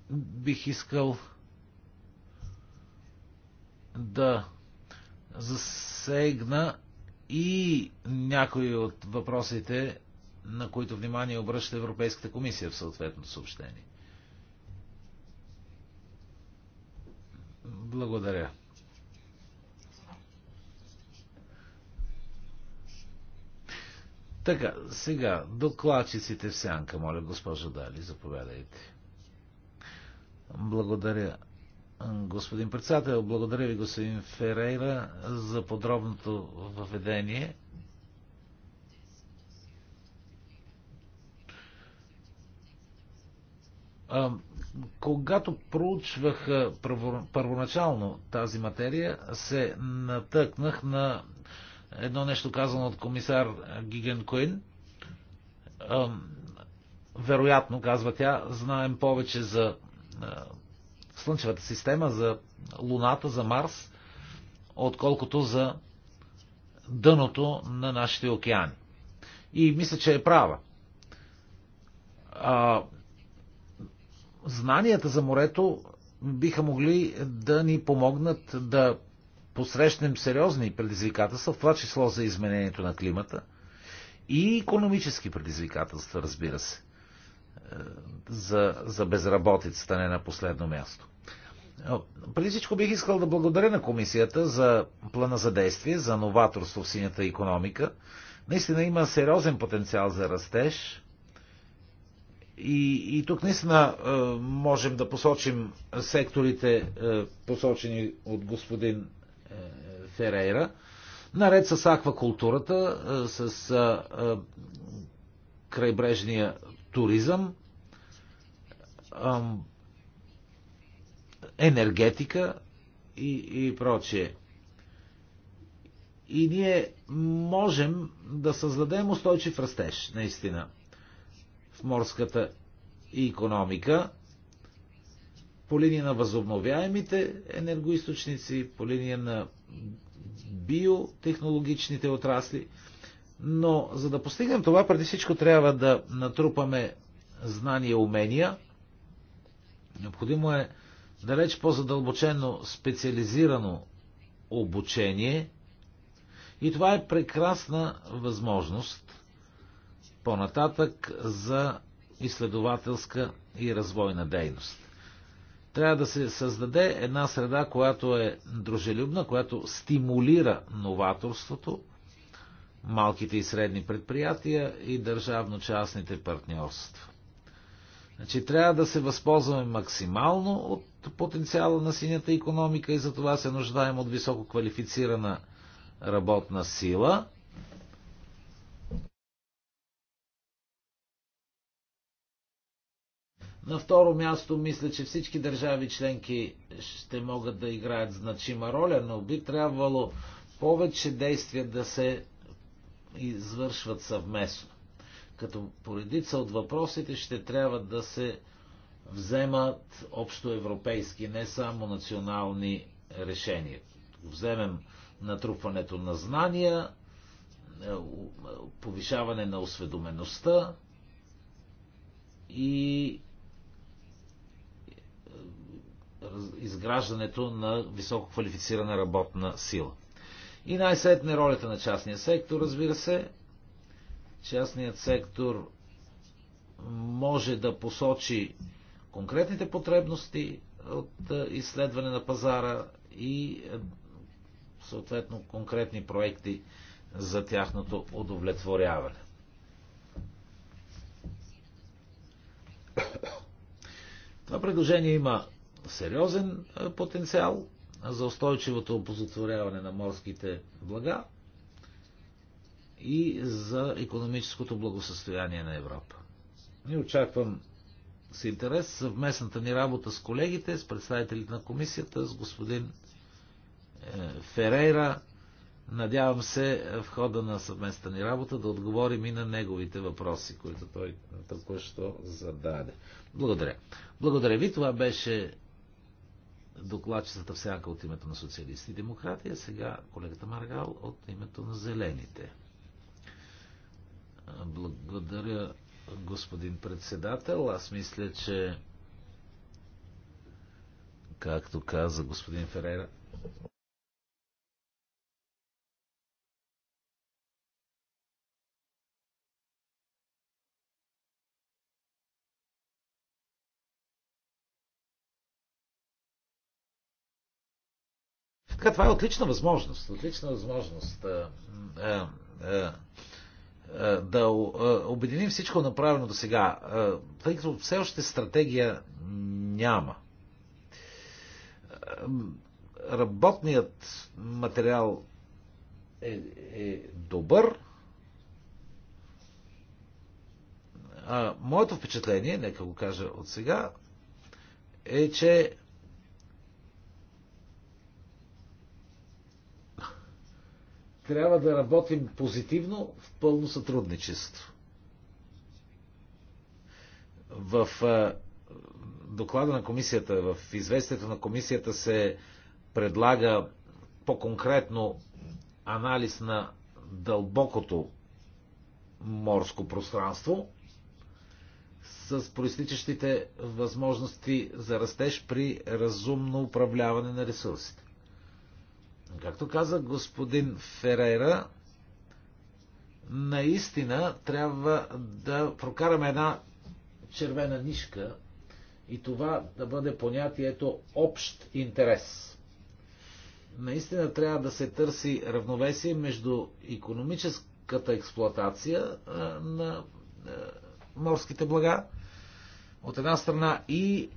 бих искал да засегна и някои от въпросите, на които внимание обръща Европейската комисия в съответното съобщение. Благодаря. Така, сега, докладчиците в сянка, моля, госпожа Дали, заповядайте. Благодаря, господин председател. Благодаря ви, господин Ферейра, за подробното въведение. когато проучвах първоначално тази материя, се натъкнах на едно нещо казано от комисар Гиген Куин. Вероятно, казва тя, знаем повече за е, Слънчевата система, за Луната, за Марс, отколкото за дъното на нашите океани. И мисля, че е права. А, знанията за морето биха могли да ни помогнат да посрещнем сериозни предизвикателства, в това число за изменението на климата и економически предизвикателства, разбира се за, за безработицата, не на последно място. Преди всичко бих искал да благодаря на комисията за плана за действие, за новаторство в синята економика. Наистина има сериозен потенциал за растеж. И, и тук наистина е, можем да посочим секторите, е, посочени от господин е, Ферейра, наред с аквакултурата, е, с е, е крайбрежния туризъм, енергетика и, и прочее. И ние можем да създадем устойчив растеж, наистина, в морската економика по линия на възобновяемите енергоисточници, по линия на биотехнологичните отрасли – но за да постигнем това, преди всичко трябва да натрупаме знания и умения. Необходимо е далеч по-задълбочено специализирано обучение. И това е прекрасна възможност по-нататък за изследователска и развойна дейност. Трябва да се създаде една среда, която е дружелюбна, която стимулира новаторството, малките и средни предприятия и държавно-частните партньорства. Значи трябва да се възползваме максимално от потенциала на синята економика и за това се нуждаем от високо квалифицирана работна сила. На второ място мисля, че всички държави членки ще могат да играят значима роля, но би трябвало повече действия да се извършват съвместно. Като поредица от въпросите ще трябва да се вземат общоевропейски, не само национални решения. Вземем натрупването на знания, е, повишаване на осведомеността и е, изграждането на висококвалифицирана работна сила. И най-сетне ролята на частния сектор, разбира се. Частният сектор може да посочи конкретните потребности от изследване на пазара и съответно конкретни проекти за тяхното удовлетворяване. Това предложение има сериозен потенциал за устойчивото опозотворяване на морските блага и за економическото благосъстояние на Европа. И очаквам с интерес съвместната ни работа с колегите, с представителите на комисията, с господин е, Ферейра. Надявам се е, в хода на съвместната ни работа да отговорим и на неговите въпроси, които той току-що зададе. Благодаря. Благодаря ви. Това беше докладчицата всяка от името на социалисти и демократия, сега колегата Маргал от името на зелените. Благодаря, господин председател. Аз мисля, че както каза господин Ферера, Така, това е отлична възможност. Отлична възможност а, а, а, да обединим всичко направено до сега, тъй като все още стратегия няма. Работният материал е, е добър. А, моето впечатление, нека го кажа от сега, е, че трябва да работим позитивно в пълно сътрудничество. В доклада на комисията, в известието на комисията се предлага по-конкретно анализ на дълбокото морско пространство с проистичащите възможности за растеж при разумно управляване на ресурсите. Както каза господин Ферера, наистина трябва да прокараме една червена нишка и това да бъде понятието общ интерес. Наистина трябва да се търси равновесие между економическата експлоатация на морските блага от една страна и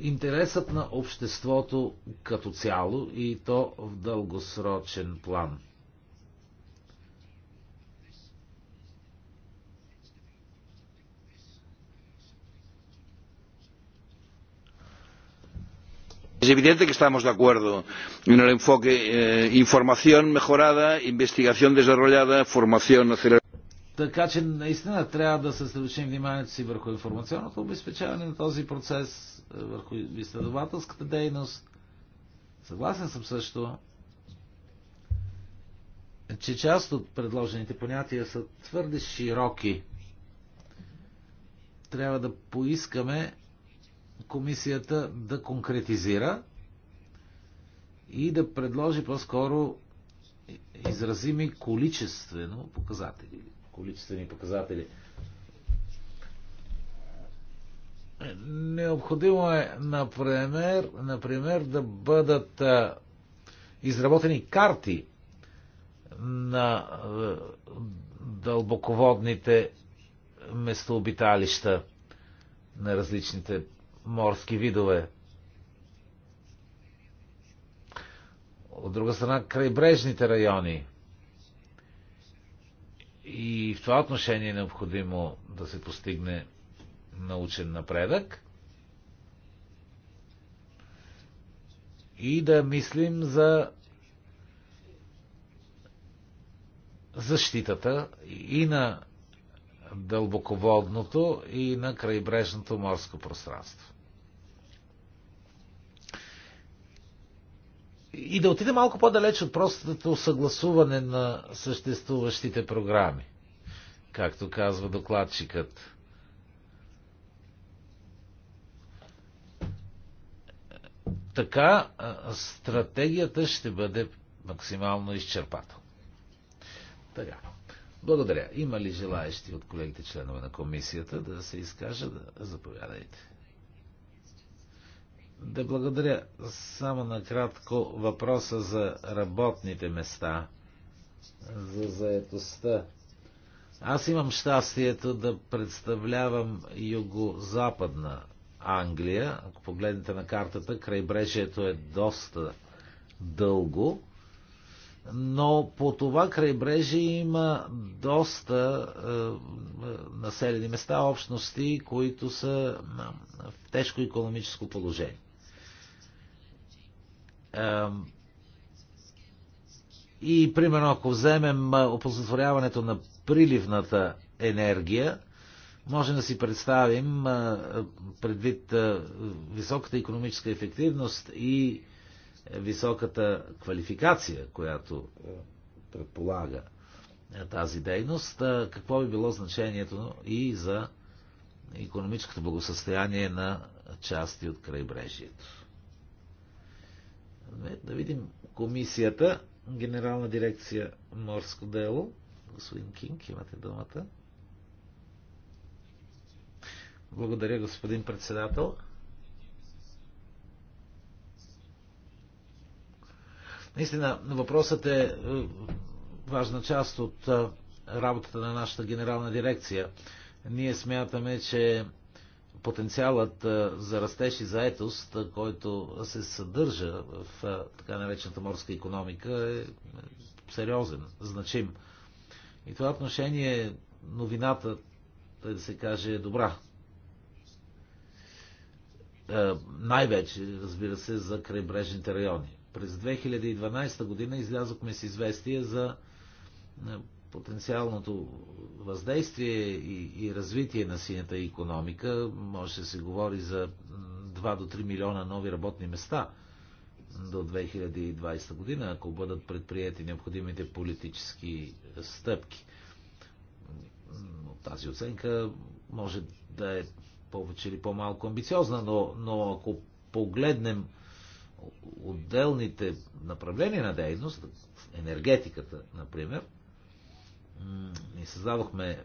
интересът на обществото като цяло и то в дългосрочен план. es evidente que estamos de acuerdo en el enfoque eh, información mejorada investigación desarrollada formación acelerada. Така че наистина трябва да съсредоточим вниманието си върху информационното обезпечаване на този процес, е, върху изследователската дейност. Съгласен съм също, че част от предложените понятия са твърде широки. Трябва да поискаме комисията да конкретизира и да предложи по-скоро изразими количествено показатели количествени показатели. Необходимо е, например, например да бъдат а, изработени карти на а, дълбоководните местообиталища на различните морски видове. От друга страна, крайбрежните райони – и в това отношение е необходимо да се постигне научен напредък и да мислим за защитата и на дълбоководното, и на крайбрежното морско пространство. и да отиде малко по-далеч от простото съгласуване на съществуващите програми, както казва докладчикът. Така стратегията ще бъде максимално изчерпателна. Така. Благодаря. Има ли желаещи от колегите членове на комисията да се изкажат? Да заповядайте. Да благодаря само накратко въпроса за работните места, за заетостта. Аз имам щастието да представлявам юго-западна Англия. Ако погледнете на картата, крайбрежието е доста дълго, но по това крайбрежие има доста е, населени места, общности, които са в тежко економическо положение. И, примерно, ако вземем опозотворяването на приливната енергия, може да си представим предвид високата економическа ефективност и високата квалификация, която е, предполага е, тази дейност, какво би било значението и за економическото благосъстояние на части от крайбрежието. Е, да видим комисията, Генерална дирекция Морско дело. Господин Кинг, имате думата. Благодаря, господин председател. Наистина, въпросът е, е важна част от е, работата на нашата генерална дирекция. Ние смятаме, че потенциалът за растеж и заетост, който се съдържа в така наречената морска економика, е, е сериозен, значим. И това отношение новината, тъй да се каже, е добра. Е, най-вече, разбира се, за крайбрежните райони. През 2012 година излязохме с известие за потенциалното въздействие и, и развитие на синята економика. Може да се говори за 2 до 3 милиона нови работни места до 2020 година, ако бъдат предприяти необходимите политически стъпки. Тази оценка може да е повече или по-малко амбициозна, но, но ако погледнем отделните направления на дейност, енергетиката, например, ни създадохме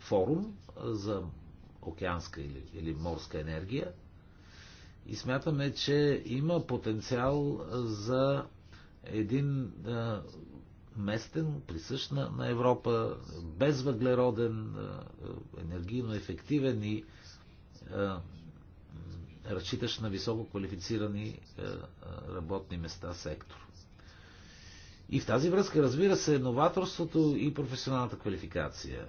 форум за океанска или, или морска енергия и смятаме, че има потенциал за един а, местен, присъщ на, на Европа, безвъглероден, а, енергийно ефективен и а, разчитащ на високо квалифицирани а, работни места сектор. И в тази връзка, разбира се, новаторството и професионалната квалификация.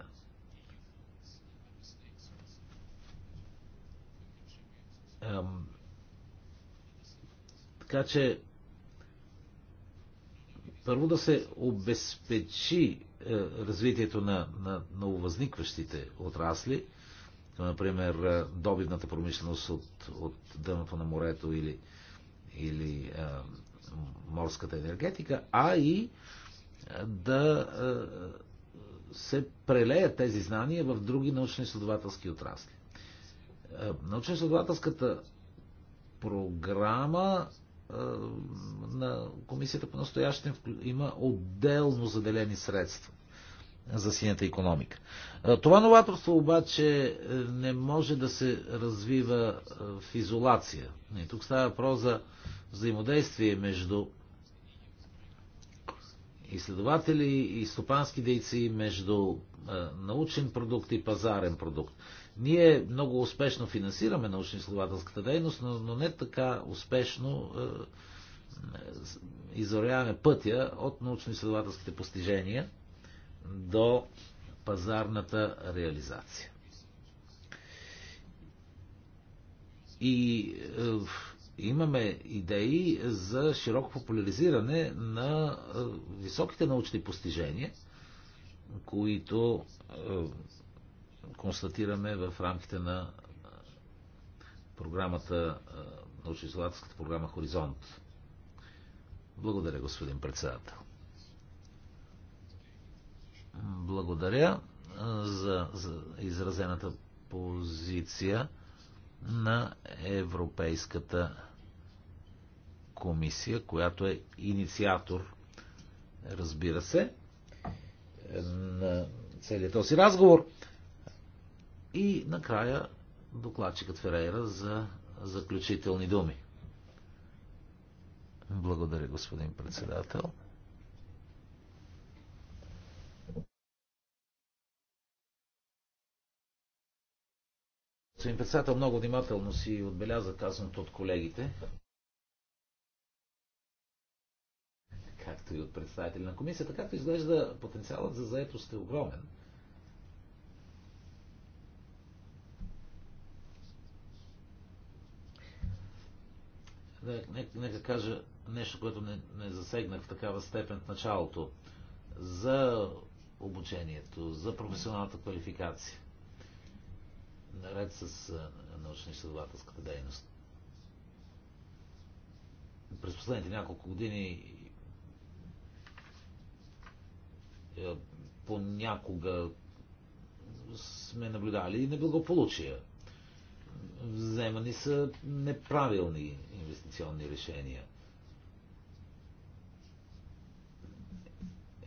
Ам... така че, първо да се обезпечи е, развитието на, на нововъзникващите отрасли, например е, добивната промишленост от, от дъното на морето или, или е, морската енергетика, а и да се прелеят тези знания в други научно-изследователски отрасли. Научно-изследователската програма на комисията по настоящен има отделно заделени средства за синята економика. Това новаторство обаче е, не може да се развива е, в изолация. И тук става въпрос за взаимодействие между изследователи и стопански дейци, между е, научен продукт и пазарен продукт. Ние много успешно финансираме научно-изследователската дейност, но, но не така успешно е, изоряваме пътя от научно-изследователските постижения до пазарната реализация. И е, имаме идеи за широко популяризиране на е, високите научни постижения, които е, констатираме в рамките на програмата, научно-изследователската програма Хоризонт. Благодаря, господин председател. Благодаря за, за изразената позиция на Европейската комисия, която е инициатор, разбира се, на целият този разговор. И накрая докладчикът Ферейра за заключителни думи. Благодаря, господин председател. Господин председател, много внимателно си отбеляза казаното от колегите. Както и от представители на комисията, както изглежда, потенциалът за заетост е огромен. Нека, нека кажа нещо, което не, не засегнах в такава степен в началото. За обучението, за професионалната квалификация наред с научно-изследователската дейност. През последните няколко години е, понякога сме наблюдали неблагополучия. Вземани са неправилни инвестиционни решения.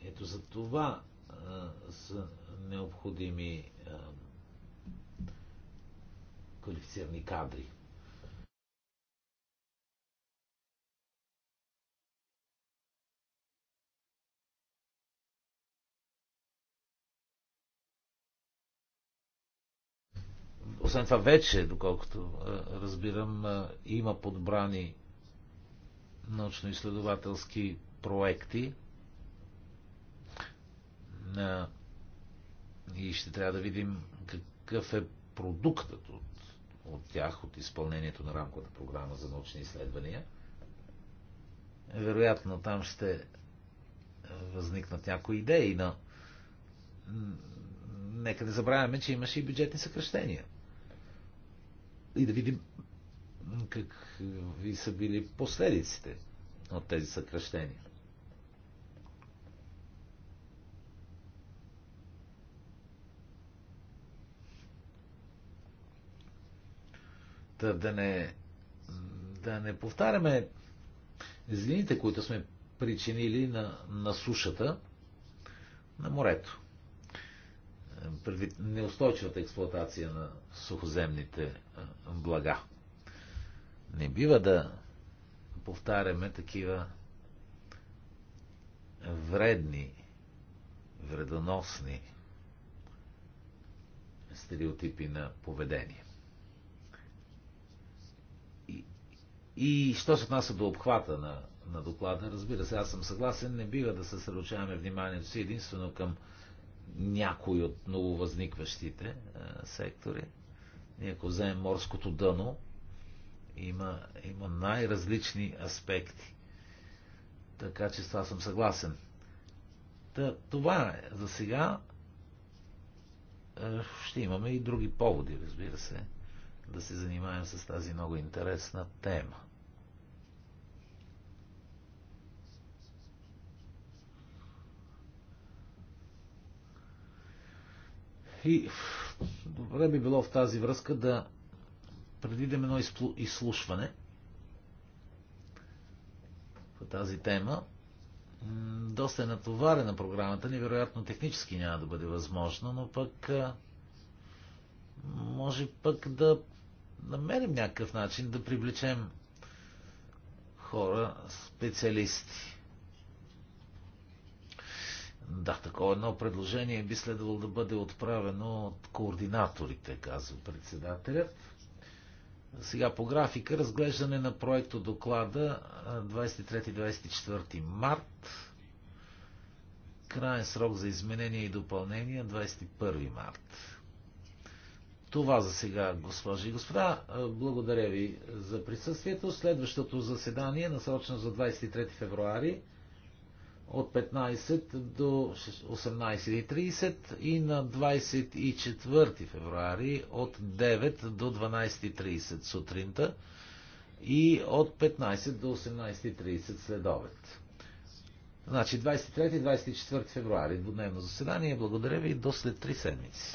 Ето за това а, са необходими а, квалифицирани кадри. Освен това вече, доколкото е, разбирам, е, има подбрани научно-изследователски проекти е, и ще трябва да видим какъв е продуктът от от тях, от изпълнението на рамковата програма за научни изследвания. Вероятно там ще възникнат някои идеи, но нека не забравяме, че имаше и бюджетни съкръщения. И да видим какви са били последиците от тези съкръщения. да не, да не повтаряме злините, които сме причинили на, на сушата, на морето. Предвид неустойчивата експлуатация на сухоземните блага. Не бива да повтаряме такива вредни, вредоносни стереотипи на поведение. И що се отнася до обхвата на, на доклада, разбира се, аз съм съгласен, не бива да се съсредоточаваме вниманието си единствено към някои от нововъзникващите е, сектори. И ако вземем морското дъно, има, има най-различни аспекти. Така че с това съм съгласен. Та, това е за сега. Е, ще имаме и други поводи, разбира се, да се занимаем с тази много интересна тема. И добре би било в тази връзка да предвидим едно изслушване по тази тема. Доста е натоварена програмата невероятно технически няма да бъде възможно, но пък може пък да намерим някакъв начин да привлечем хора, специалисти. Да, такова едно предложение би следвало да бъде отправено от координаторите, казва председателят. Сега по графика разглеждане на проекто доклада 23-24 март. Крайен срок за изменение и допълнение 21 март. Това за сега, госпожи и господа. Благодаря ви за присъствието. Следващото заседание, насрочено за 23 февруари, от 15 до 18.30 и на 24 февруари от 9 до 12.30 сутринта и от 15 до 18.30 след обед. Значи 23-24 февруари, двудневно заседание. Благодаря ви и до след 3 седмици.